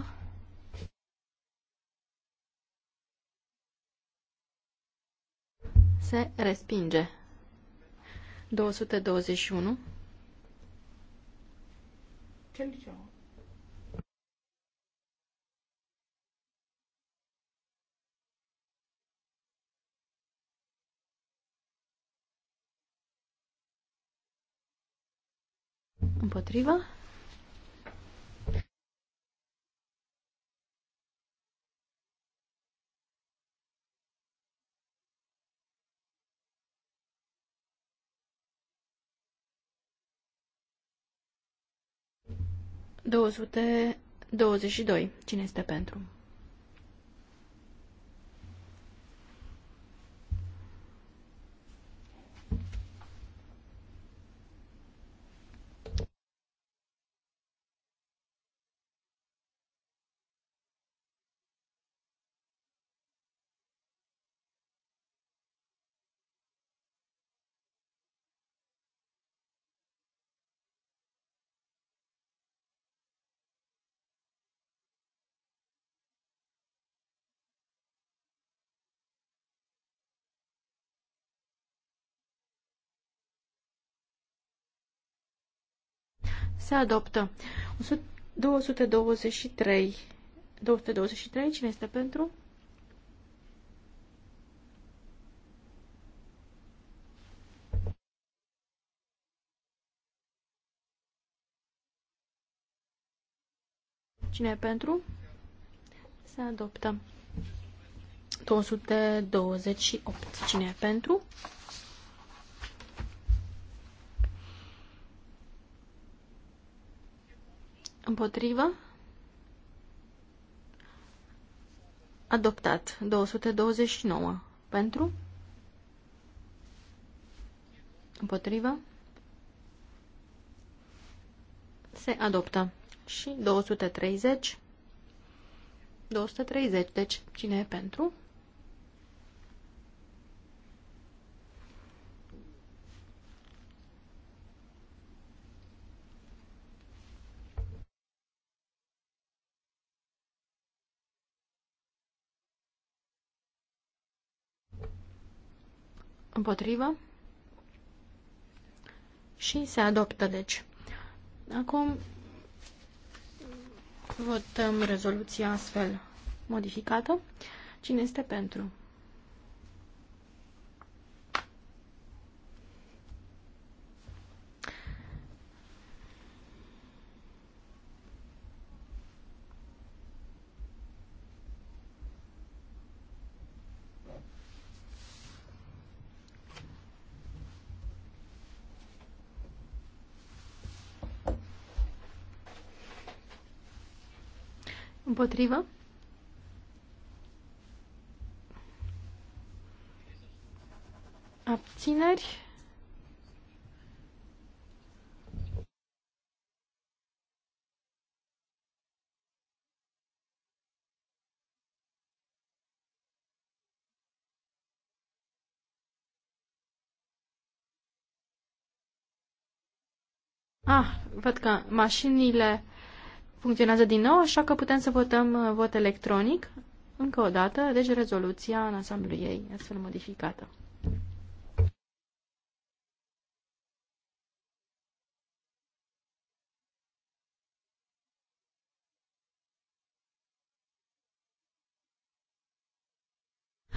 Se respinge. 221. Ce liceu? Împotrivă? 222. Cine este pentru? se adoptă. 223. 223, cine este pentru? Cine e pentru? Se adoptă. 228. Cine e pentru? Împotrivă. Adoptat. 229. Pentru. Împotrivă. Se adoptă. Și 230. 230. Deci, cine e pentru? Împotrivă. Și se adoptă, deci. Acum votăm rezoluția astfel modificată. Cine este pentru? Împotrivă? Abțineri? Ah, văd că mașinile funcționează din nou, așa că putem să votăm uh, vot electronic încă o dată, deci rezoluția în ansamblu ei, astfel modificată.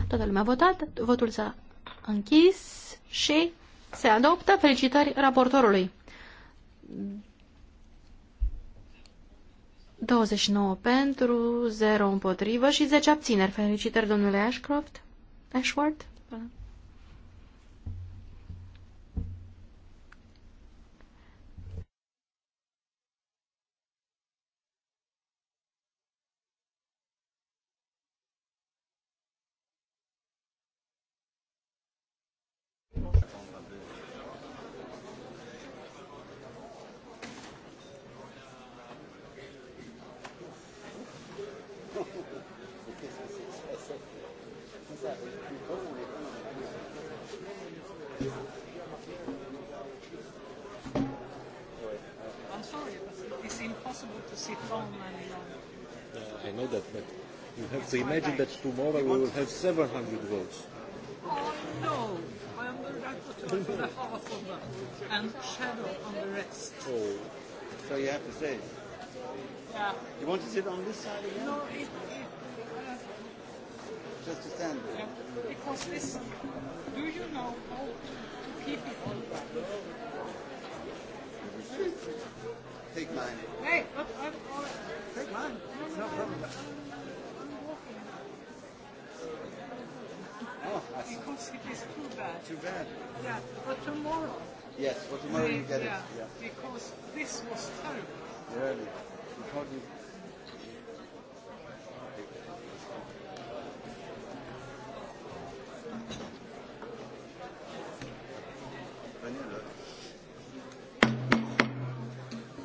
Toată lumea a votat, votul s-a închis și se adoptă felicitări raportorului. 29 pentru, 0 împotrivă și 10 abțineri. Felicitări, domnule Ashcroft. Ashworth? that tomorrow we will have 700 votes. Oh, no. I am the rapporteur for half of them and shadow on the rest. Oh, so you have to say. Yeah. You want to sit on this side again? No, it, it, uh, just to stand there. Yeah, because this, do you know how to, keep it on back? Take mine. Hey, up, up, up. Take mine. No, no, no. Kosik is too bad. Too bad. Yeah, but tomorrow. Yes, for tomorrow we, you get yeah, it. Yeah. Because this was terrible. Really?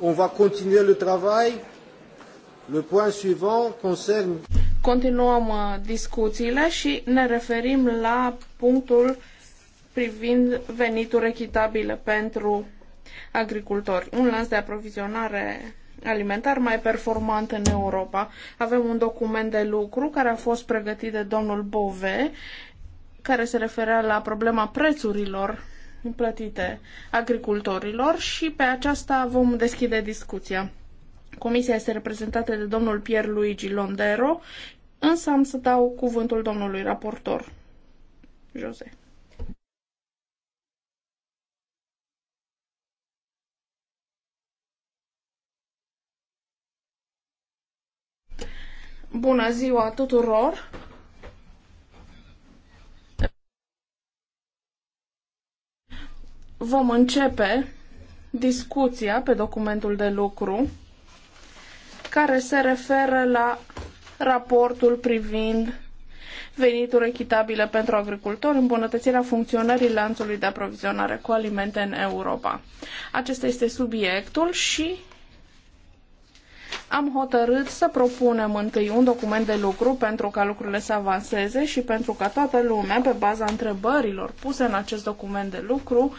You On va continuer le travail. Le point suivant concerne Continuăm uh, discuțiile și ne referim la punctul privind venituri echitabile pentru agricultori. Un lanț de aprovizionare alimentar mai performant în Europa. Avem un document de lucru care a fost pregătit de domnul Bove, care se referea la problema prețurilor plătite agricultorilor și pe aceasta vom deschide discuția. Comisia este reprezentată de domnul Pierluigi Luigi Londero Însă am să dau cuvântul domnului raportor, Jose. Bună ziua tuturor! Vom începe discuția pe documentul de lucru care se referă la raportul privind venituri echitabile pentru agricultori, îmbunătățirea funcționării lanțului de aprovizionare cu alimente în Europa. Acesta este subiectul și am hotărât să propunem întâi un document de lucru pentru ca lucrurile să avanseze și pentru ca toată lumea, pe baza întrebărilor puse în acest document de lucru,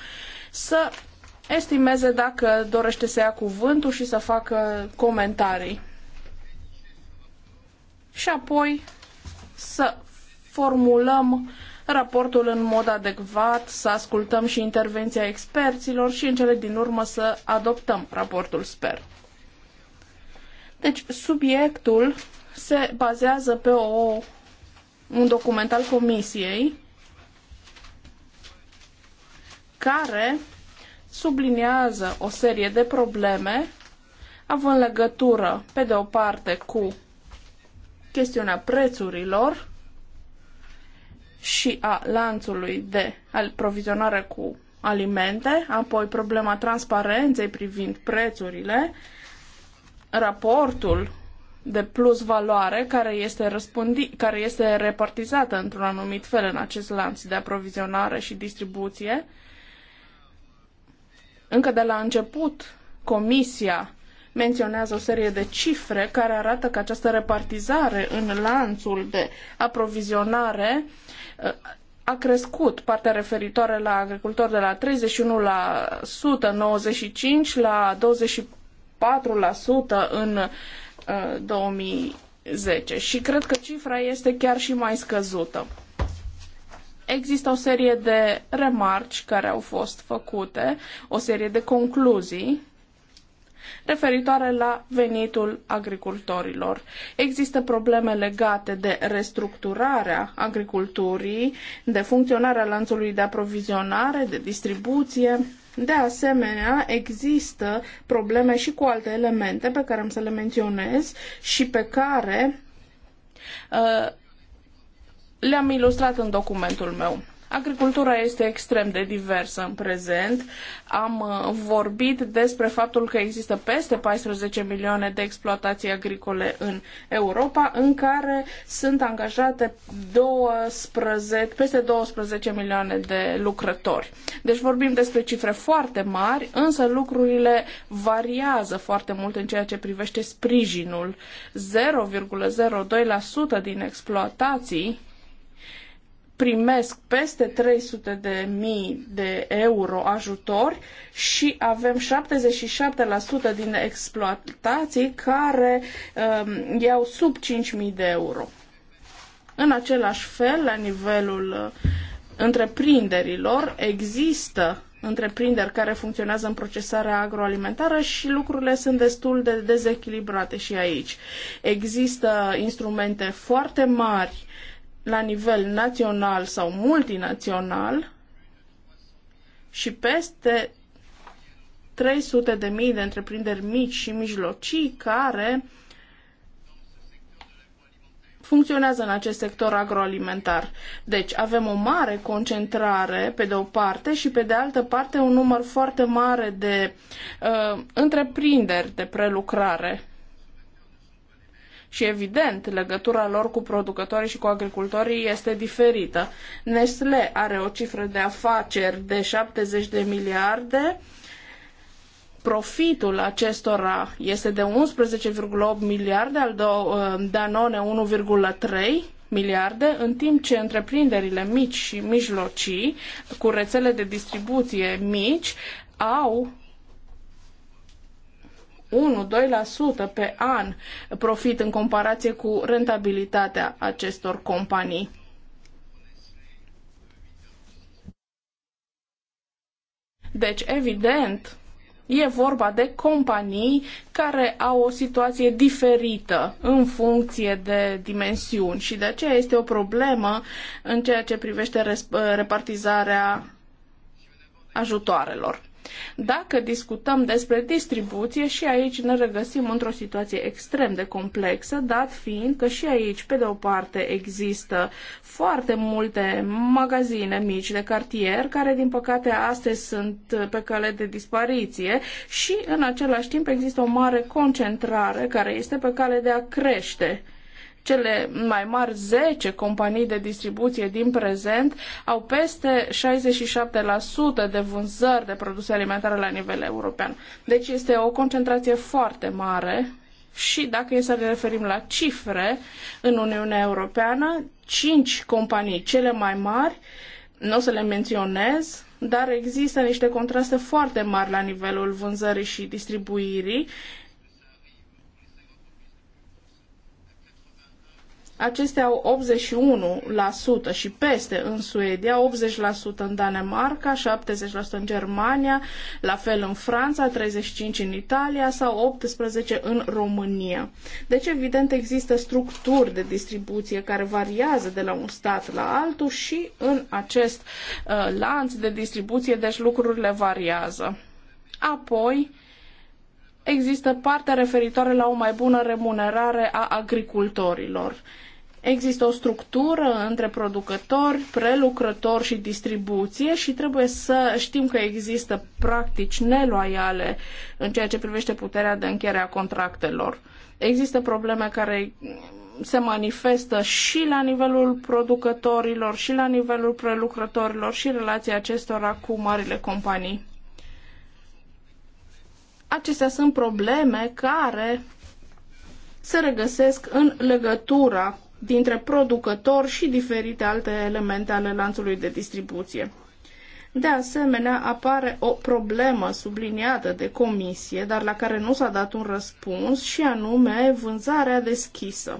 să estimeze dacă dorește să ia cuvântul și să facă comentarii și apoi să formulăm raportul în mod adecvat, să ascultăm și intervenția experților și în cele din urmă să adoptăm raportul, sper. Deci, subiectul se bazează pe o, un document al Comisiei care subliniază o serie de probleme având legătură, pe de o parte, cu chestiunea prețurilor și a lanțului de aprovizionare cu alimente, apoi problema transparenței privind prețurile, raportul de plus valoare care este, răspândi, care este repartizată într-un anumit fel în acest lanț de aprovizionare și distribuție. Încă de la început, Comisia menționează o serie de cifre care arată că această repartizare în lanțul de aprovizionare uh, a crescut partea referitoare la agricultori de la 31 la 95 la 24% în 2010 uh, și cred că cifra este chiar și mai scăzută. Există o serie de remarci care au fost făcute, o serie de concluzii referitoare la venitul agricultorilor. Există probleme legate de restructurarea agriculturii, de funcționarea lanțului de aprovizionare, de distribuție. De asemenea, există probleme și cu alte elemente pe care am să le menționez și pe care uh, le-am ilustrat în documentul meu. Agricultura este extrem de diversă în prezent. Am uh, vorbit despre faptul că există peste 14 milioane de exploatații agricole în Europa, în care sunt angajate 12, peste 12 milioane de lucrători. Deci vorbim despre cifre foarte mari, însă lucrurile variază foarte mult în ceea ce privește sprijinul. 0,02% din exploatații primesc peste 300 de mii de euro ajutori și avem 77% din exploatații care um, iau sub 5 mii de euro. În același fel, la nivelul uh, întreprinderilor, există întreprinderi care funcționează în procesarea agroalimentară și lucrurile sunt destul de dezechilibrate și aici. Există instrumente foarte mari la nivel național sau multinațional și peste 300 de mii de întreprinderi mici și mijlocii care funcționează în acest sector agroalimentar. Deci avem o mare concentrare pe de o parte și pe de altă parte un număr foarte mare de uh, întreprinderi de prelucrare și evident, legătura lor cu producătorii și cu agricultorii este diferită. Nestle are o cifră de afaceri de 70 de miliarde, profitul acestora este de 11,8 miliarde, al uh, Danone 1,3 miliarde, în timp ce întreprinderile mici și mijlocii cu rețele de distribuție mici au 1-2% pe an profit în comparație cu rentabilitatea acestor companii. Deci, evident, e vorba de companii care au o situație diferită în funcție de dimensiuni și de aceea este o problemă în ceea ce privește repartizarea ajutoarelor. Dacă discutăm despre distribuție, și aici ne regăsim într-o situație extrem de complexă, dat fiind că și aici, pe de o parte, există foarte multe magazine mici de cartier, care, din păcate, astăzi sunt pe cale de dispariție și, în același timp, există o mare concentrare care este pe cale de a crește cele mai mari 10 companii de distribuție din prezent au peste 67% de vânzări de produse alimentare la nivel european. Deci este o concentrație foarte mare și dacă e să ne referim la cifre în Uniunea Europeană, cinci companii cele mai mari, nu o să le menționez, dar există niște contraste foarte mari la nivelul vânzării și distribuirii Acestea au 81% și peste în Suedia, 80% în Danemarca, 70% în Germania, la fel în Franța, 35% în Italia sau 18% în România. Deci, evident, există structuri de distribuție care variază de la un stat la altul și în acest uh, lanț de distribuție, deci lucrurile variază. Apoi, există partea referitoare la o mai bună remunerare a agricultorilor. Există o structură între producători, prelucrători și distribuție și trebuie să știm că există practici neloiale în ceea ce privește puterea de încheiere a contractelor. Există probleme care se manifestă și la nivelul producătorilor, și la nivelul prelucrătorilor, și relația acestora cu marile companii. Acestea sunt probleme care se regăsesc în legătura dintre producător și diferite alte elemente ale lanțului de distribuție. De asemenea, apare o problemă subliniată de comisie, dar la care nu s-a dat un răspuns, și anume vânzarea deschisă.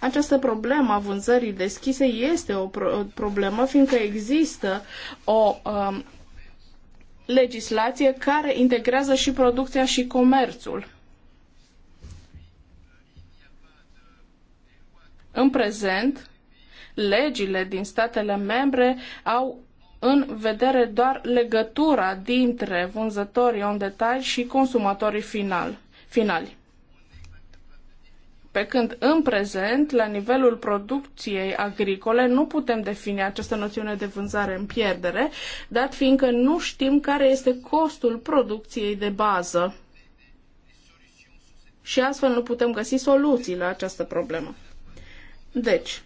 Această problemă a vânzării deschise este o problemă, fiindcă există o um, legislație care integrează și producția și comerțul. În prezent, legile din statele membre au în vedere doar legătura dintre vânzătorii în detail și consumatorii final, finali. Pe când în prezent, la nivelul producției agricole, nu putem defini această noțiune de vânzare în pierdere, dat fiindcă nu știm care este costul producției de bază. Și astfel nu putem găsi soluții la această problemă. Deci,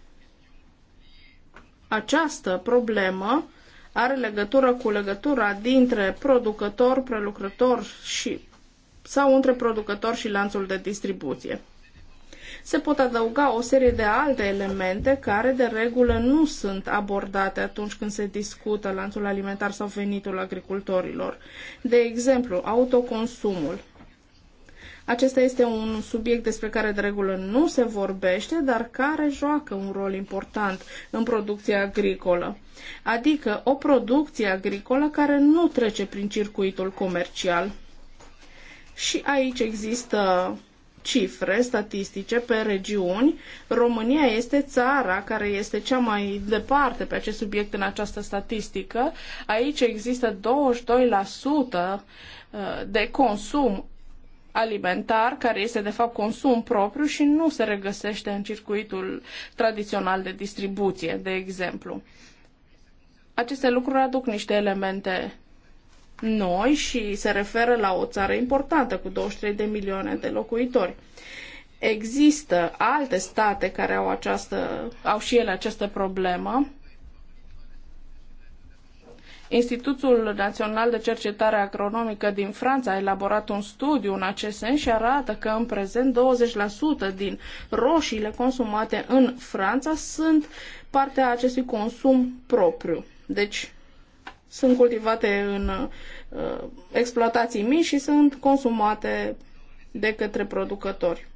această problemă are legătură cu legătura dintre producător, prelucrător și sau între producător și lanțul de distribuție. Se pot adăuga o serie de alte elemente care de regulă nu sunt abordate atunci când se discută lanțul alimentar sau venitul agricultorilor. De exemplu, autoconsumul. Acesta este un subiect despre care de regulă nu se vorbește, dar care joacă un rol important în producția agricolă. Adică o producție agricolă care nu trece prin circuitul comercial. Și aici există cifre statistice pe regiuni. România este țara care este cea mai departe pe acest subiect în această statistică. Aici există 22% uh, de consum alimentar, care este de fapt consum propriu și nu se regăsește în circuitul tradițional de distribuție, de exemplu. Aceste lucruri aduc niște elemente noi și se referă la o țară importantă cu 23 de milioane de locuitori. Există alte state care au, această, au și ele această problemă, Institutul Național de Cercetare Agronomică din Franța a elaborat un studiu în acest sens și arată că în prezent 20% din roșiile consumate în Franța sunt partea acestui consum propriu. Deci sunt cultivate în uh, exploatații mici și sunt consumate de către producători.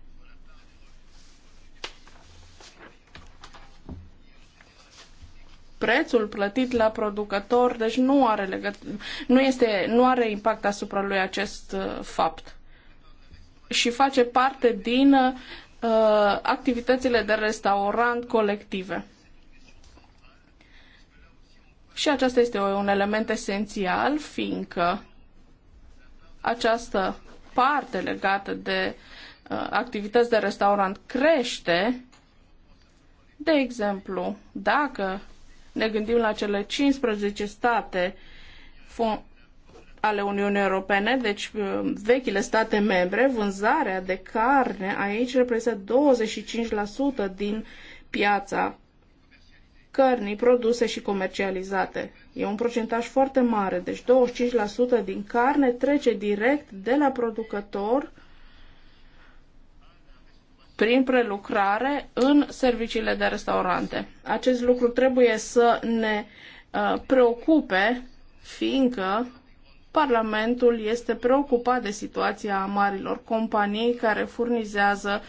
prețul plătit la producător, deci nu are, legăt- nu, este, nu are impact asupra lui acest uh, fapt. Și face parte din uh, activitățile de restaurant colective. Și acesta este un element esențial, fiindcă această parte legată de uh, activități de restaurant crește, de exemplu, dacă ne gândim la cele 15 state ale Uniunii Europene, deci uh, vechile state membre, vânzarea de carne aici reprezintă 25% din piața cărnii produse și comercializate. E un procentaj foarte mare, deci 25% din carne trece direct de la producător prin prelucrare în serviciile de restaurante. Acest lucru trebuie să ne uh, preocupe, fiindcă Parlamentul este preocupat de situația marilor companii care furnizează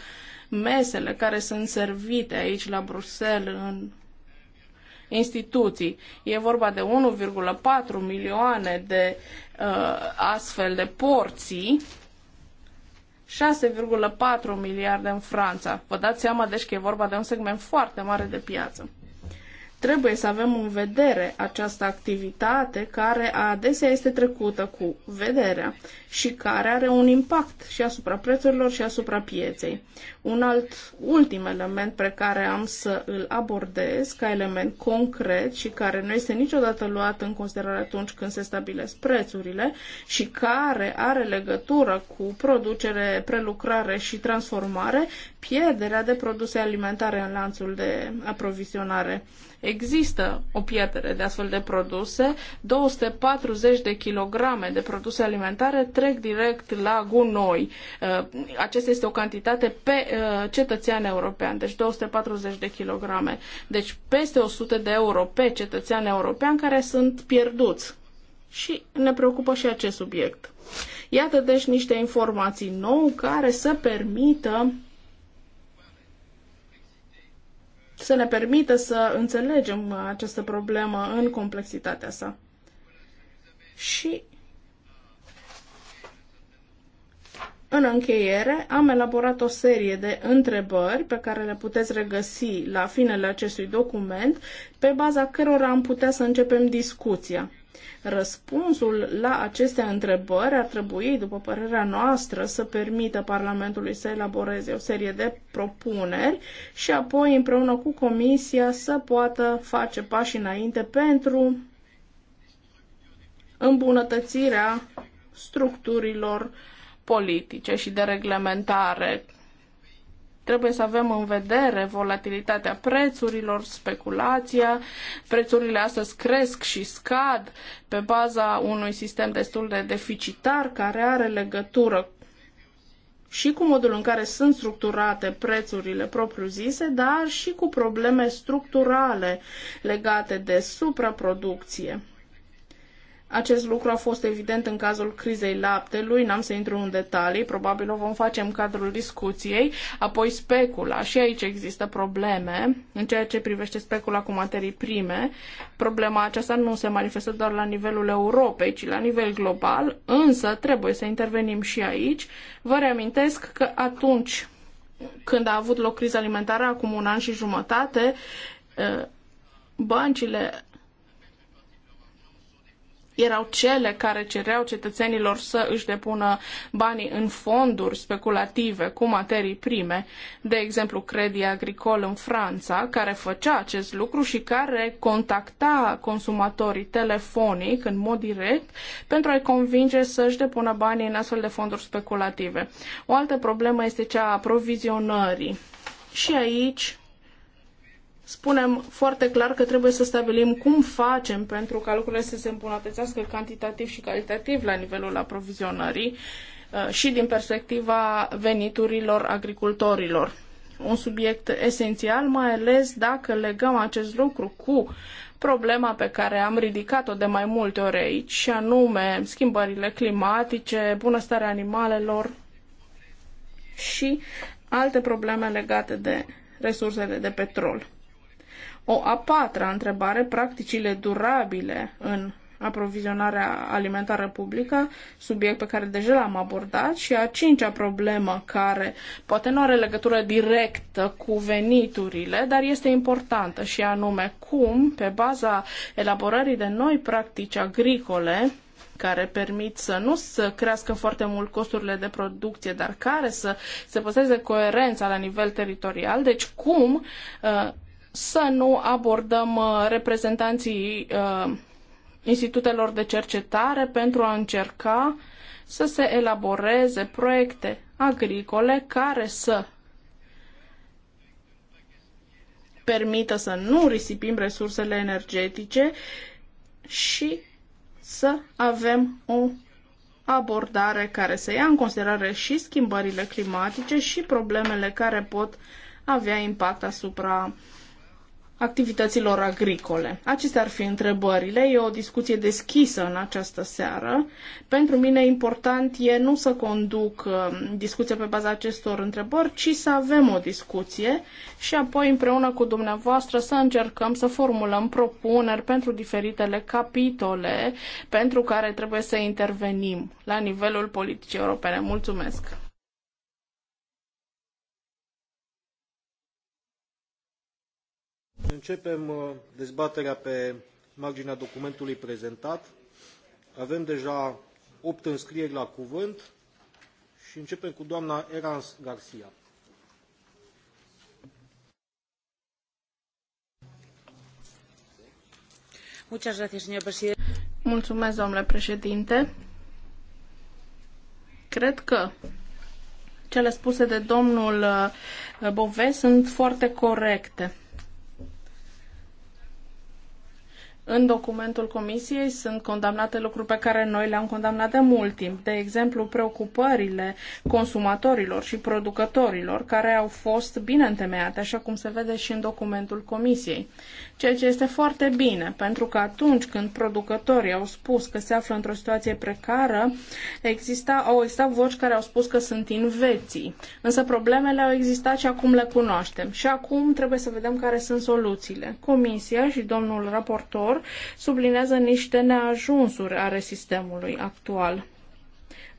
mesele care sunt servite aici la Bruxelles în instituții. E vorba de 1,4 milioane de uh, astfel de porții 6,4 miliarde în Franța. Vă dați seama, deci, că e vorba de un segment foarte mare de piață. Trebuie să avem în vedere această activitate care adesea este trecută cu vederea și care are un impact și asupra prețurilor și asupra pieței. Un alt ultim element pe care am să îl abordez ca element concret și care nu este niciodată luat în considerare atunci când se stabilesc prețurile și care are legătură cu producere, prelucrare și transformare, pierderea de produse alimentare în lanțul de aprovizionare Există o pierdere de astfel de produse, 240 de kilograme de produse alimentare trec direct la gunoi. Uh, Aceasta este o cantitate pe uh, cetățean european, deci 240 de kilograme. Deci peste 100 de euro pe cetățean european care sunt pierduți. Și ne preocupă și acest subiect. Iată deci niște informații nou care să permită să ne permită să înțelegem această problemă în complexitatea sa. Și În încheiere, am elaborat o serie de întrebări pe care le puteți regăsi la finele acestui document, pe baza cărora am putea să începem discuția. Răspunsul la aceste întrebări ar trebui, după părerea noastră, să permită Parlamentului să elaboreze o serie de propuneri și apoi, împreună cu Comisia, să poată face pași înainte pentru îmbunătățirea structurilor politice și de reglementare Trebuie să avem în vedere volatilitatea prețurilor, speculația. Prețurile astăzi cresc și scad pe baza unui sistem destul de deficitar care are legătură și cu modul în care sunt structurate prețurile propriu-zise, dar și cu probleme structurale legate de supraproducție acest lucru a fost evident în cazul crizei laptelui, n-am să intru în detalii, probabil o vom face în cadrul discuției, apoi specula. Și aici există probleme în ceea ce privește specula cu materii prime. Problema aceasta nu se manifestă doar la nivelul Europei, ci la nivel global, însă trebuie să intervenim și aici. Vă reamintesc că atunci când a avut loc criza alimentară, acum un an și jumătate, băncile erau cele care cereau cetățenilor să își depună banii în fonduri speculative cu materii prime, de exemplu Credit Agricol în Franța, care făcea acest lucru și care contacta consumatorii telefonic în mod direct pentru a-i convinge să-și depună banii în astfel de fonduri speculative. O altă problemă este cea a aprovizionării. Și aici spunem foarte clar că trebuie să stabilim cum facem pentru ca lucrurile să se îmbunătățească cantitativ și calitativ la nivelul aprovizionării uh, și din perspectiva veniturilor agricultorilor. Un subiect esențial, mai ales dacă legăm acest lucru cu problema pe care am ridicat-o de mai multe ori aici, și anume schimbările climatice, bunăstarea animalelor și alte probleme legate de resursele de petrol. O a patra întrebare, practicile durabile în aprovizionarea alimentară publică, subiect pe care deja l-am abordat, și a cincea problemă care poate nu are legătură directă cu veniturile, dar este importantă și anume cum, pe baza elaborării de noi practici agricole, care permit să nu să crească foarte mult costurile de producție, dar care să se păstreze coerența la nivel teritorial. Deci cum uh, să nu abordăm uh, reprezentanții uh, institutelor de cercetare pentru a încerca să se elaboreze proiecte agricole care să permită să nu risipim resursele energetice și să avem o abordare care să ia în considerare și schimbările climatice și problemele care pot avea impact asupra activităților agricole. Acestea ar fi întrebările. E o discuție deschisă în această seară. Pentru mine important e nu să conduc um, discuția pe baza acestor întrebări, ci să avem o discuție și apoi împreună cu dumneavoastră să încercăm să formulăm propuneri pentru diferitele capitole pentru care trebuie să intervenim la nivelul politicii europene. Mulțumesc! Începem uh, dezbaterea pe marginea documentului prezentat. Avem deja opt înscrieri la cuvânt și începem cu doamna Erans Garcia. Mulțumesc, domnule președinte. Cred că cele spuse de domnul uh, Bove sunt foarte corecte. în documentul comisiei sunt condamnate lucruri pe care noi le-am condamnat de mult timp, de exemplu preocupările consumatorilor și producătorilor care au fost bine întemeiate, așa cum se vede și în documentul comisiei. Ceea ce este foarte bine, pentru că atunci când producătorii au spus că se află într-o situație precară, exista, au existat voci care au spus că sunt inveții. Însă problemele au existat și acum le cunoaștem. Și acum trebuie să vedem care sunt soluțiile. Comisia și domnul raportor lor sublinează niște neajunsuri ale sistemului actual.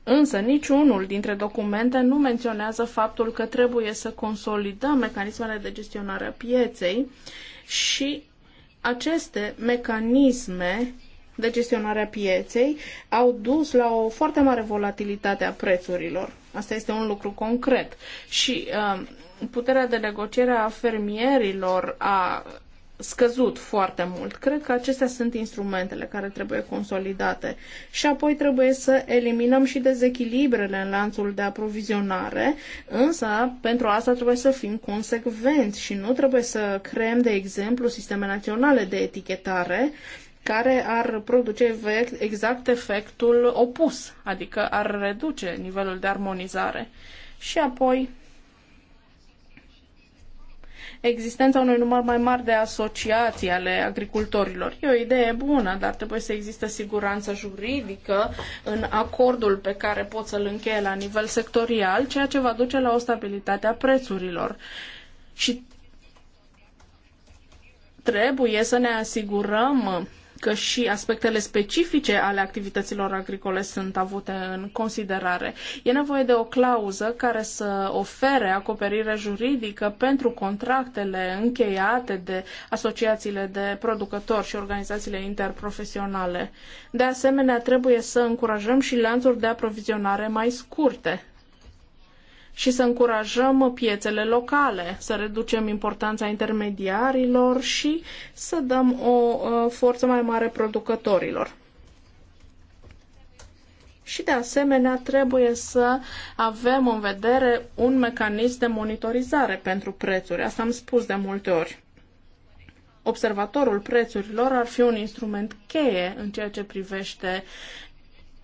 Însă niciunul dintre documente nu menționează faptul că trebuie să consolidăm mecanismele de gestionare a pieței și aceste mecanisme de gestionare a pieței au dus la o foarte mare volatilitate a prețurilor. Asta este un lucru concret. Și uh, puterea de negociere a fermierilor, a scăzut foarte mult. Cred că acestea sunt instrumentele care trebuie consolidate și apoi trebuie să eliminăm și dezechilibrele în lanțul de aprovizionare, însă pentru asta trebuie să fim consecvenți și nu trebuie să creăm, de exemplu, sisteme naționale de etichetare care ar produce exact efectul opus, adică ar reduce nivelul de armonizare. Și apoi existența unui număr mai mare de asociații ale agricultorilor. E o idee bună, dar trebuie să există siguranță juridică în acordul pe care pot să-l încheie la nivel sectorial, ceea ce va duce la o stabilitate a prețurilor. Și trebuie să ne asigurăm că și aspectele specifice ale activităților agricole sunt avute în considerare. E nevoie de o clauză care să ofere acoperire juridică pentru contractele încheiate de asociațiile de producători și organizațiile interprofesionale. De asemenea, trebuie să încurajăm și lanțuri de aprovizionare mai scurte și să încurajăm piețele locale, să reducem importanța intermediarilor și să dăm o uh, forță mai mare producătorilor. Și de asemenea trebuie să avem în vedere un mecanism de monitorizare pentru prețuri. Asta am spus de multe ori. Observatorul prețurilor ar fi un instrument cheie în ceea ce privește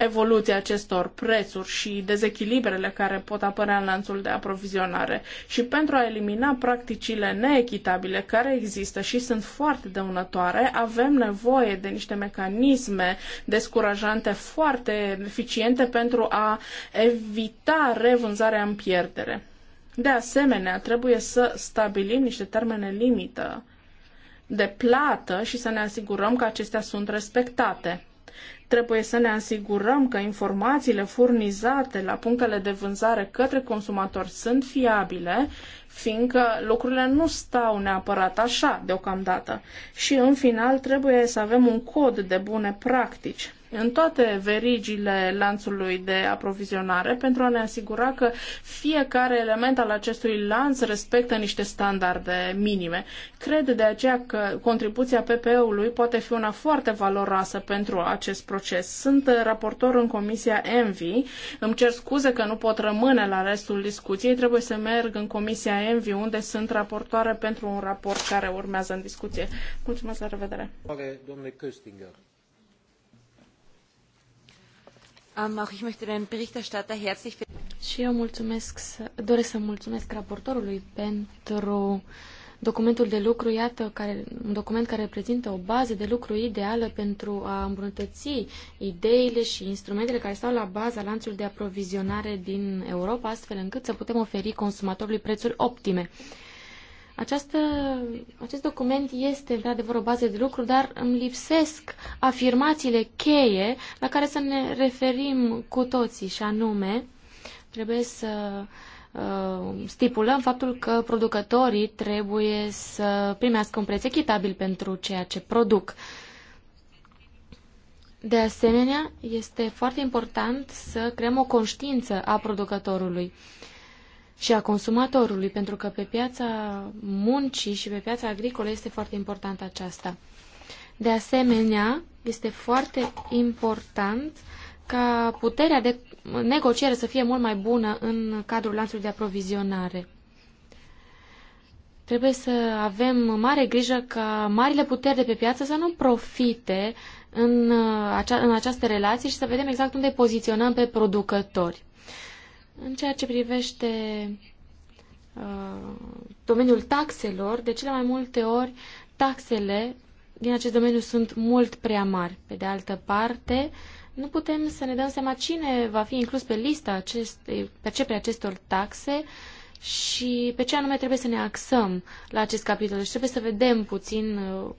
evoluția acestor prețuri și dezechilibrele care pot apărea în lanțul de aprovizionare și pentru a elimina practicile neechitabile care există și sunt foarte dăunătoare, avem nevoie de niște mecanisme descurajante foarte eficiente pentru a evita revânzarea în pierdere. De asemenea, trebuie să stabilim niște termene limită de plată și să ne asigurăm că acestea sunt respectate Trebuie să ne asigurăm că informațiile furnizate la punctele de vânzare către consumatori sunt fiabile, fiindcă lucrurile nu stau neapărat așa deocamdată. Și în final trebuie să avem un cod de bune practici în toate verigile lanțului de aprovizionare pentru a ne asigura că fiecare element al acestui lanț respectă niște standarde minime. Cred de aceea că contribuția PPE-ului poate fi una foarte valoroasă pentru acest proces. Sunt raportor în Comisia ENVI. Îmi cer scuze că nu pot rămâne la restul discuției. Trebuie să merg în Comisia ENVI unde sunt raportoare pentru un raport care urmează în discuție. Mulțumesc, la revedere! Domnule Köstinger. Uh, și eu mulțumesc, doresc să mulțumesc raportorului pentru documentul de lucru, iată, care, un document care reprezintă o bază de lucru ideală pentru a îmbunătăți ideile și instrumentele care stau la baza lanțului de aprovizionare din Europa, astfel încât să putem oferi consumatorului prețuri optime. Această, acest document este într-adevăr o bază de lucru, dar îmi lipsesc afirmațiile cheie la care să ne referim cu toții și anume trebuie să uh, stipulăm faptul că producătorii trebuie să primească un preț echitabil pentru ceea ce produc. De asemenea, este foarte important să creăm o conștiință a producătorului. Uh, și a consumatorului, pentru că pe piața muncii și pe piața agricolă este foarte important aceasta. De asemenea, este foarte important ca puterea de negociere să fie mult mai bună în cadrul lanțului de aprovizionare. Trebuie să avem mare grijă ca marile puteri de pe piață să nu profite în, acea, în această relație și să vedem exact unde poziționăm pe producători. În ceea ce privește uh, domeniul taxelor, de cele mai multe ori taxele din acest domeniu sunt mult prea mari. Pe de altă parte, nu putem să ne dăm seama cine va fi inclus pe lista acestei, percepere acestor taxe și pe ce anume trebuie să ne axăm la acest capitol. Deci trebuie să vedem puțin uh,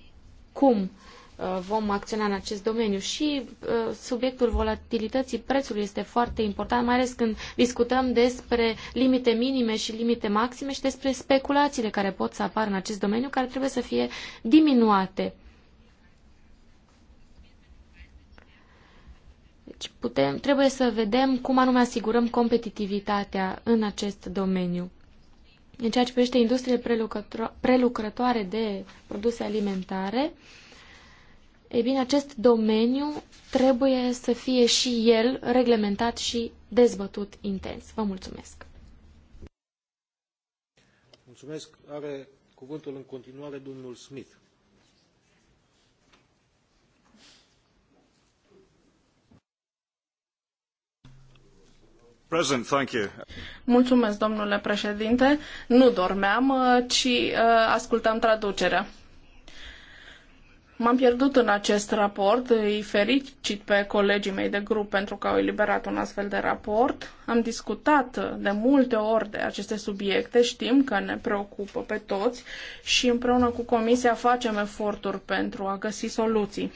cum uh, Uh, vom acționa în acest domeniu. Și uh, subiectul volatilității prețului este foarte important, mai ales când discutăm despre limite minime și limite maxime și despre speculațiile care pot să apară în acest domeniu, care trebuie să fie diminuate. Deci putem, trebuie să vedem cum anume asigurăm competitivitatea în acest domeniu. În ceea ce privește industriile prelucrătoare de produse alimentare, uh, ei bine, acest domeniu trebuie să fie și el reglementat și dezbătut intens. Vă mulțumesc! Mulțumesc! Are cuvântul în continuare domnul Smith. Present, thank you. Mulțumesc, domnule președinte. Nu dormeam, ci uh, ascultam traducerea. M-am pierdut în acest raport, îi fericit pe colegii mei de grup pentru că au eliberat un astfel de raport. Am discutat de multe ori de aceste subiecte, știm că ne preocupă pe toți și împreună cu Comisia facem eforturi pentru a găsi soluții.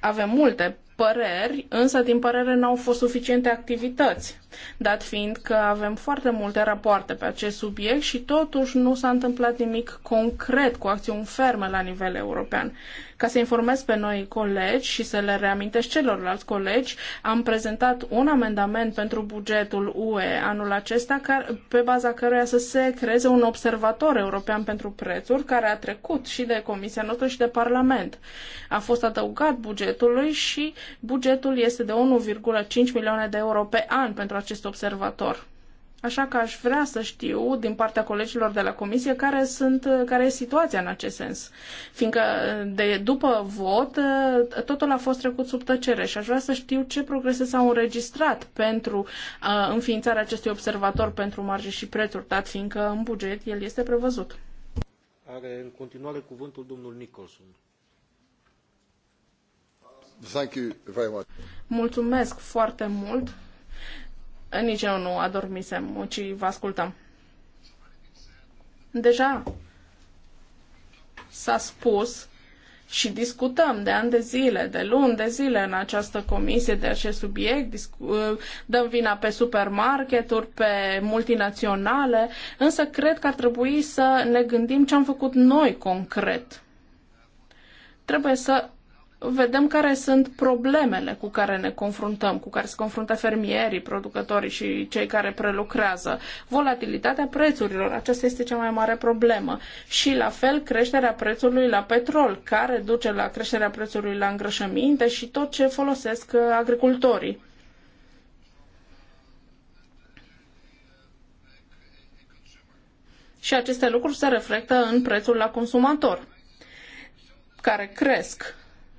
Avem multe păreri, însă din părere n-au fost suficiente activități dat fiind că avem foarte multe rapoarte pe acest subiect și totuși nu s-a întâmplat nimic concret cu acțiuni ferme la nivel european. Ca să informez pe noi colegi și să le reamintesc celorlalți colegi, am prezentat un amendament pentru bugetul UE anul acesta pe baza căruia să se creeze un observator european pentru prețuri care a trecut și de Comisia noastră și de Parlament. A fost adăugat bugetului și bugetul este de 1,5 milioane de euro pe an pentru acest observator. Așa că aș vrea să știu din partea colegilor de la comisie care, sunt, care e situația în acest sens. Fiindcă de, după vot totul a fost trecut sub tăcere și aș vrea să știu ce progrese s-au înregistrat pentru uh, înființarea acestui observator pentru marge și prețuri, dat fiindcă în buget el este prevăzut. Are în continuare cuvântul domnul Nicholson. Thank you very much. Mulțumesc foarte mult nici eu nu adormisem, ci vă ascultăm. Deja s-a spus și discutăm de ani de zile, de luni de zile în această comisie de acest subiect, uh, dăm vina pe supermarketuri, pe multinaționale, însă cred că ar trebui să ne gândim ce am făcut noi concret. Trebuie să vedem care sunt problemele cu care ne confruntăm, cu care se confruntă fermierii, producătorii și cei care prelucrează. Volatilitatea prețurilor, aceasta este cea mai mare problemă. Și la fel creșterea prețului la petrol, care duce la creșterea prețului la îngrășăminte și tot ce folosesc uh, agricultorii. Și aceste lucruri se reflectă în prețul la consumator, care cresc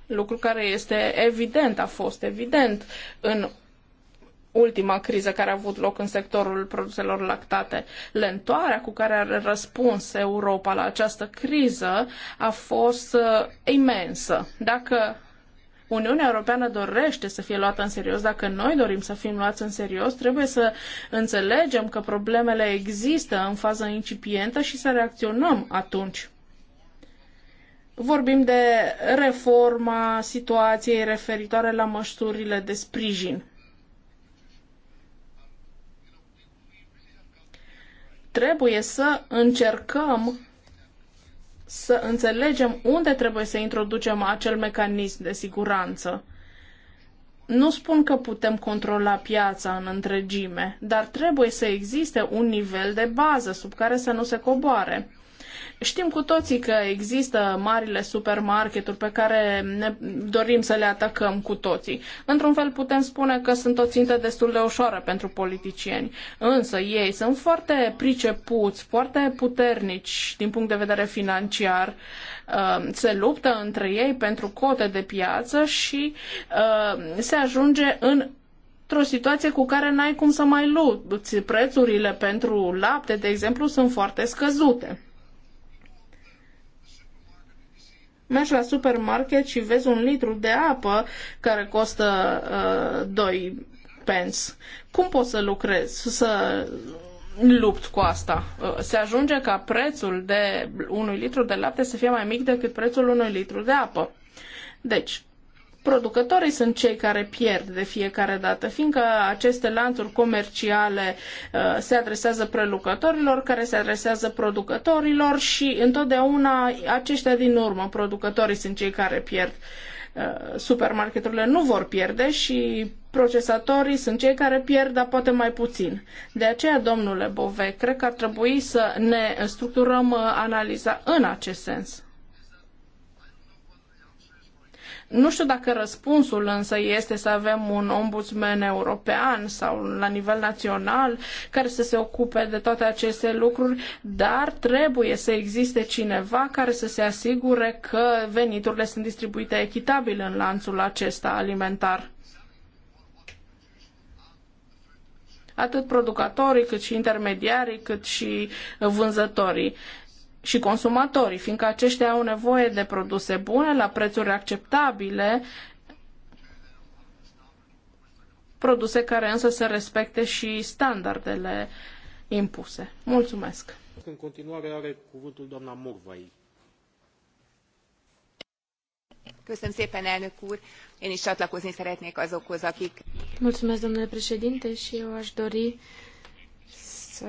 lucru care este evident, a fost evident în ultima criză care a avut loc în sectorul produselor lactate. Lentoarea cu care a răspuns Europa la această criză a fost uh, imensă. Dacă Uniunea Europeană dorește să fie luată în serios, dacă noi dorim să fim luați în serios, trebuie să înțelegem că problemele există în fază incipientă și să reacționăm atunci. Vorbim de reforma situației referitoare la măsurile de sprijin. Trebuie să încercăm să înțelegem unde trebuie să introducem acel mecanism de siguranță. Nu spun că putem controla piața în întregime, dar trebuie să existe un nivel de bază sub care să nu se coboare. Știm cu toții că există marile supermarketuri pe care ne dorim să le atacăm cu toții. Într-un fel putem spune că sunt o țintă destul de ușoară pentru politicieni, însă ei sunt foarte pricepuți, foarte puternici din punct de vedere financiar, uh, se luptă între ei pentru cote de piață și uh, se ajunge în într-o situație cu care n-ai cum să mai luți. Prețurile pentru lapte, de exemplu, sunt foarte scăzute. Mergi la supermarket și vezi un litru de apă care costă uh, 2 pence. Cum poți să lucrezi, să lupt cu asta? Uh, se ajunge ca prețul de unui litru de lapte să fie mai mic decât prețul unui litru de apă. Deci, producătorii sunt cei care pierd de fiecare dată, fiindcă aceste lanțuri comerciale uh, se adresează prelucătorilor, care se adresează producătorilor și întotdeauna aceștia din urmă, producătorii sunt cei care pierd. Uh, supermarketurile nu vor pierde și procesatorii sunt cei care pierd, dar poate mai puțin. De aceea, domnule Bove, cred că ar trebui să ne structurăm uh, analiza în acest sens. Nu știu dacă răspunsul însă este să avem un ombudsman european sau la nivel național care să se ocupe de toate aceste lucruri, dar trebuie să existe cineva care să se asigure că veniturile sunt distribuite echitabil în lanțul acesta alimentar. Atât producătorii, cât și intermediarii, cât și vânzătorii și consumatorii, fiindcă aceștia au nevoie de produse bune la prețuri acceptabile, produse care însă să respecte și standardele impuse. Mulțumesc! În continuare are cuvântul doamna Morvai. Köszönöm szépen, elnök úr! Én is csatlakozni szeretnék azokhoz, akik... Mulțumesc, domnule președinte, și eu aș dori să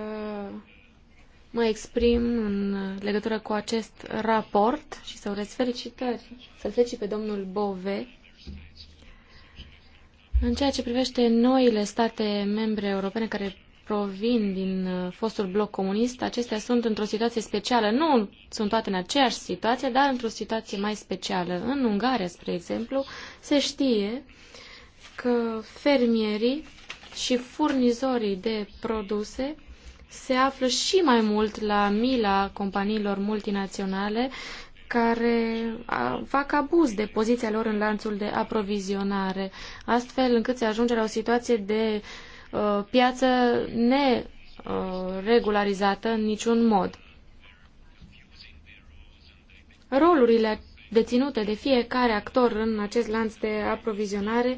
mă exprim în legătură cu acest raport și să urez felicitări, să-l felicit pe domnul Bove. În ceea ce privește noile state membre europene care provin din uh, fostul bloc comunist, acestea sunt într-o situație specială. Nu sunt toate în aceeași situație, dar într-o situație mai specială. În Ungaria, spre exemplu, se știe că fermierii și furnizorii de produse se află și mai mult la mila companiilor multinaționale care fac abuz de poziția lor în lanțul de aprovizionare, astfel încât se ajunge la o situație de uh, piață neregularizată în niciun mod. Rolurile deținute de fiecare actor în acest lanț de aprovizionare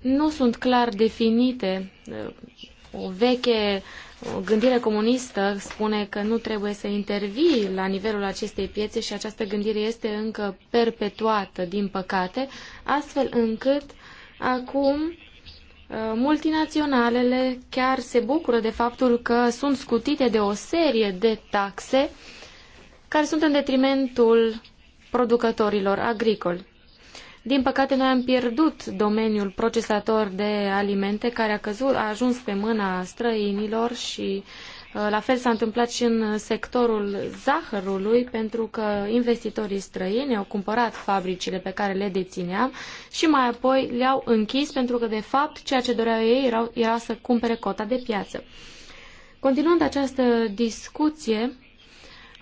nu sunt clar definite. Uh, o veche o gândire comunistă spune că nu trebuie să intervii la nivelul acestei piețe și această gândire este încă perpetuată, din păcate, astfel încât acum uh, multinaționalele chiar se bucură de faptul că sunt scutite de o serie de taxe care sunt în detrimentul producătorilor agricoli. Din păcate, noi am pierdut domeniul procesator de alimente care a, căzut, a ajuns pe mâna străinilor și uh, la fel s-a întâmplat și în sectorul zahărului, pentru că investitorii străini au cumpărat fabricile pe care le dețineam și mai apoi le-au închis pentru că, de fapt, ceea ce doreau ei era să cumpere cota de piață. Continuând această discuție,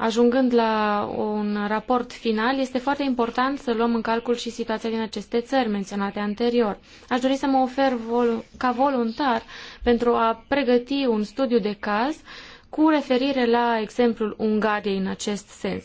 ajungând la un raport final, este foarte important să luăm în calcul și situația din aceste țări menționate anterior. Aș dori să mă ofer vol- ca voluntar pentru a pregăti un studiu de caz cu referire la exemplul Ungariei în acest sens.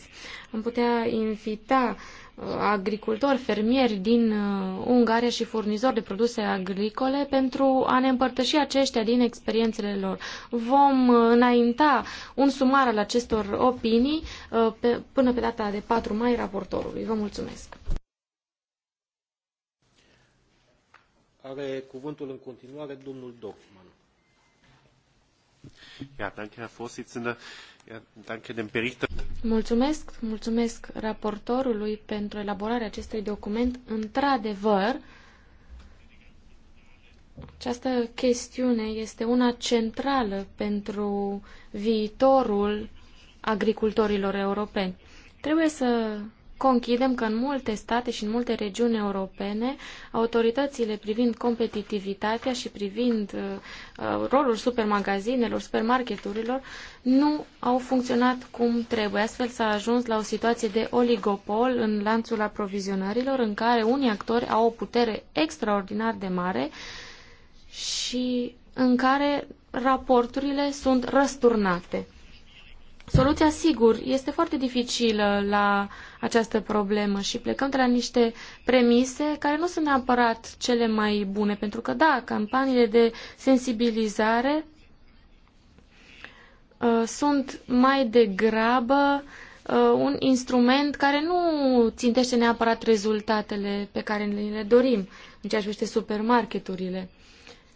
Am putea invita uh, agricultori, fermieri din uh, Ungaria și furnizori de produse agricole pentru a ne împărtăși aceștia din experiențele lor. Vom uh, înainta un sumar al acestor opinii uh, pe, până pe data de 4 mai raportorului. Vă mulțumesc! Are cuvântul în continuare domnul Dorfman. Ja, danke, Herr Vorsitzender. Ja, danke dem Berichter. Mulțumesc, mulțumesc raportorului pentru elaborarea acestui document. Într-adevăr, această chestiune este una centrală pentru viitorul agricultorilor europeni. Trebuie să conchidem că în multe state și în multe regiuni europene, autoritățile privind competitivitatea și privind uh, uh, rolul supermagazinelor, supermarketurilor, nu au funcționat cum trebuie. Astfel s-a ajuns la o situație de oligopol în lanțul aprovizionărilor, în care unii actori au o putere extraordinar de mare și în care raporturile sunt răsturnate. Soluția, sigur, este foarte dificilă la această problemă și plecăm de la niște premise care nu sunt neapărat cele mai bune, pentru că, da, campaniile de sensibilizare uh, sunt mai degrabă uh, un instrument care nu țintește neapărat rezultatele pe care le dorim în ceea ce privește supermarketurile.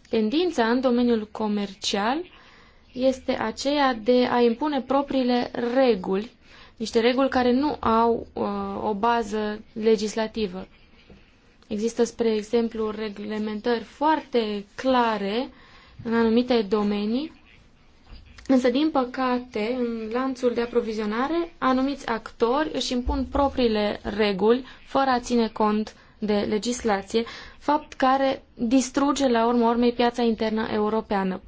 Tendința în domeniul comercial este aceea de a impune propriile reguli, niște reguli care nu au uh, o bază legislativă. Există, spre exemplu, reglementări foarte clare în anumite domenii, însă, din păcate, în lanțul de aprovizionare, anumiți actori își impun propriile reguli fără a ține cont de legislație, fapt care distruge la urmă urmei piața internă europeană.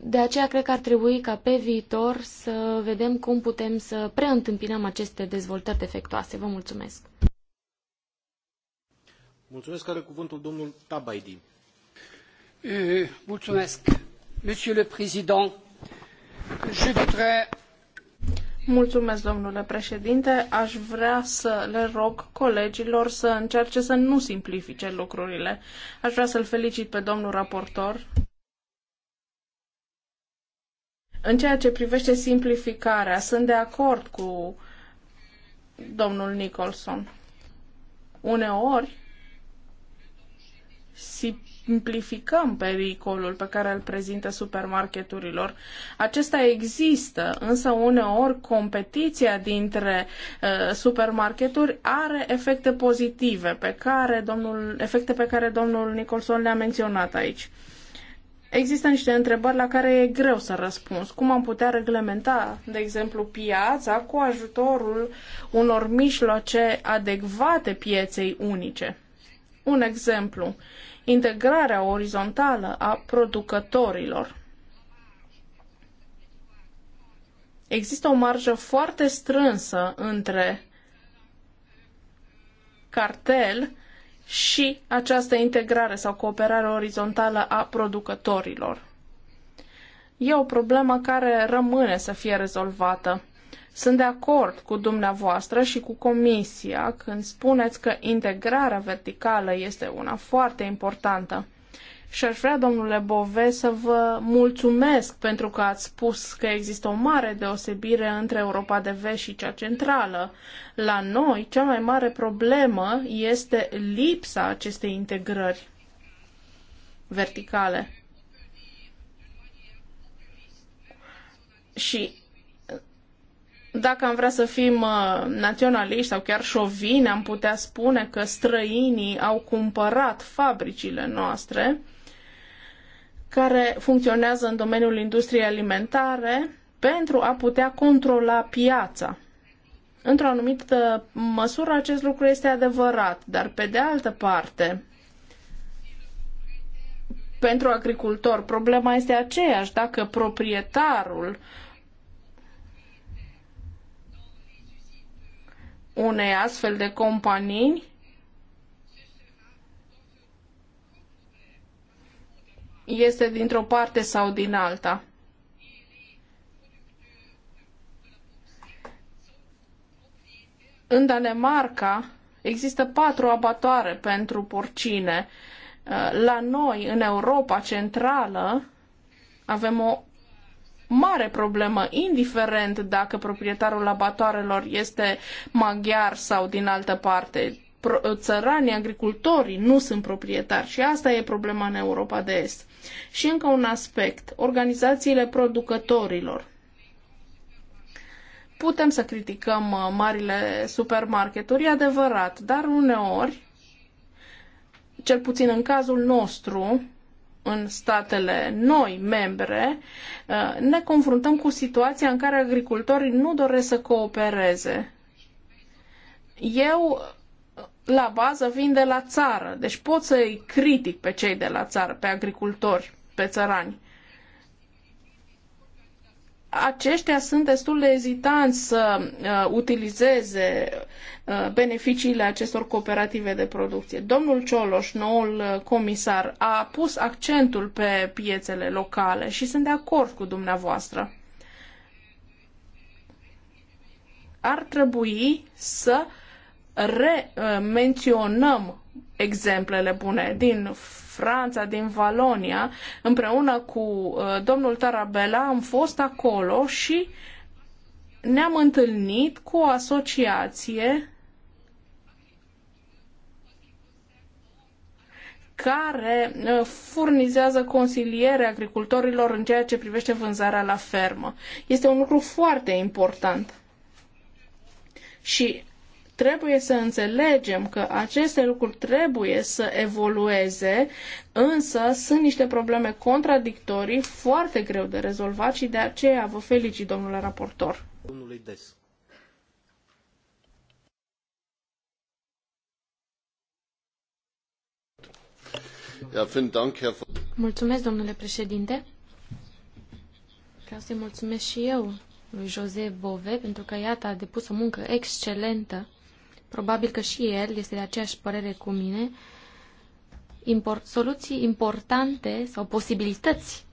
De aceea cred că ar trebui ca pe viitor să vedem cum putem să preîntâmpinăm aceste dezvoltări defectuoase. Vă mulțumesc. Mulțumesc. Are cuvântul domnul Tabaidi. Eh, mulțumesc. Monsieur le Président, je voudrais Mulțumesc, domnule președinte. Aș vrea să le rog colegilor să încerce să nu simplifice lucrurile. Aș vrea să-l felicit pe domnul raportor în ceea ce privește simplificarea, sunt de acord cu domnul Nicholson. Uneori simplificăm pericolul pe care îl prezintă supermarketurilor. Acesta există, însă uneori competiția dintre uh, supermarketuri are efecte pozitive pe care domnul, efecte pe care domnul Nicholson le-a menționat aici. Uh, Există niște întrebări la care e greu să răspunzi. Cum am putea reglementa, de exemplu, piața cu ajutorul unor mijloace adecvate pieței unice? Un exemplu, integrarea orizontală a producătorilor. Există o marjă foarte strânsă între cartel și această integrare sau cooperare orizontală a producătorilor. E o problemă care rămâne să fie rezolvată. Sunt de acord cu dumneavoastră și cu Comisia când spuneți că integrarea verticală este una foarte importantă. Și aș vrea, domnule Bove, să vă mulțumesc pentru că ați spus că există o mare deosebire între Europa de vest și cea centrală. La noi, cea mai mare problemă este lipsa acestei integrări verticale. Și dacă am vrea să fim uh, naționaliști sau chiar șovini, am putea spune că străinii au cumpărat fabricile noastre care funcționează în domeniul industriei alimentare pentru a putea controla piața. Într-o anumită măsură acest lucru este adevărat, dar pe de altă parte, pentru agricultor problema este aceeași dacă proprietarul unei astfel de companii este dintr-o parte sau din alta. În Danemarca există patru abatoare pentru porcine. Uh, la noi, în Europa Centrală, avem o mare problemă, indiferent dacă proprietarul abatoarelor este maghiar sau din altă parte. Uh, țăranii, agricultorii nu sunt proprietari și asta e problema în Europa de Est. Și încă un aspect, organizațiile producătorilor. Putem să criticăm uh, marile supermarketuri, e adevărat, dar uneori, cel puțin în cazul nostru, în statele noi membre, uh, ne confruntăm cu situația în care agricultorii nu doresc să coopereze. Eu la bază vin de la țară. Deci pot să-i critic pe cei de la țară, pe agricultori, pe țărani. Aceștia sunt destul de ezitanți să uh, utilizeze uh, beneficiile acestor cooperative de producție. Domnul Cioloș, noul uh, comisar, a pus accentul pe piețele locale și sunt de acord cu dumneavoastră. Ar trebui să uh, remenționăm exemplele bune din Franța, din Valonia. Împreună cu uh, domnul Tarabella am fost acolo și ne-am întâlnit cu o asociație care uh, furnizează consiliere agricultorilor în ceea ce privește vânzarea la fermă. Este un lucru foarte important. Și Trebuie să înțelegem că aceste lucruri trebuie să evolueze, însă sunt niște probleme contradictorii, foarte greu de rezolvat și de aceea vă felicit, domnule raportor. Domnului Des. Mulțumesc, domnule președinte. Vreau să-i mulțumesc și eu lui Jose Bove pentru că, iată, a depus o muncă excelentă probabil că și el este de aceeași părere cu mine, import, soluții importante sau posibilități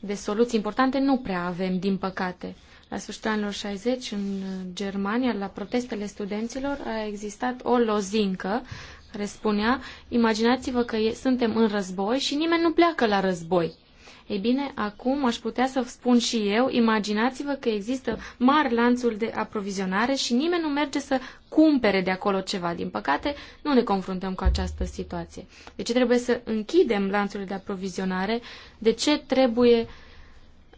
de soluții importante nu prea avem, din păcate. La sfârșitul anilor 60, în Germania, la protestele studenților, a existat o lozincă care spunea, imaginați-vă că suntem în război și nimeni nu pleacă la război. Ei bine, acum aș putea să spun și eu, imaginați-vă că există mari lanțuri de aprovizionare și nimeni nu merge să cumpere de acolo ceva. Din păcate, nu ne confruntăm cu această situație. De deci ce trebuie să închidem lanțurile de aprovizionare? De ce trebuie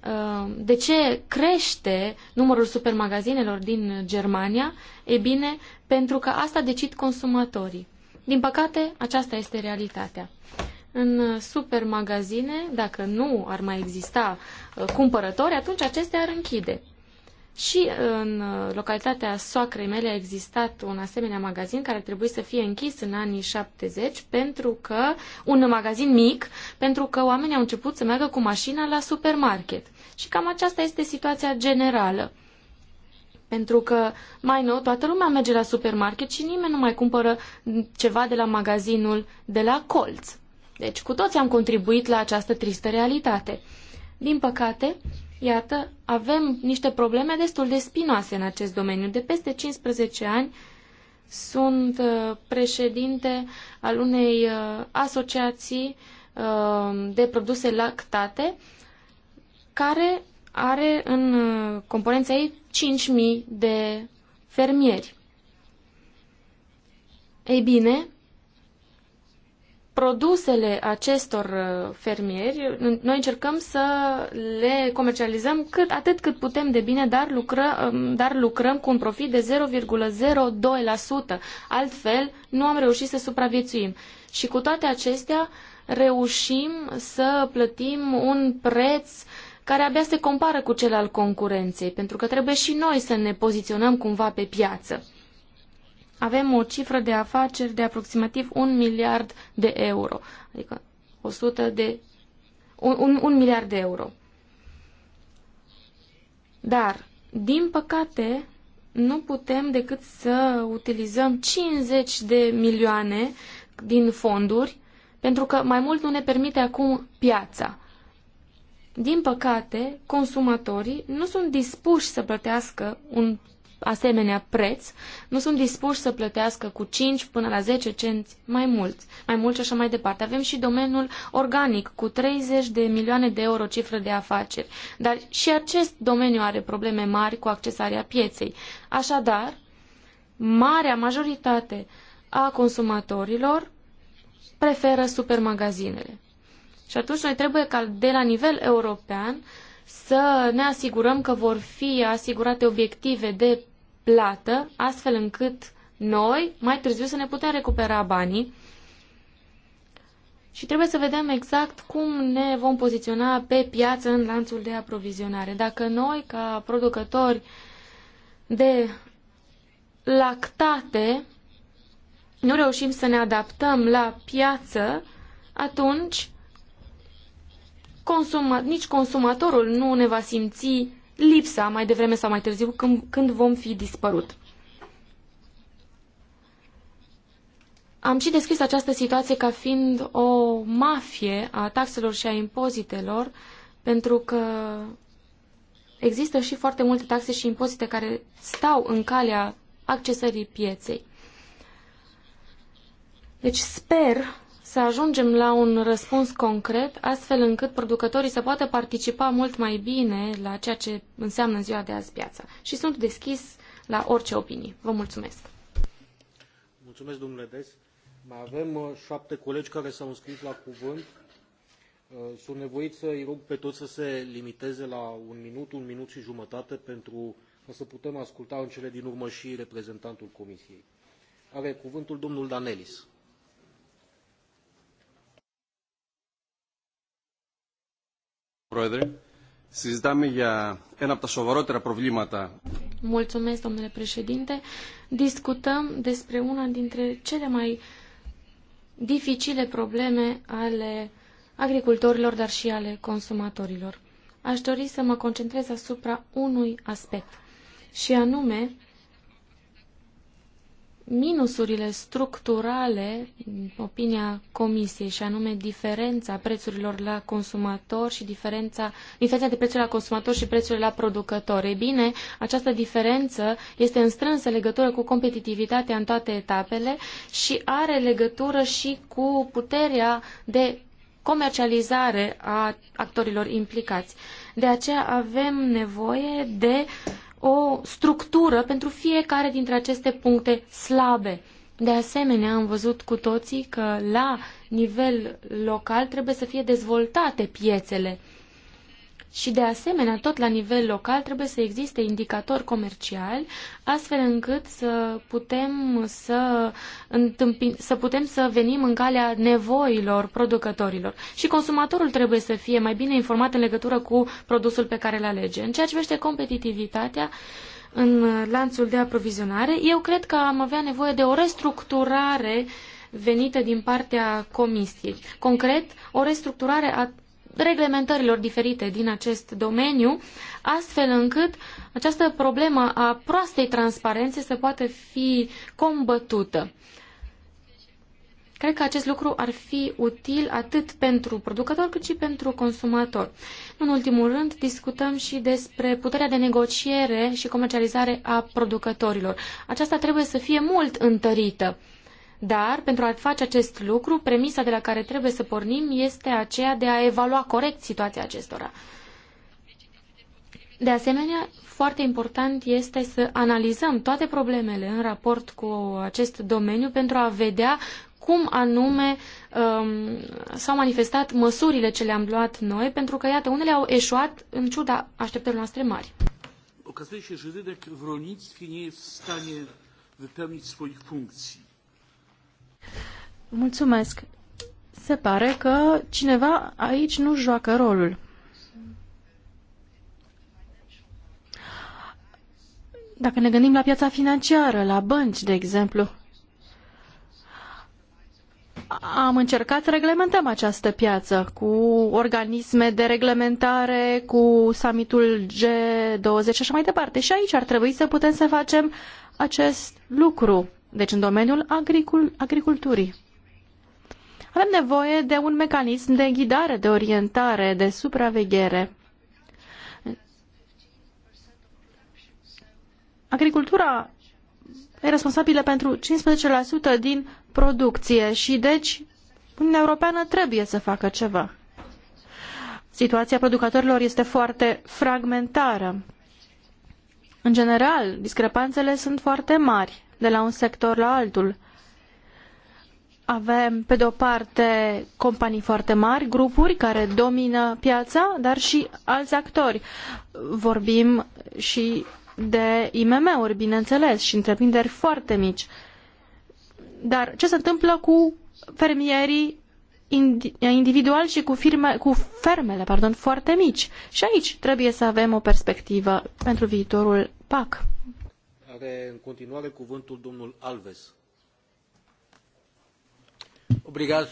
uh, de ce crește numărul supermagazinelor din Germania? E bine, pentru că asta decid consumatorii. Din păcate, aceasta este realitatea. În supermagazine, dacă nu ar mai exista uh, cumpărători, atunci acestea ar închide. Și în uh, localitatea soacrei mele a existat un asemenea magazin care trebuie să fie închis în anii 70 pentru că, un magazin mic, pentru că oamenii au început să meargă cu mașina la supermarket. Și cam aceasta este situația generală. Pentru că mai nou toată lumea merge la supermarket și nimeni nu mai cumpără ceva de la magazinul de la colț. Deci cu toți am contribuit la această tristă realitate. Din păcate, Iată, avem niște probleme destul de spinoase în acest domeniu. De peste 15 ani sunt uh, președinte al unei uh, asociații uh, de produse lactate care are în componența ei 5.000 de fermieri. Ei bine, produsele acestor uh, fermieri, noi încercăm să le comercializăm cât, atât cât putem de bine, dar, lucră, um, dar lucrăm cu un profit de 0,02%. Altfel, nu am reușit să supraviețuim. Și cu toate acestea, reușim să plătim un preț care abia se compară cu cel al concurenței, pentru că trebuie și noi să ne poziționăm cumva pe piață avem o cifră de afaceri de aproximativ un miliard de euro, adică 100 de, un, un, un miliard de euro. Dar, din păcate, nu putem decât să utilizăm 50 de milioane din fonduri, pentru că mai mult nu ne permite acum piața. Din păcate, consumatorii nu sunt dispuși să plătească un asemenea preț, nu sunt dispuși să plătească cu 5 până la 10 cenți mai mult, mai mult și așa mai departe. Avem și domeniul organic cu 30 de milioane de euro cifră de afaceri, dar și acest domeniu are probleme mari cu accesarea pieței. Așadar, marea majoritate a consumatorilor preferă supermagazinele. Și atunci noi trebuie ca de la nivel european să ne asigurăm că vor fi asigurate obiective de plată, astfel încât noi, mai târziu, să ne putem recupera banii. Și trebuie să vedem exact cum ne vom poziționa pe piață în lanțul de aprovizionare. Dacă noi, ca producători de lactate, nu reușim să ne adaptăm la piață, atunci consuma, nici consumatorul nu ne va simți lipsa mai devreme sau mai târziu când, când vom fi dispărut. Am și descris această situație ca fiind o mafie a taxelor și a impozitelor, pentru că există și foarte multe taxe și impozite care stau în calea accesării pieței. Deci sper să ajungem la un răspuns concret, astfel încât producătorii să poată participa mult mai bine la ceea ce înseamnă ziua de azi piața. Și sunt deschis la orice opinie. Vă mulțumesc! Mulțumesc, domnule Des. Mai avem uh, șapte colegi care s-au înscris la cuvânt. Uh, sunt nevoit să i rog pe toți să se limiteze la un minut, un minut și jumătate pentru ca să putem asculta în cele din urmă și reprezentantul Comisiei. Are cuvântul domnul Danelis. Πρόεδρε. Συζητάμε για ένα από τα σοβαρότερα προβλήματα. Mulțumesc, domnule președinte. Discutăm despre una dintre cele mai dificile probleme ale agricultorilor, dar și ale consumatorilor. Aș dori să mă concentrez asupra unui aspect, și anume minusurile structurale, în opinia Comisiei, și anume diferența prețurilor la consumator și diferența, diferența de prețuri la consumator și prețurile la producător. Ei bine, această diferență este în strânsă legătură cu competitivitatea în toate etapele și are legătură și cu puterea de comercializare a actorilor implicați. De aceea avem nevoie de o structură pentru fiecare dintre aceste puncte slabe. De asemenea, am văzut cu toții că la nivel local trebuie să fie dezvoltate piețele și de asemenea, tot la nivel local trebuie să existe indicatori comerciali, astfel încât să putem să, întâmpin, să putem să venim în calea nevoilor producătorilor. Și consumatorul trebuie să fie mai bine informat în legătură cu produsul pe care îl alege. În ceea ce vește competitivitatea, în lanțul de aprovizionare, eu cred că am avea nevoie de o restructurare venită din partea comisiei. Concret, o restructurare a reglementărilor diferite din acest domeniu, astfel încât această problemă a proastei transparențe să poată fi combătută. Cred că acest lucru ar fi util atât pentru producător cât și pentru consumator. În ultimul rând, discutăm și despre puterea de negociere și comercializare a producătorilor. Aceasta trebuie să fie mult întărită. Dar, pentru a face acest lucru, premisa de la care trebuie să pornim este aceea de a evalua corect situația acestora. De asemenea, foarte important este să analizăm toate problemele în raport cu acest domeniu pentru a vedea cum anume um, s-au manifestat măsurile ce le-am luat noi, pentru că, iată, unele au eșuat în ciuda așteptărilor noastre mari. Okazuje și że rynek nu este în stare să stanie wypełnić swoich Mulțumesc. Se pare că cineva aici nu joacă rolul. Dacă ne gândim la piața financiară, la bănci, de exemplu, am încercat să reglementăm această piață cu organisme de reglementare, cu summitul G20 și așa mai departe. Și aici ar trebui să putem să facem acest lucru deci în domeniul agricul, agriculturii. Avem nevoie de un mecanism de ghidare, de orientare, de supraveghere. Agricultura e responsabilă pentru 15% din producție și deci Uniunea Europeană trebuie să facă ceva. Situația producătorilor este foarte fragmentară. În general, discrepanțele sunt foarte mari de la un sector la altul. Avem, pe de o parte, companii foarte mari, grupuri care domină piața, dar și alți actori. Vorbim și de IMM-uri, bineînțeles, și întreprinderi foarte mici. Dar ce se întâmplă cu fermierii individual și cu, firme, cu fermele pardon, foarte mici. Și aici trebuie să avem o perspectivă pentru viitorul PAC. Are în continuare cuvântul domnul Alves. Obrigado,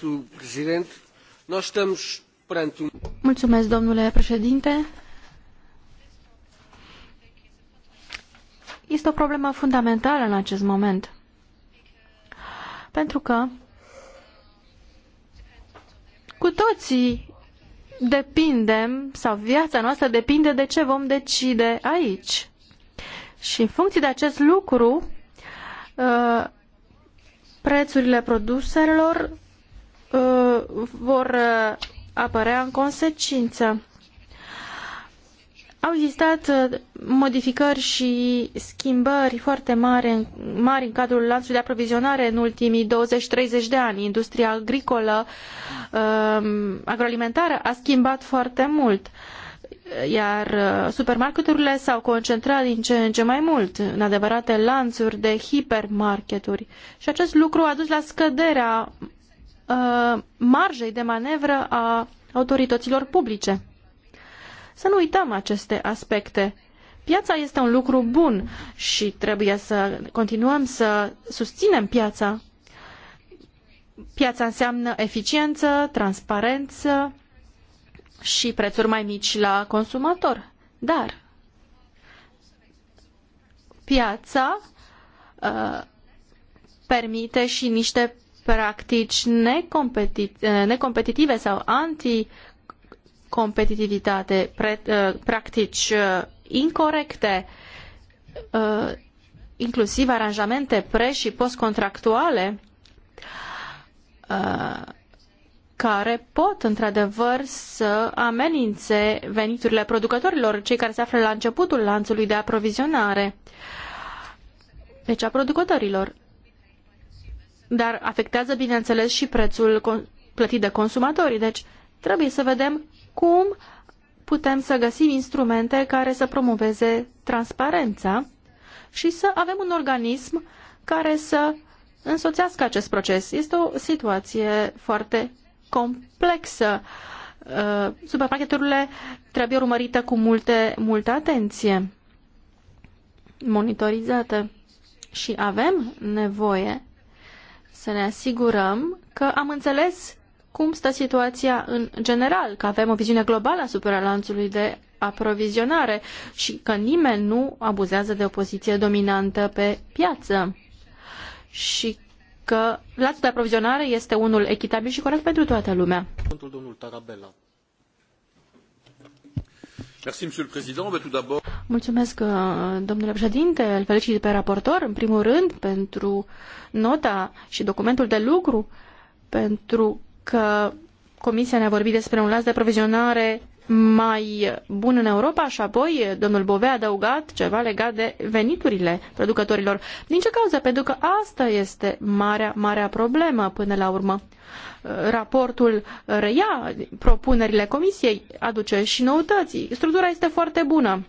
Mulțumesc, domnule președinte. Este o problemă fundamentală în acest moment. Pentru că cu toții depindem, sau viața noastră depinde de ce vom decide aici. Și în funcție de acest lucru, uh, prețurile produselor uh, vor uh, apărea în consecință. Au existat modificări și schimbări foarte mari, mari în cadrul lanțului de aprovizionare în ultimii 20-30 de ani. Industria agricolă, agroalimentară a schimbat foarte mult iar uh, supermarketurile s-au concentrat din ce în ce mai mult în adevărate lanțuri de hipermarketuri și acest lucru a dus la scăderea uh, marjei de manevră a autorităților publice. Să nu uităm aceste aspecte. Piața este un lucru bun și trebuie să continuăm să susținem piața. Piața înseamnă eficiență, transparență, și prețuri mai mici la consumator. Dar piața uh, permite și niște practici uh, necompetitive sau anticompetitivitate, pre, uh, practici uh, incorrecte, uh, inclusiv aranjamente pre- și postcontractuale, uh, care pot într-adevăr să amenințe veniturile producătorilor, cei care se află la începutul lanțului de aprovizionare, deci a producătorilor. Dar afectează, bineînțeles, și prețul plătit de consumatori. Deci trebuie să vedem cum putem să găsim instrumente care să promoveze transparența și să avem un organism care să însoțească acest proces. Este o situație foarte complexă. Uh, supermarketurile trebuie urmărite cu multe, multă atenție, monitorizate. Și avem nevoie să ne asigurăm că am înțeles cum stă situația în general, că avem o viziune globală asupra lanțului de aprovizionare și că nimeni nu abuzează de o poziție dominantă pe piață și că lațul de aprovizionare este unul echitabil și corect pentru toată lumea. Domnul Tarabella. Mulțumesc, uh, domnule președinte. Îl felicit pe raportor, în primul rând, pentru nota și documentul de lucru, pentru că Comisia ne-a vorbit despre un lanț de aprovizionare mai bun în Europa și apoi domnul Bove a adăugat ceva legat de veniturile producătorilor. Din ce cauză? Pentru că asta este marea, marea problemă până la urmă. Raportul reia propunerile comisiei, aduce și noutății. Structura este foarte bună.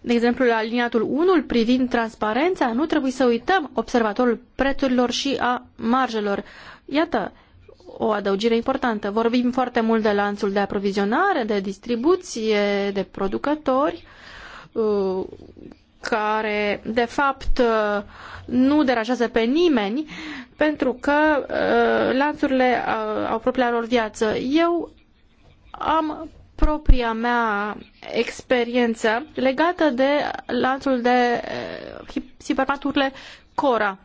De exemplu, la aliniatul 1 privind transparența, nu trebuie să uităm observatorul prețurilor și a marjelor. Iată, o adăugire importantă. Vorbim foarte mult de lanțul de aprovizionare, de distribuție, de producători, uh, care, de fapt, uh, nu deranjează pe nimeni, pentru că uh, lanțurile au propria lor viață. Eu am propria mea experiență legată de lanțul de hipermaturile Cora,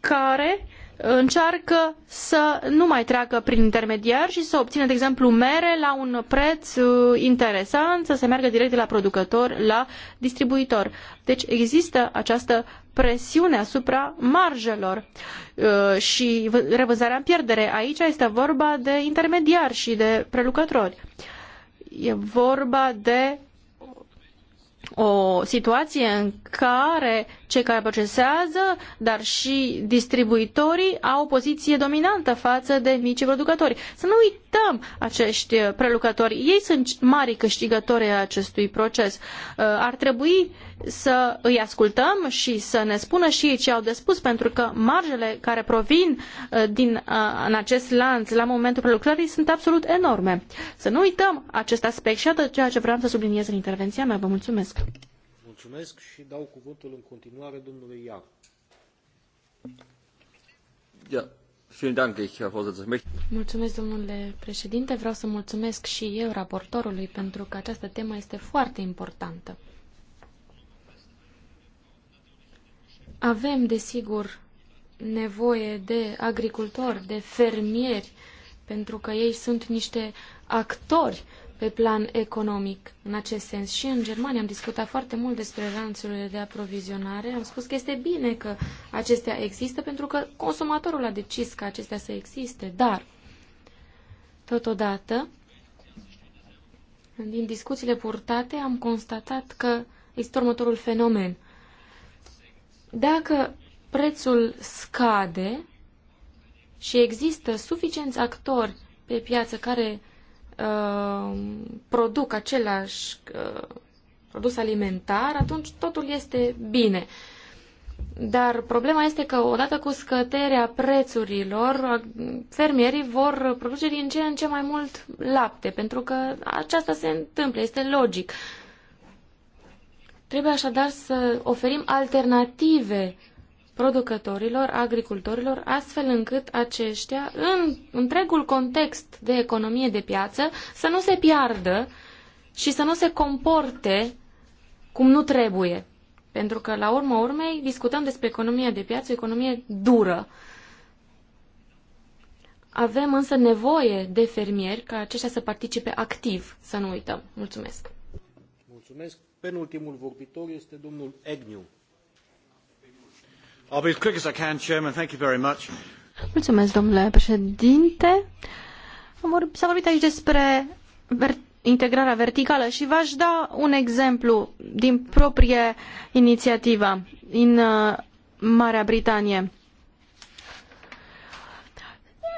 care încearcă să nu mai treacă prin intermediari și să obțină, de exemplu, mere la un preț uh, interesant, să se meargă direct de la producător la distribuitor. Deci există această presiune asupra marjelor uh, și revânzarea în pierdere. Aici este vorba de intermediari și de prelucrători. E vorba de o situație în care cei care procesează, dar și distribuitorii au o poziție dominantă față de mici producători. Să nu uităm acești prelucători. Ei sunt mari câștigători ai acestui proces. Uh, ar trebui să îi ascultăm și să ne spună și ei ce au de spus, pentru că marjele care provin uh, din, uh, în acest lanț la momentul prelucrării sunt absolut enorme. Să nu uităm acest aspect și atât ceea ce vreau să subliniez în intervenția mea. Vă mulțumesc! mulțumesc și dau cuvântul în continuare domnului Iar. Ja. Mulțumesc, domnule președinte. Vreau să mulțumesc și eu raportorului pentru că această temă este foarte importantă. Avem, desigur, nevoie de agricultori, de fermieri, pentru că ei sunt niște actori pe plan economic în acest sens. Și în Germania am discutat foarte mult despre ranțurile de aprovizionare. Am spus că este bine că acestea există pentru că consumatorul a decis că acestea să existe, dar totodată din discuțiile purtate am constatat că există următorul fenomen. Dacă prețul scade și există suficienți actori pe piață care Uh, produc același uh, produs alimentar, atunci totul este bine. Dar problema este că odată cu scăderea prețurilor, uh, fermierii vor produce din ce în ce mai mult lapte, pentru că aceasta se întâmplă, este logic. Trebuie așadar să oferim alternative uh, producătorilor, agricultorilor, astfel încât aceștia, în întregul context de economie de piață, să nu se piardă și să nu se comporte cum nu trebuie. Pentru că, la urma urmei, discutăm despre economia de piață, economie dură. Avem însă nevoie de fermieri ca aceștia să participe activ, să nu uităm. Mulțumesc! Mulțumesc! Penultimul vorbitor este domnul Egniu. Mulțumesc, domnule președinte. S-a vorbit aici despre integrarea verticală și v-aș da un exemplu din proprie inițiativă în uh, Marea Britanie.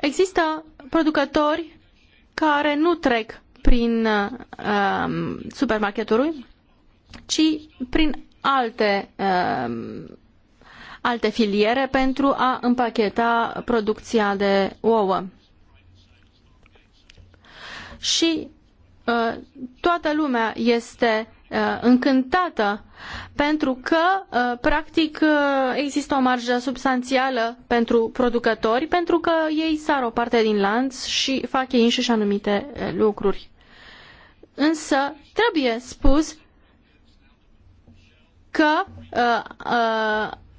Există producători care nu trec prin uh, um, supermarketuri, ci prin alte uh, alte filiere pentru a împacheta producția de ouă. Și uh, toată lumea este uh, încântată pentru că uh, practic există o marjă substanțială pentru producători pentru că ei sar o parte din lanț și fac ei înșiși anumite lucruri. Însă trebuie spus că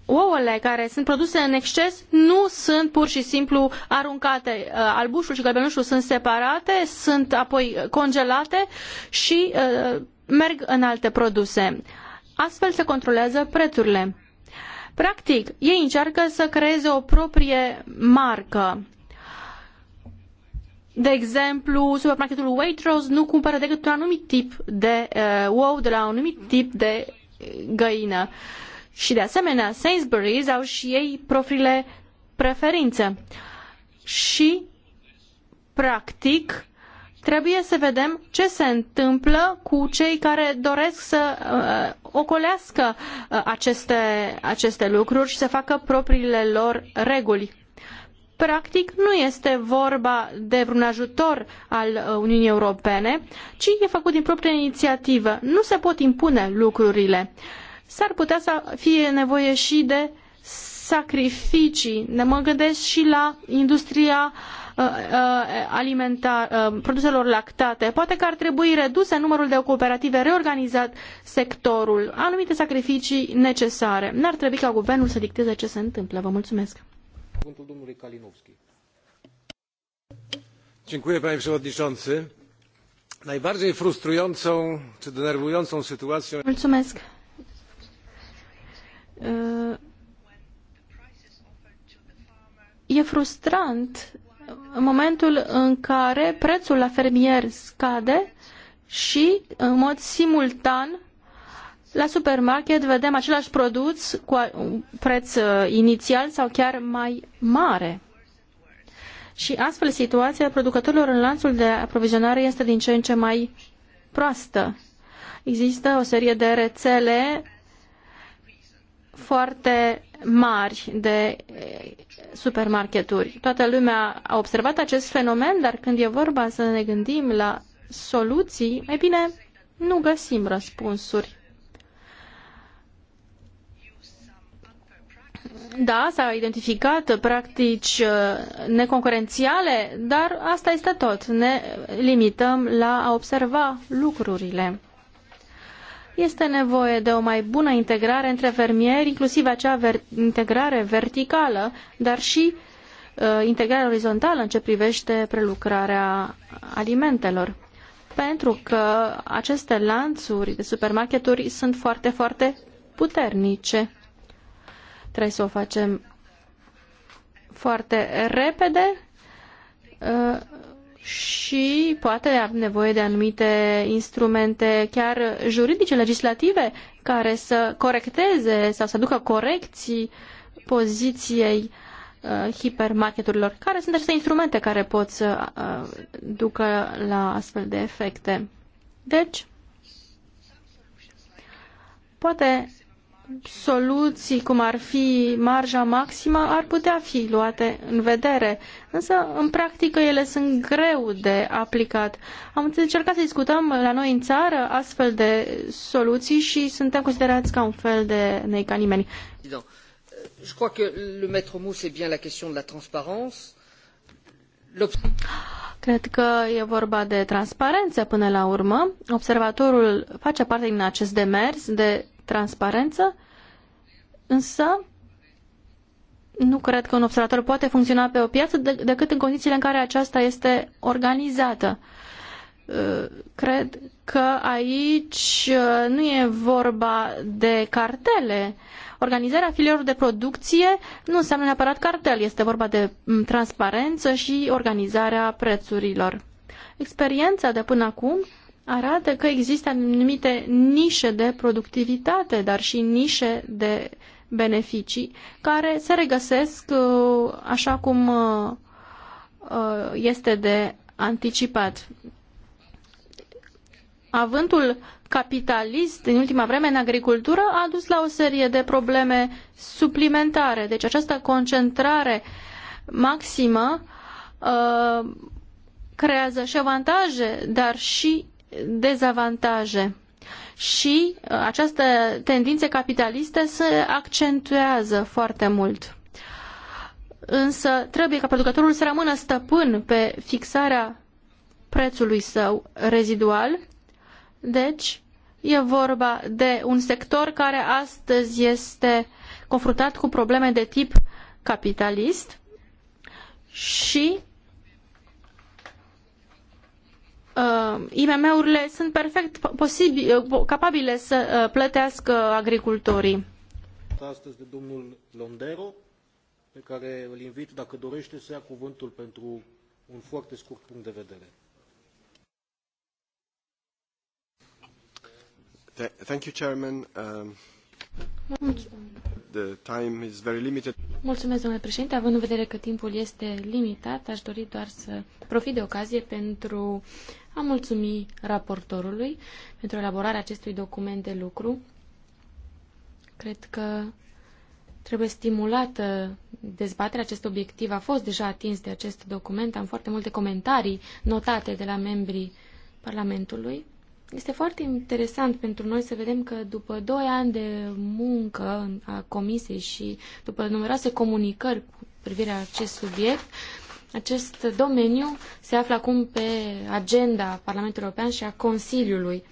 ouăle care sunt produse în exces nu sunt pur și simplu aruncate. Uh, albușul și gălbenușul sunt separate, sunt apoi congelate și uh, merg în alte produse. Astfel se controlează prețurile. Practic, ei încearcă să creeze o proprie marcă. De exemplu, supermarketul Waitrose nu cumpără decât un anumit tip de uh, ou de la un anumit tip de găină. Uh, și de asemenea, Sainsbury's au și ei profile preferințe. Și, practic, trebuie să vedem ce se întâmplă cu cei care doresc să uh, ocolească uh, aceste, aceste lucruri și să facă propriile lor reguli. Practic, nu este vorba de vreun ajutor al uh, Uniunii Europene, ci e făcut din proprie inițiativă. Nu se pot impune lucrurile. Uh, s-ar putea să fie nevoie și de sacrificii. Ne mă gândesc și la industria uh, uh, alimentar, uh, produselor lactate. Poate că ar trebui reduse numărul de cooperative, reorganizat sectorul, anumite sacrificii necesare. N-ar trebui ca guvernul să dicteze ce se întâmplă. Vă mulțumesc. Cuvântul domnului Kalinowski. Dziękuję panie przewodniczący. Najbardziej frustrującą czy denerwującą sytuacją Mulțumesc. Uh, e frustrant în momentul în care prețul la fermier scade și, în mod simultan, la supermarket vedem același produs cu un preț uh, inițial sau chiar mai mare. Și astfel situația producătorilor în lanțul de aprovizionare este din ce în ce mai proastă. Există o serie de rețele foarte mari de eh, supermarketuri. Toată lumea a observat acest fenomen, dar când e vorba să ne gândim la soluții, mai bine nu găsim răspunsuri. Da, s-au identificat practici eh, neconcurențiale, dar asta este tot. Ne limităm la a observa lucrurile. Este nevoie de o mai bună integrare între fermieri, inclusiv acea ver integrare verticală, dar și uh, integrare orizontală în ce privește prelucrarea alimentelor. Pentru că aceste lanțuri de supermarketuri sunt foarte, foarte puternice. Trebuie să o facem foarte repede uh, și poate am nevoie de anumite instrumente chiar juridice, legislative, care să corecteze sau să aducă corecții poziției uh, hipermarketurilor. Care sunt aceste instrumente care pot să uh, ducă la astfel de efecte? Deci, poate soluții, cum ar fi marja maximă, ar putea fi luate în vedere, însă în practică ele sunt greu de aplicat. Am încercat să discutăm la noi în țară astfel de soluții și suntem considerați ca un fel de nei ca nimeni. Je crois que le maître mot c'est bien la question de la transparence. Cred că e vorba de transparență până la urmă. Observatorul face parte din acest demers de transparență, însă nu cred că un observator poate funcționa pe o piață decât în condițiile în care aceasta este organizată. Uh, cred că aici uh, nu e vorba de cartele. Organizarea filiilor de producție nu înseamnă neapărat cartel, este vorba de mm, transparență și organizarea prețurilor. Experiența de până acum arată că există anumite nișe de productivitate, dar și nișe de beneficii care se regăsesc uh, așa cum uh, uh, este de anticipat. Avântul capitalist din ultima vreme în agricultură a dus la o serie de probleme suplimentare. Deci această concentrare maximă creează și avantaje, dar și dezavantaje și uh, această tendințe capitaliste se accentuează foarte mult. Însă trebuie ca producătorul să rămână stăpân pe fixarea prețului său rezidual, deci e vorba de un sector care astăzi este confruntat cu probleme de tip capitalist și Uh, IMM-urile sunt perfect posibil, uh, capabile să uh, plătească agricultorii. Astăzi de domnul Londero, pe care îl invit, dacă dorește, să ia cuvântul pentru un foarte scurt punct de vedere. Thank you, Chairman. Um... Mulțumesc, domnule președinte. Având în vedere că timpul este limitat, aș dori doar să profit de ocazie pentru a mulțumi raportorului pentru elaborarea acestui document de lucru. Cred că trebuie stimulată dezbaterea. Acest obiectiv a fost deja atins de acest document. Am foarte multe comentarii notate de la membrii Parlamentului. Este foarte interesant pentru noi să vedem că după doi ani de muncă a comisiei și după numeroase comunicări cu privire la acest subiect, acest domeniu se află acum pe agenda Parlamentului European și a Consiliului.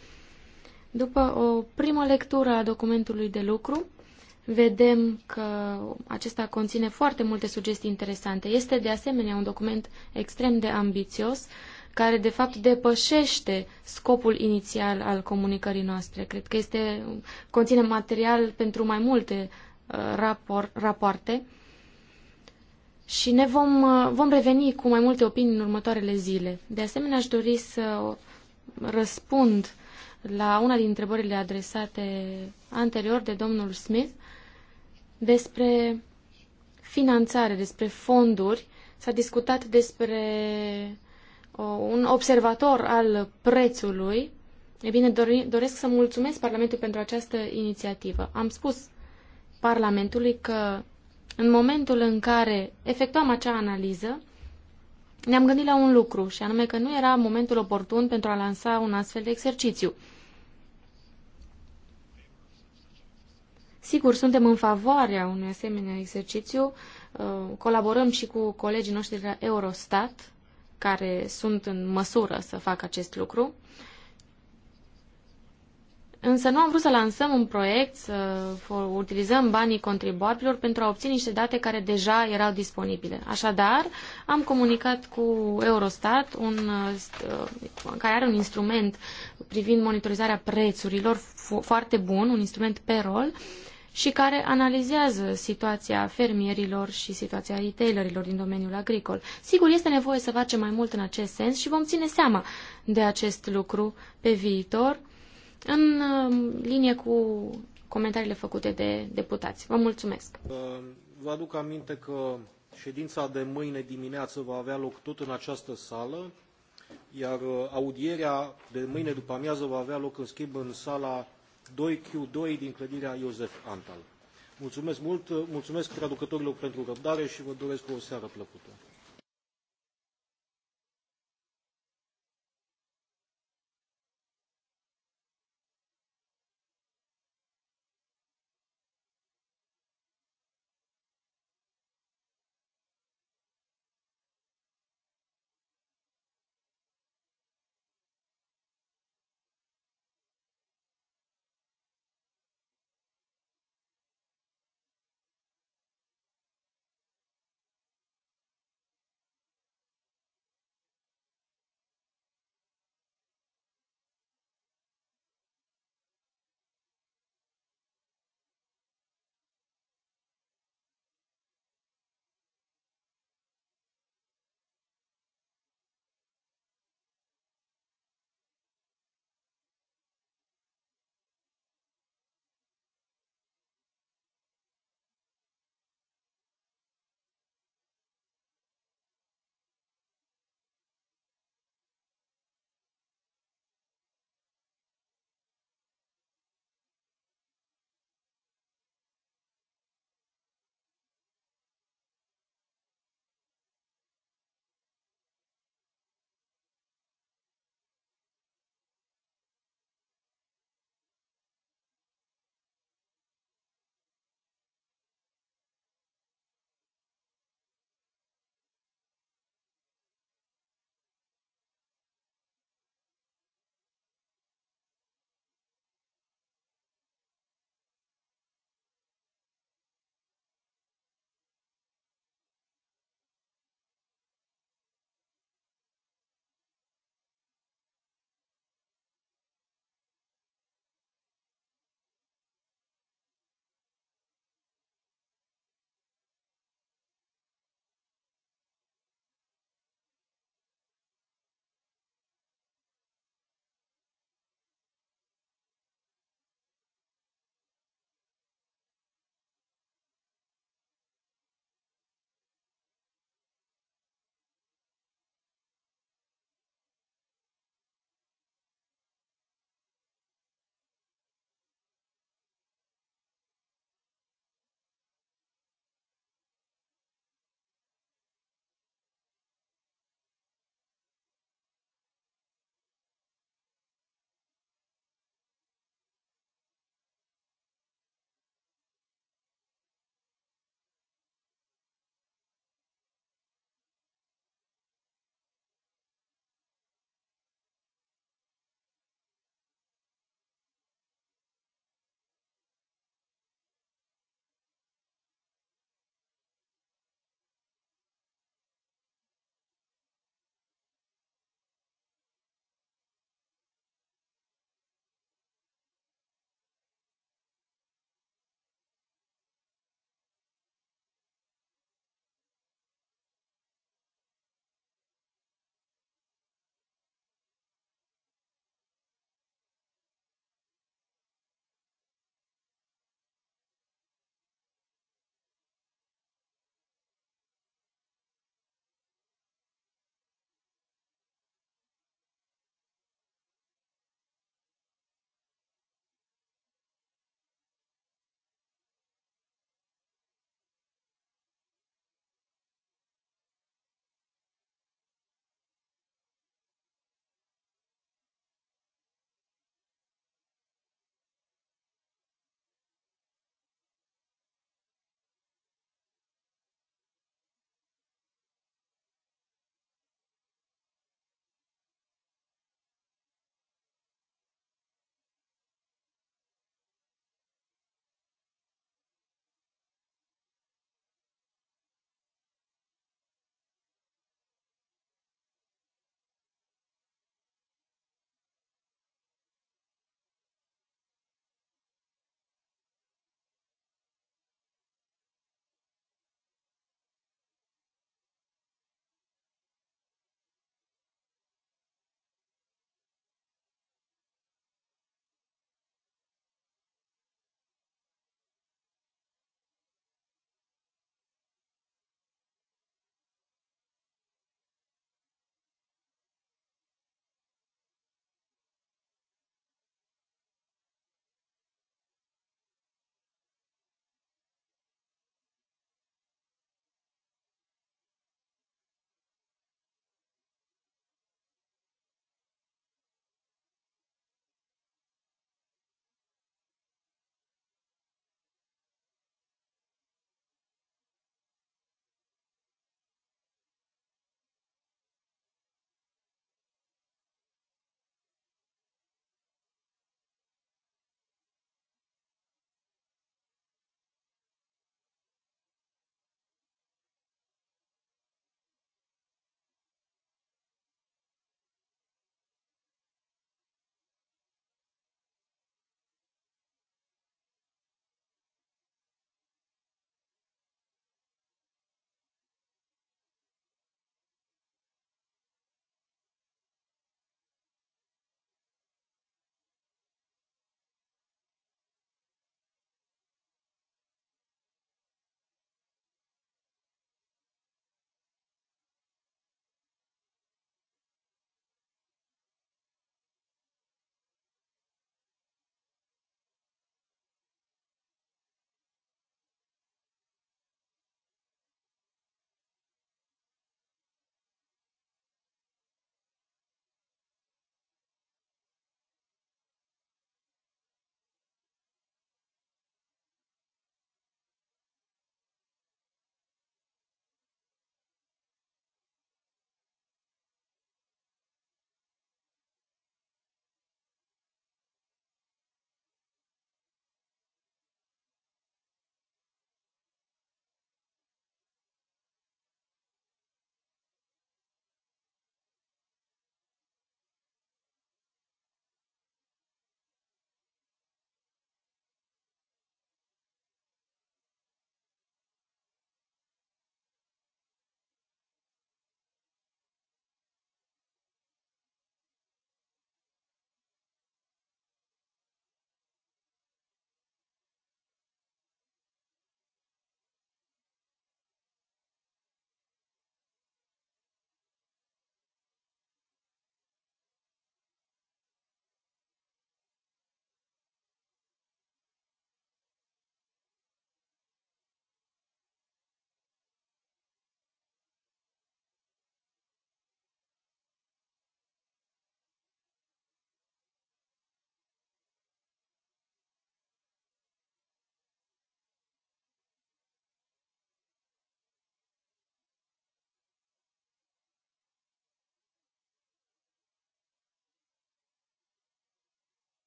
După o primă lectură a documentului de lucru, vedem că acesta conține foarte multe sugestii interesante. Este de asemenea un document extrem de ambițios, uh, care de fapt depășește scopul inițial al comunicării noastre. Cred că este, conține material pentru mai multe uh, rapor, rapoarte și ne vom, uh, vom reveni cu mai multe opinii în următoarele zile. De asemenea, aș dori să răspund la una din întrebările adresate anterior de domnul Smith despre finanțare, despre fonduri. S-a discutat despre un observator al prețului, e bine, doresc să mulțumesc Parlamentului pentru această inițiativă. Am spus Parlamentului că în momentul în care efectuam acea analiză, ne-am gândit la un lucru, și anume că nu era momentul oportun pentru a lansa un astfel de exercițiu. Sigur, suntem în favoarea unui asemenea exercițiu, uh, colaborăm și cu colegii noștri de la Eurostat, care sunt în măsură să facă acest lucru. Însă nu am vrut să lansăm un proiect, să utilizăm banii contribuabililor pentru a obține niște date care deja erau disponibile. Așadar, am comunicat cu Eurostat, un, uh, care are un instrument privind monitorizarea prețurilor foarte bun, un instrument pe rol, și care analizează situația fermierilor și situația retailerilor din domeniul agricol. Sigur, este nevoie să facem mai mult în acest sens și vom ține seama de acest lucru pe viitor în um, linie cu comentariile făcute de deputați. Vă mulțumesc! Uh, vă aduc aminte că ședința de mâine dimineață va avea loc tot în această sală, iar uh, audierea de mâine după amiază va avea loc în schimb în sala 2Q2 din clădirea Iosef Antal. Mulțumesc mult, mulțumesc traducătorilor pentru răbdare și vă doresc o seară plăcută.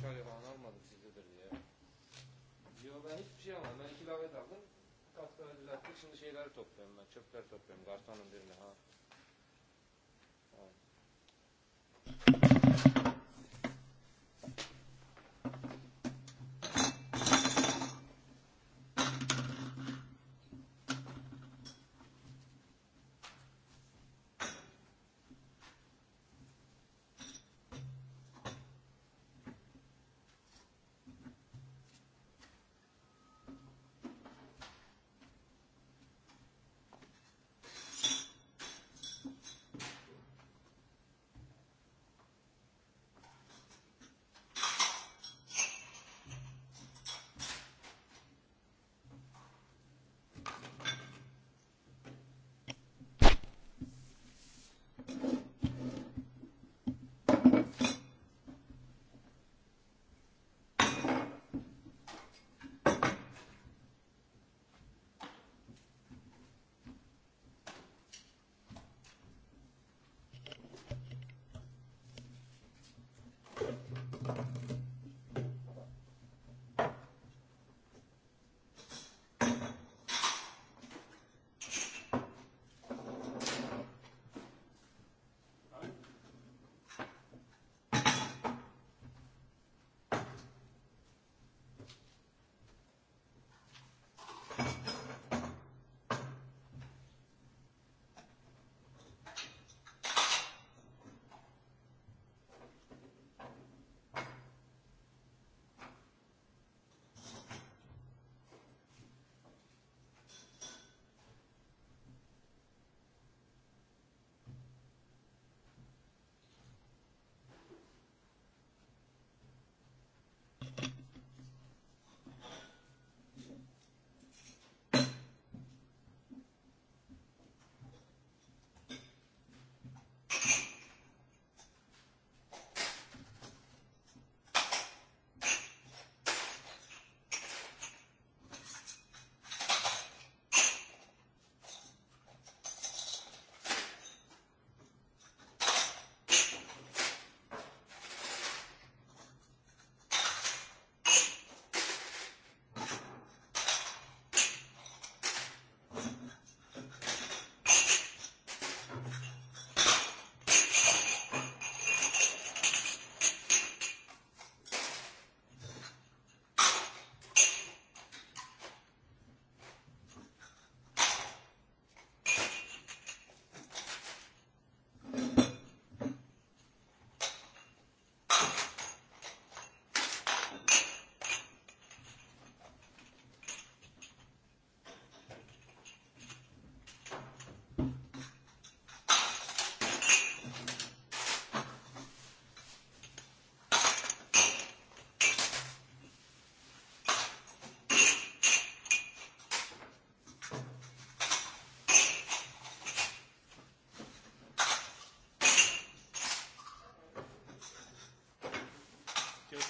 şöyle falan almadık sizdedir diye. Yo ben hiçbir șey almadım. Ben iki aldım. Katkıları düzelttik. Șimdi șeyleri topluyorum ben. Çöpler topluyorum. Kartonun birini ha.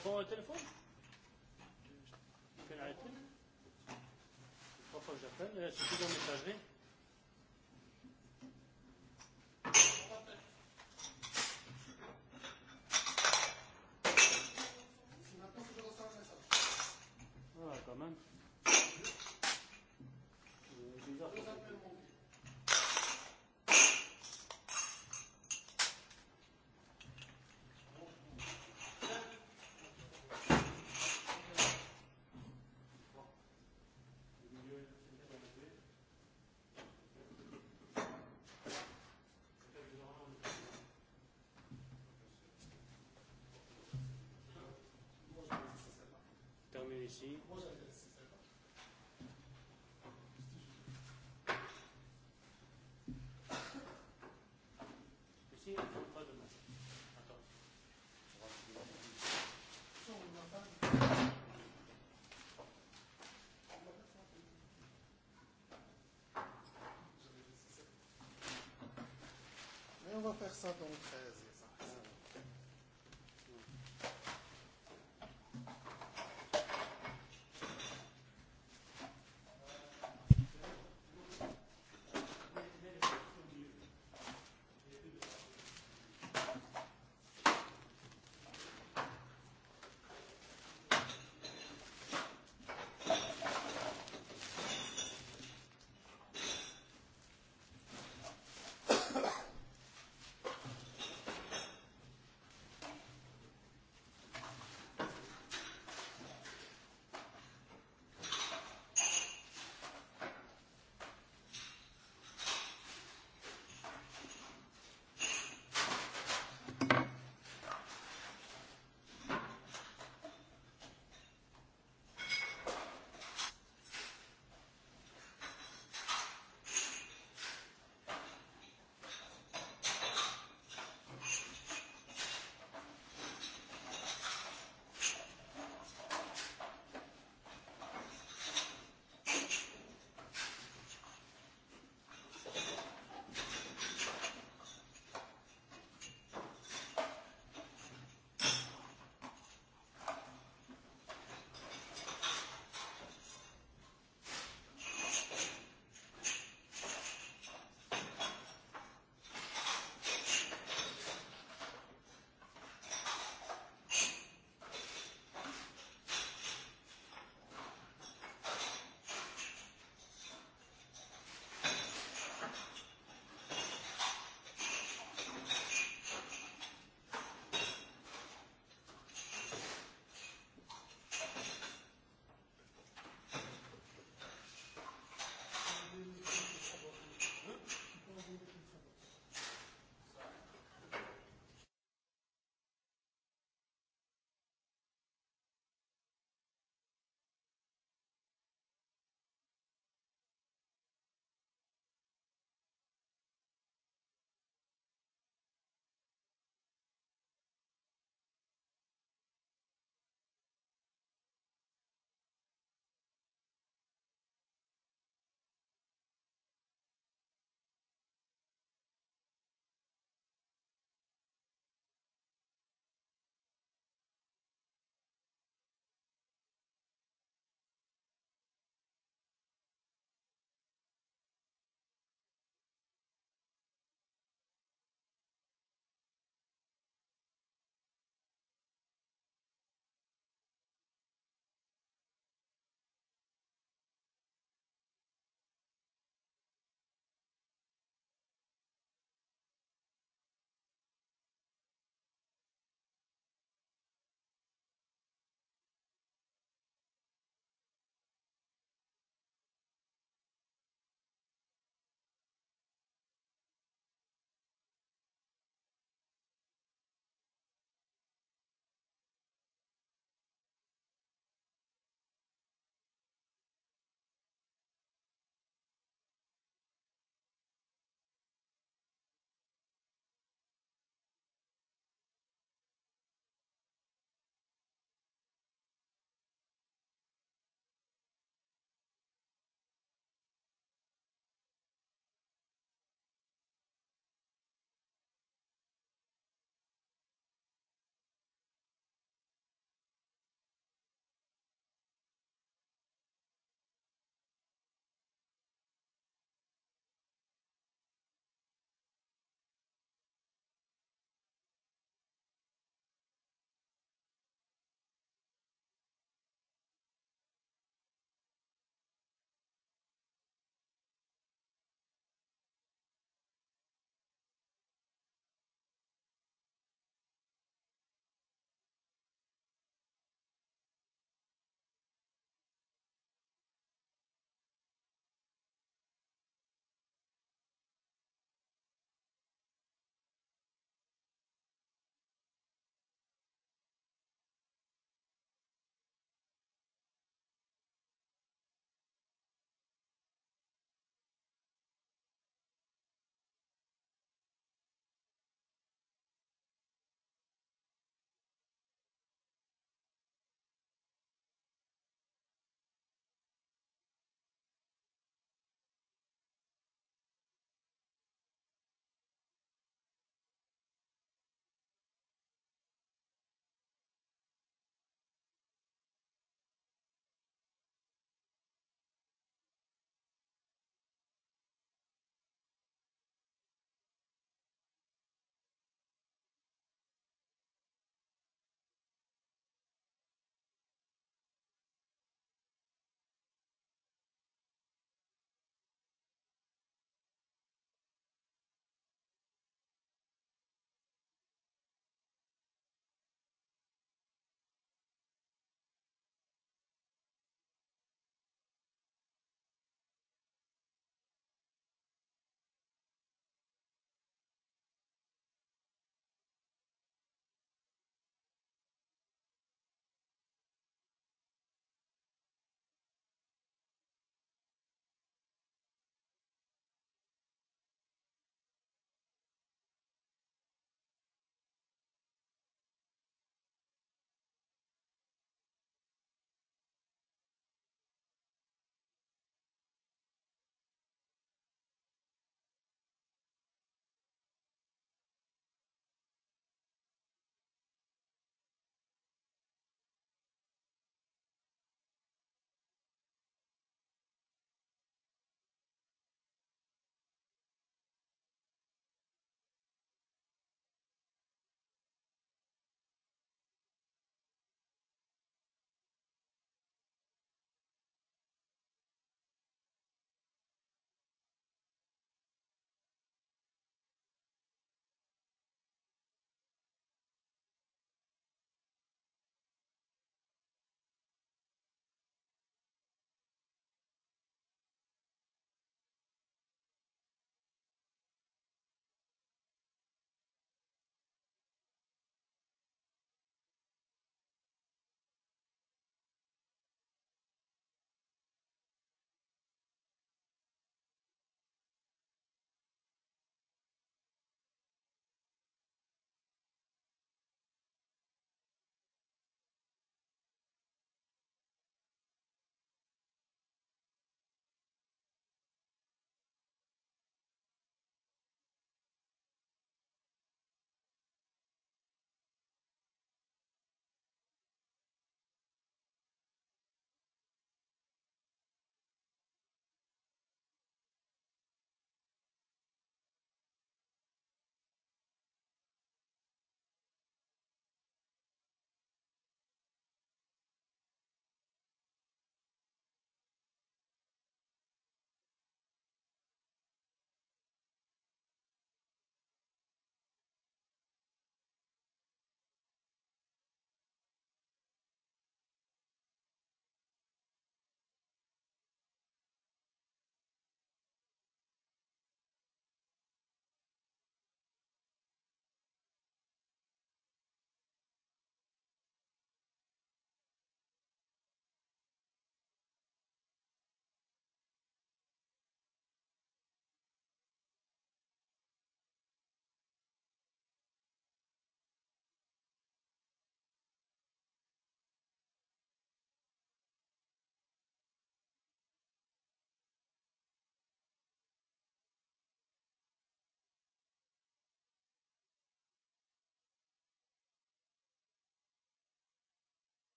Pourquoi le téléphone Quelle arrêté Pourquoi j'appelle C'est toujours messagerie. ieși. on va faire ça dans 13.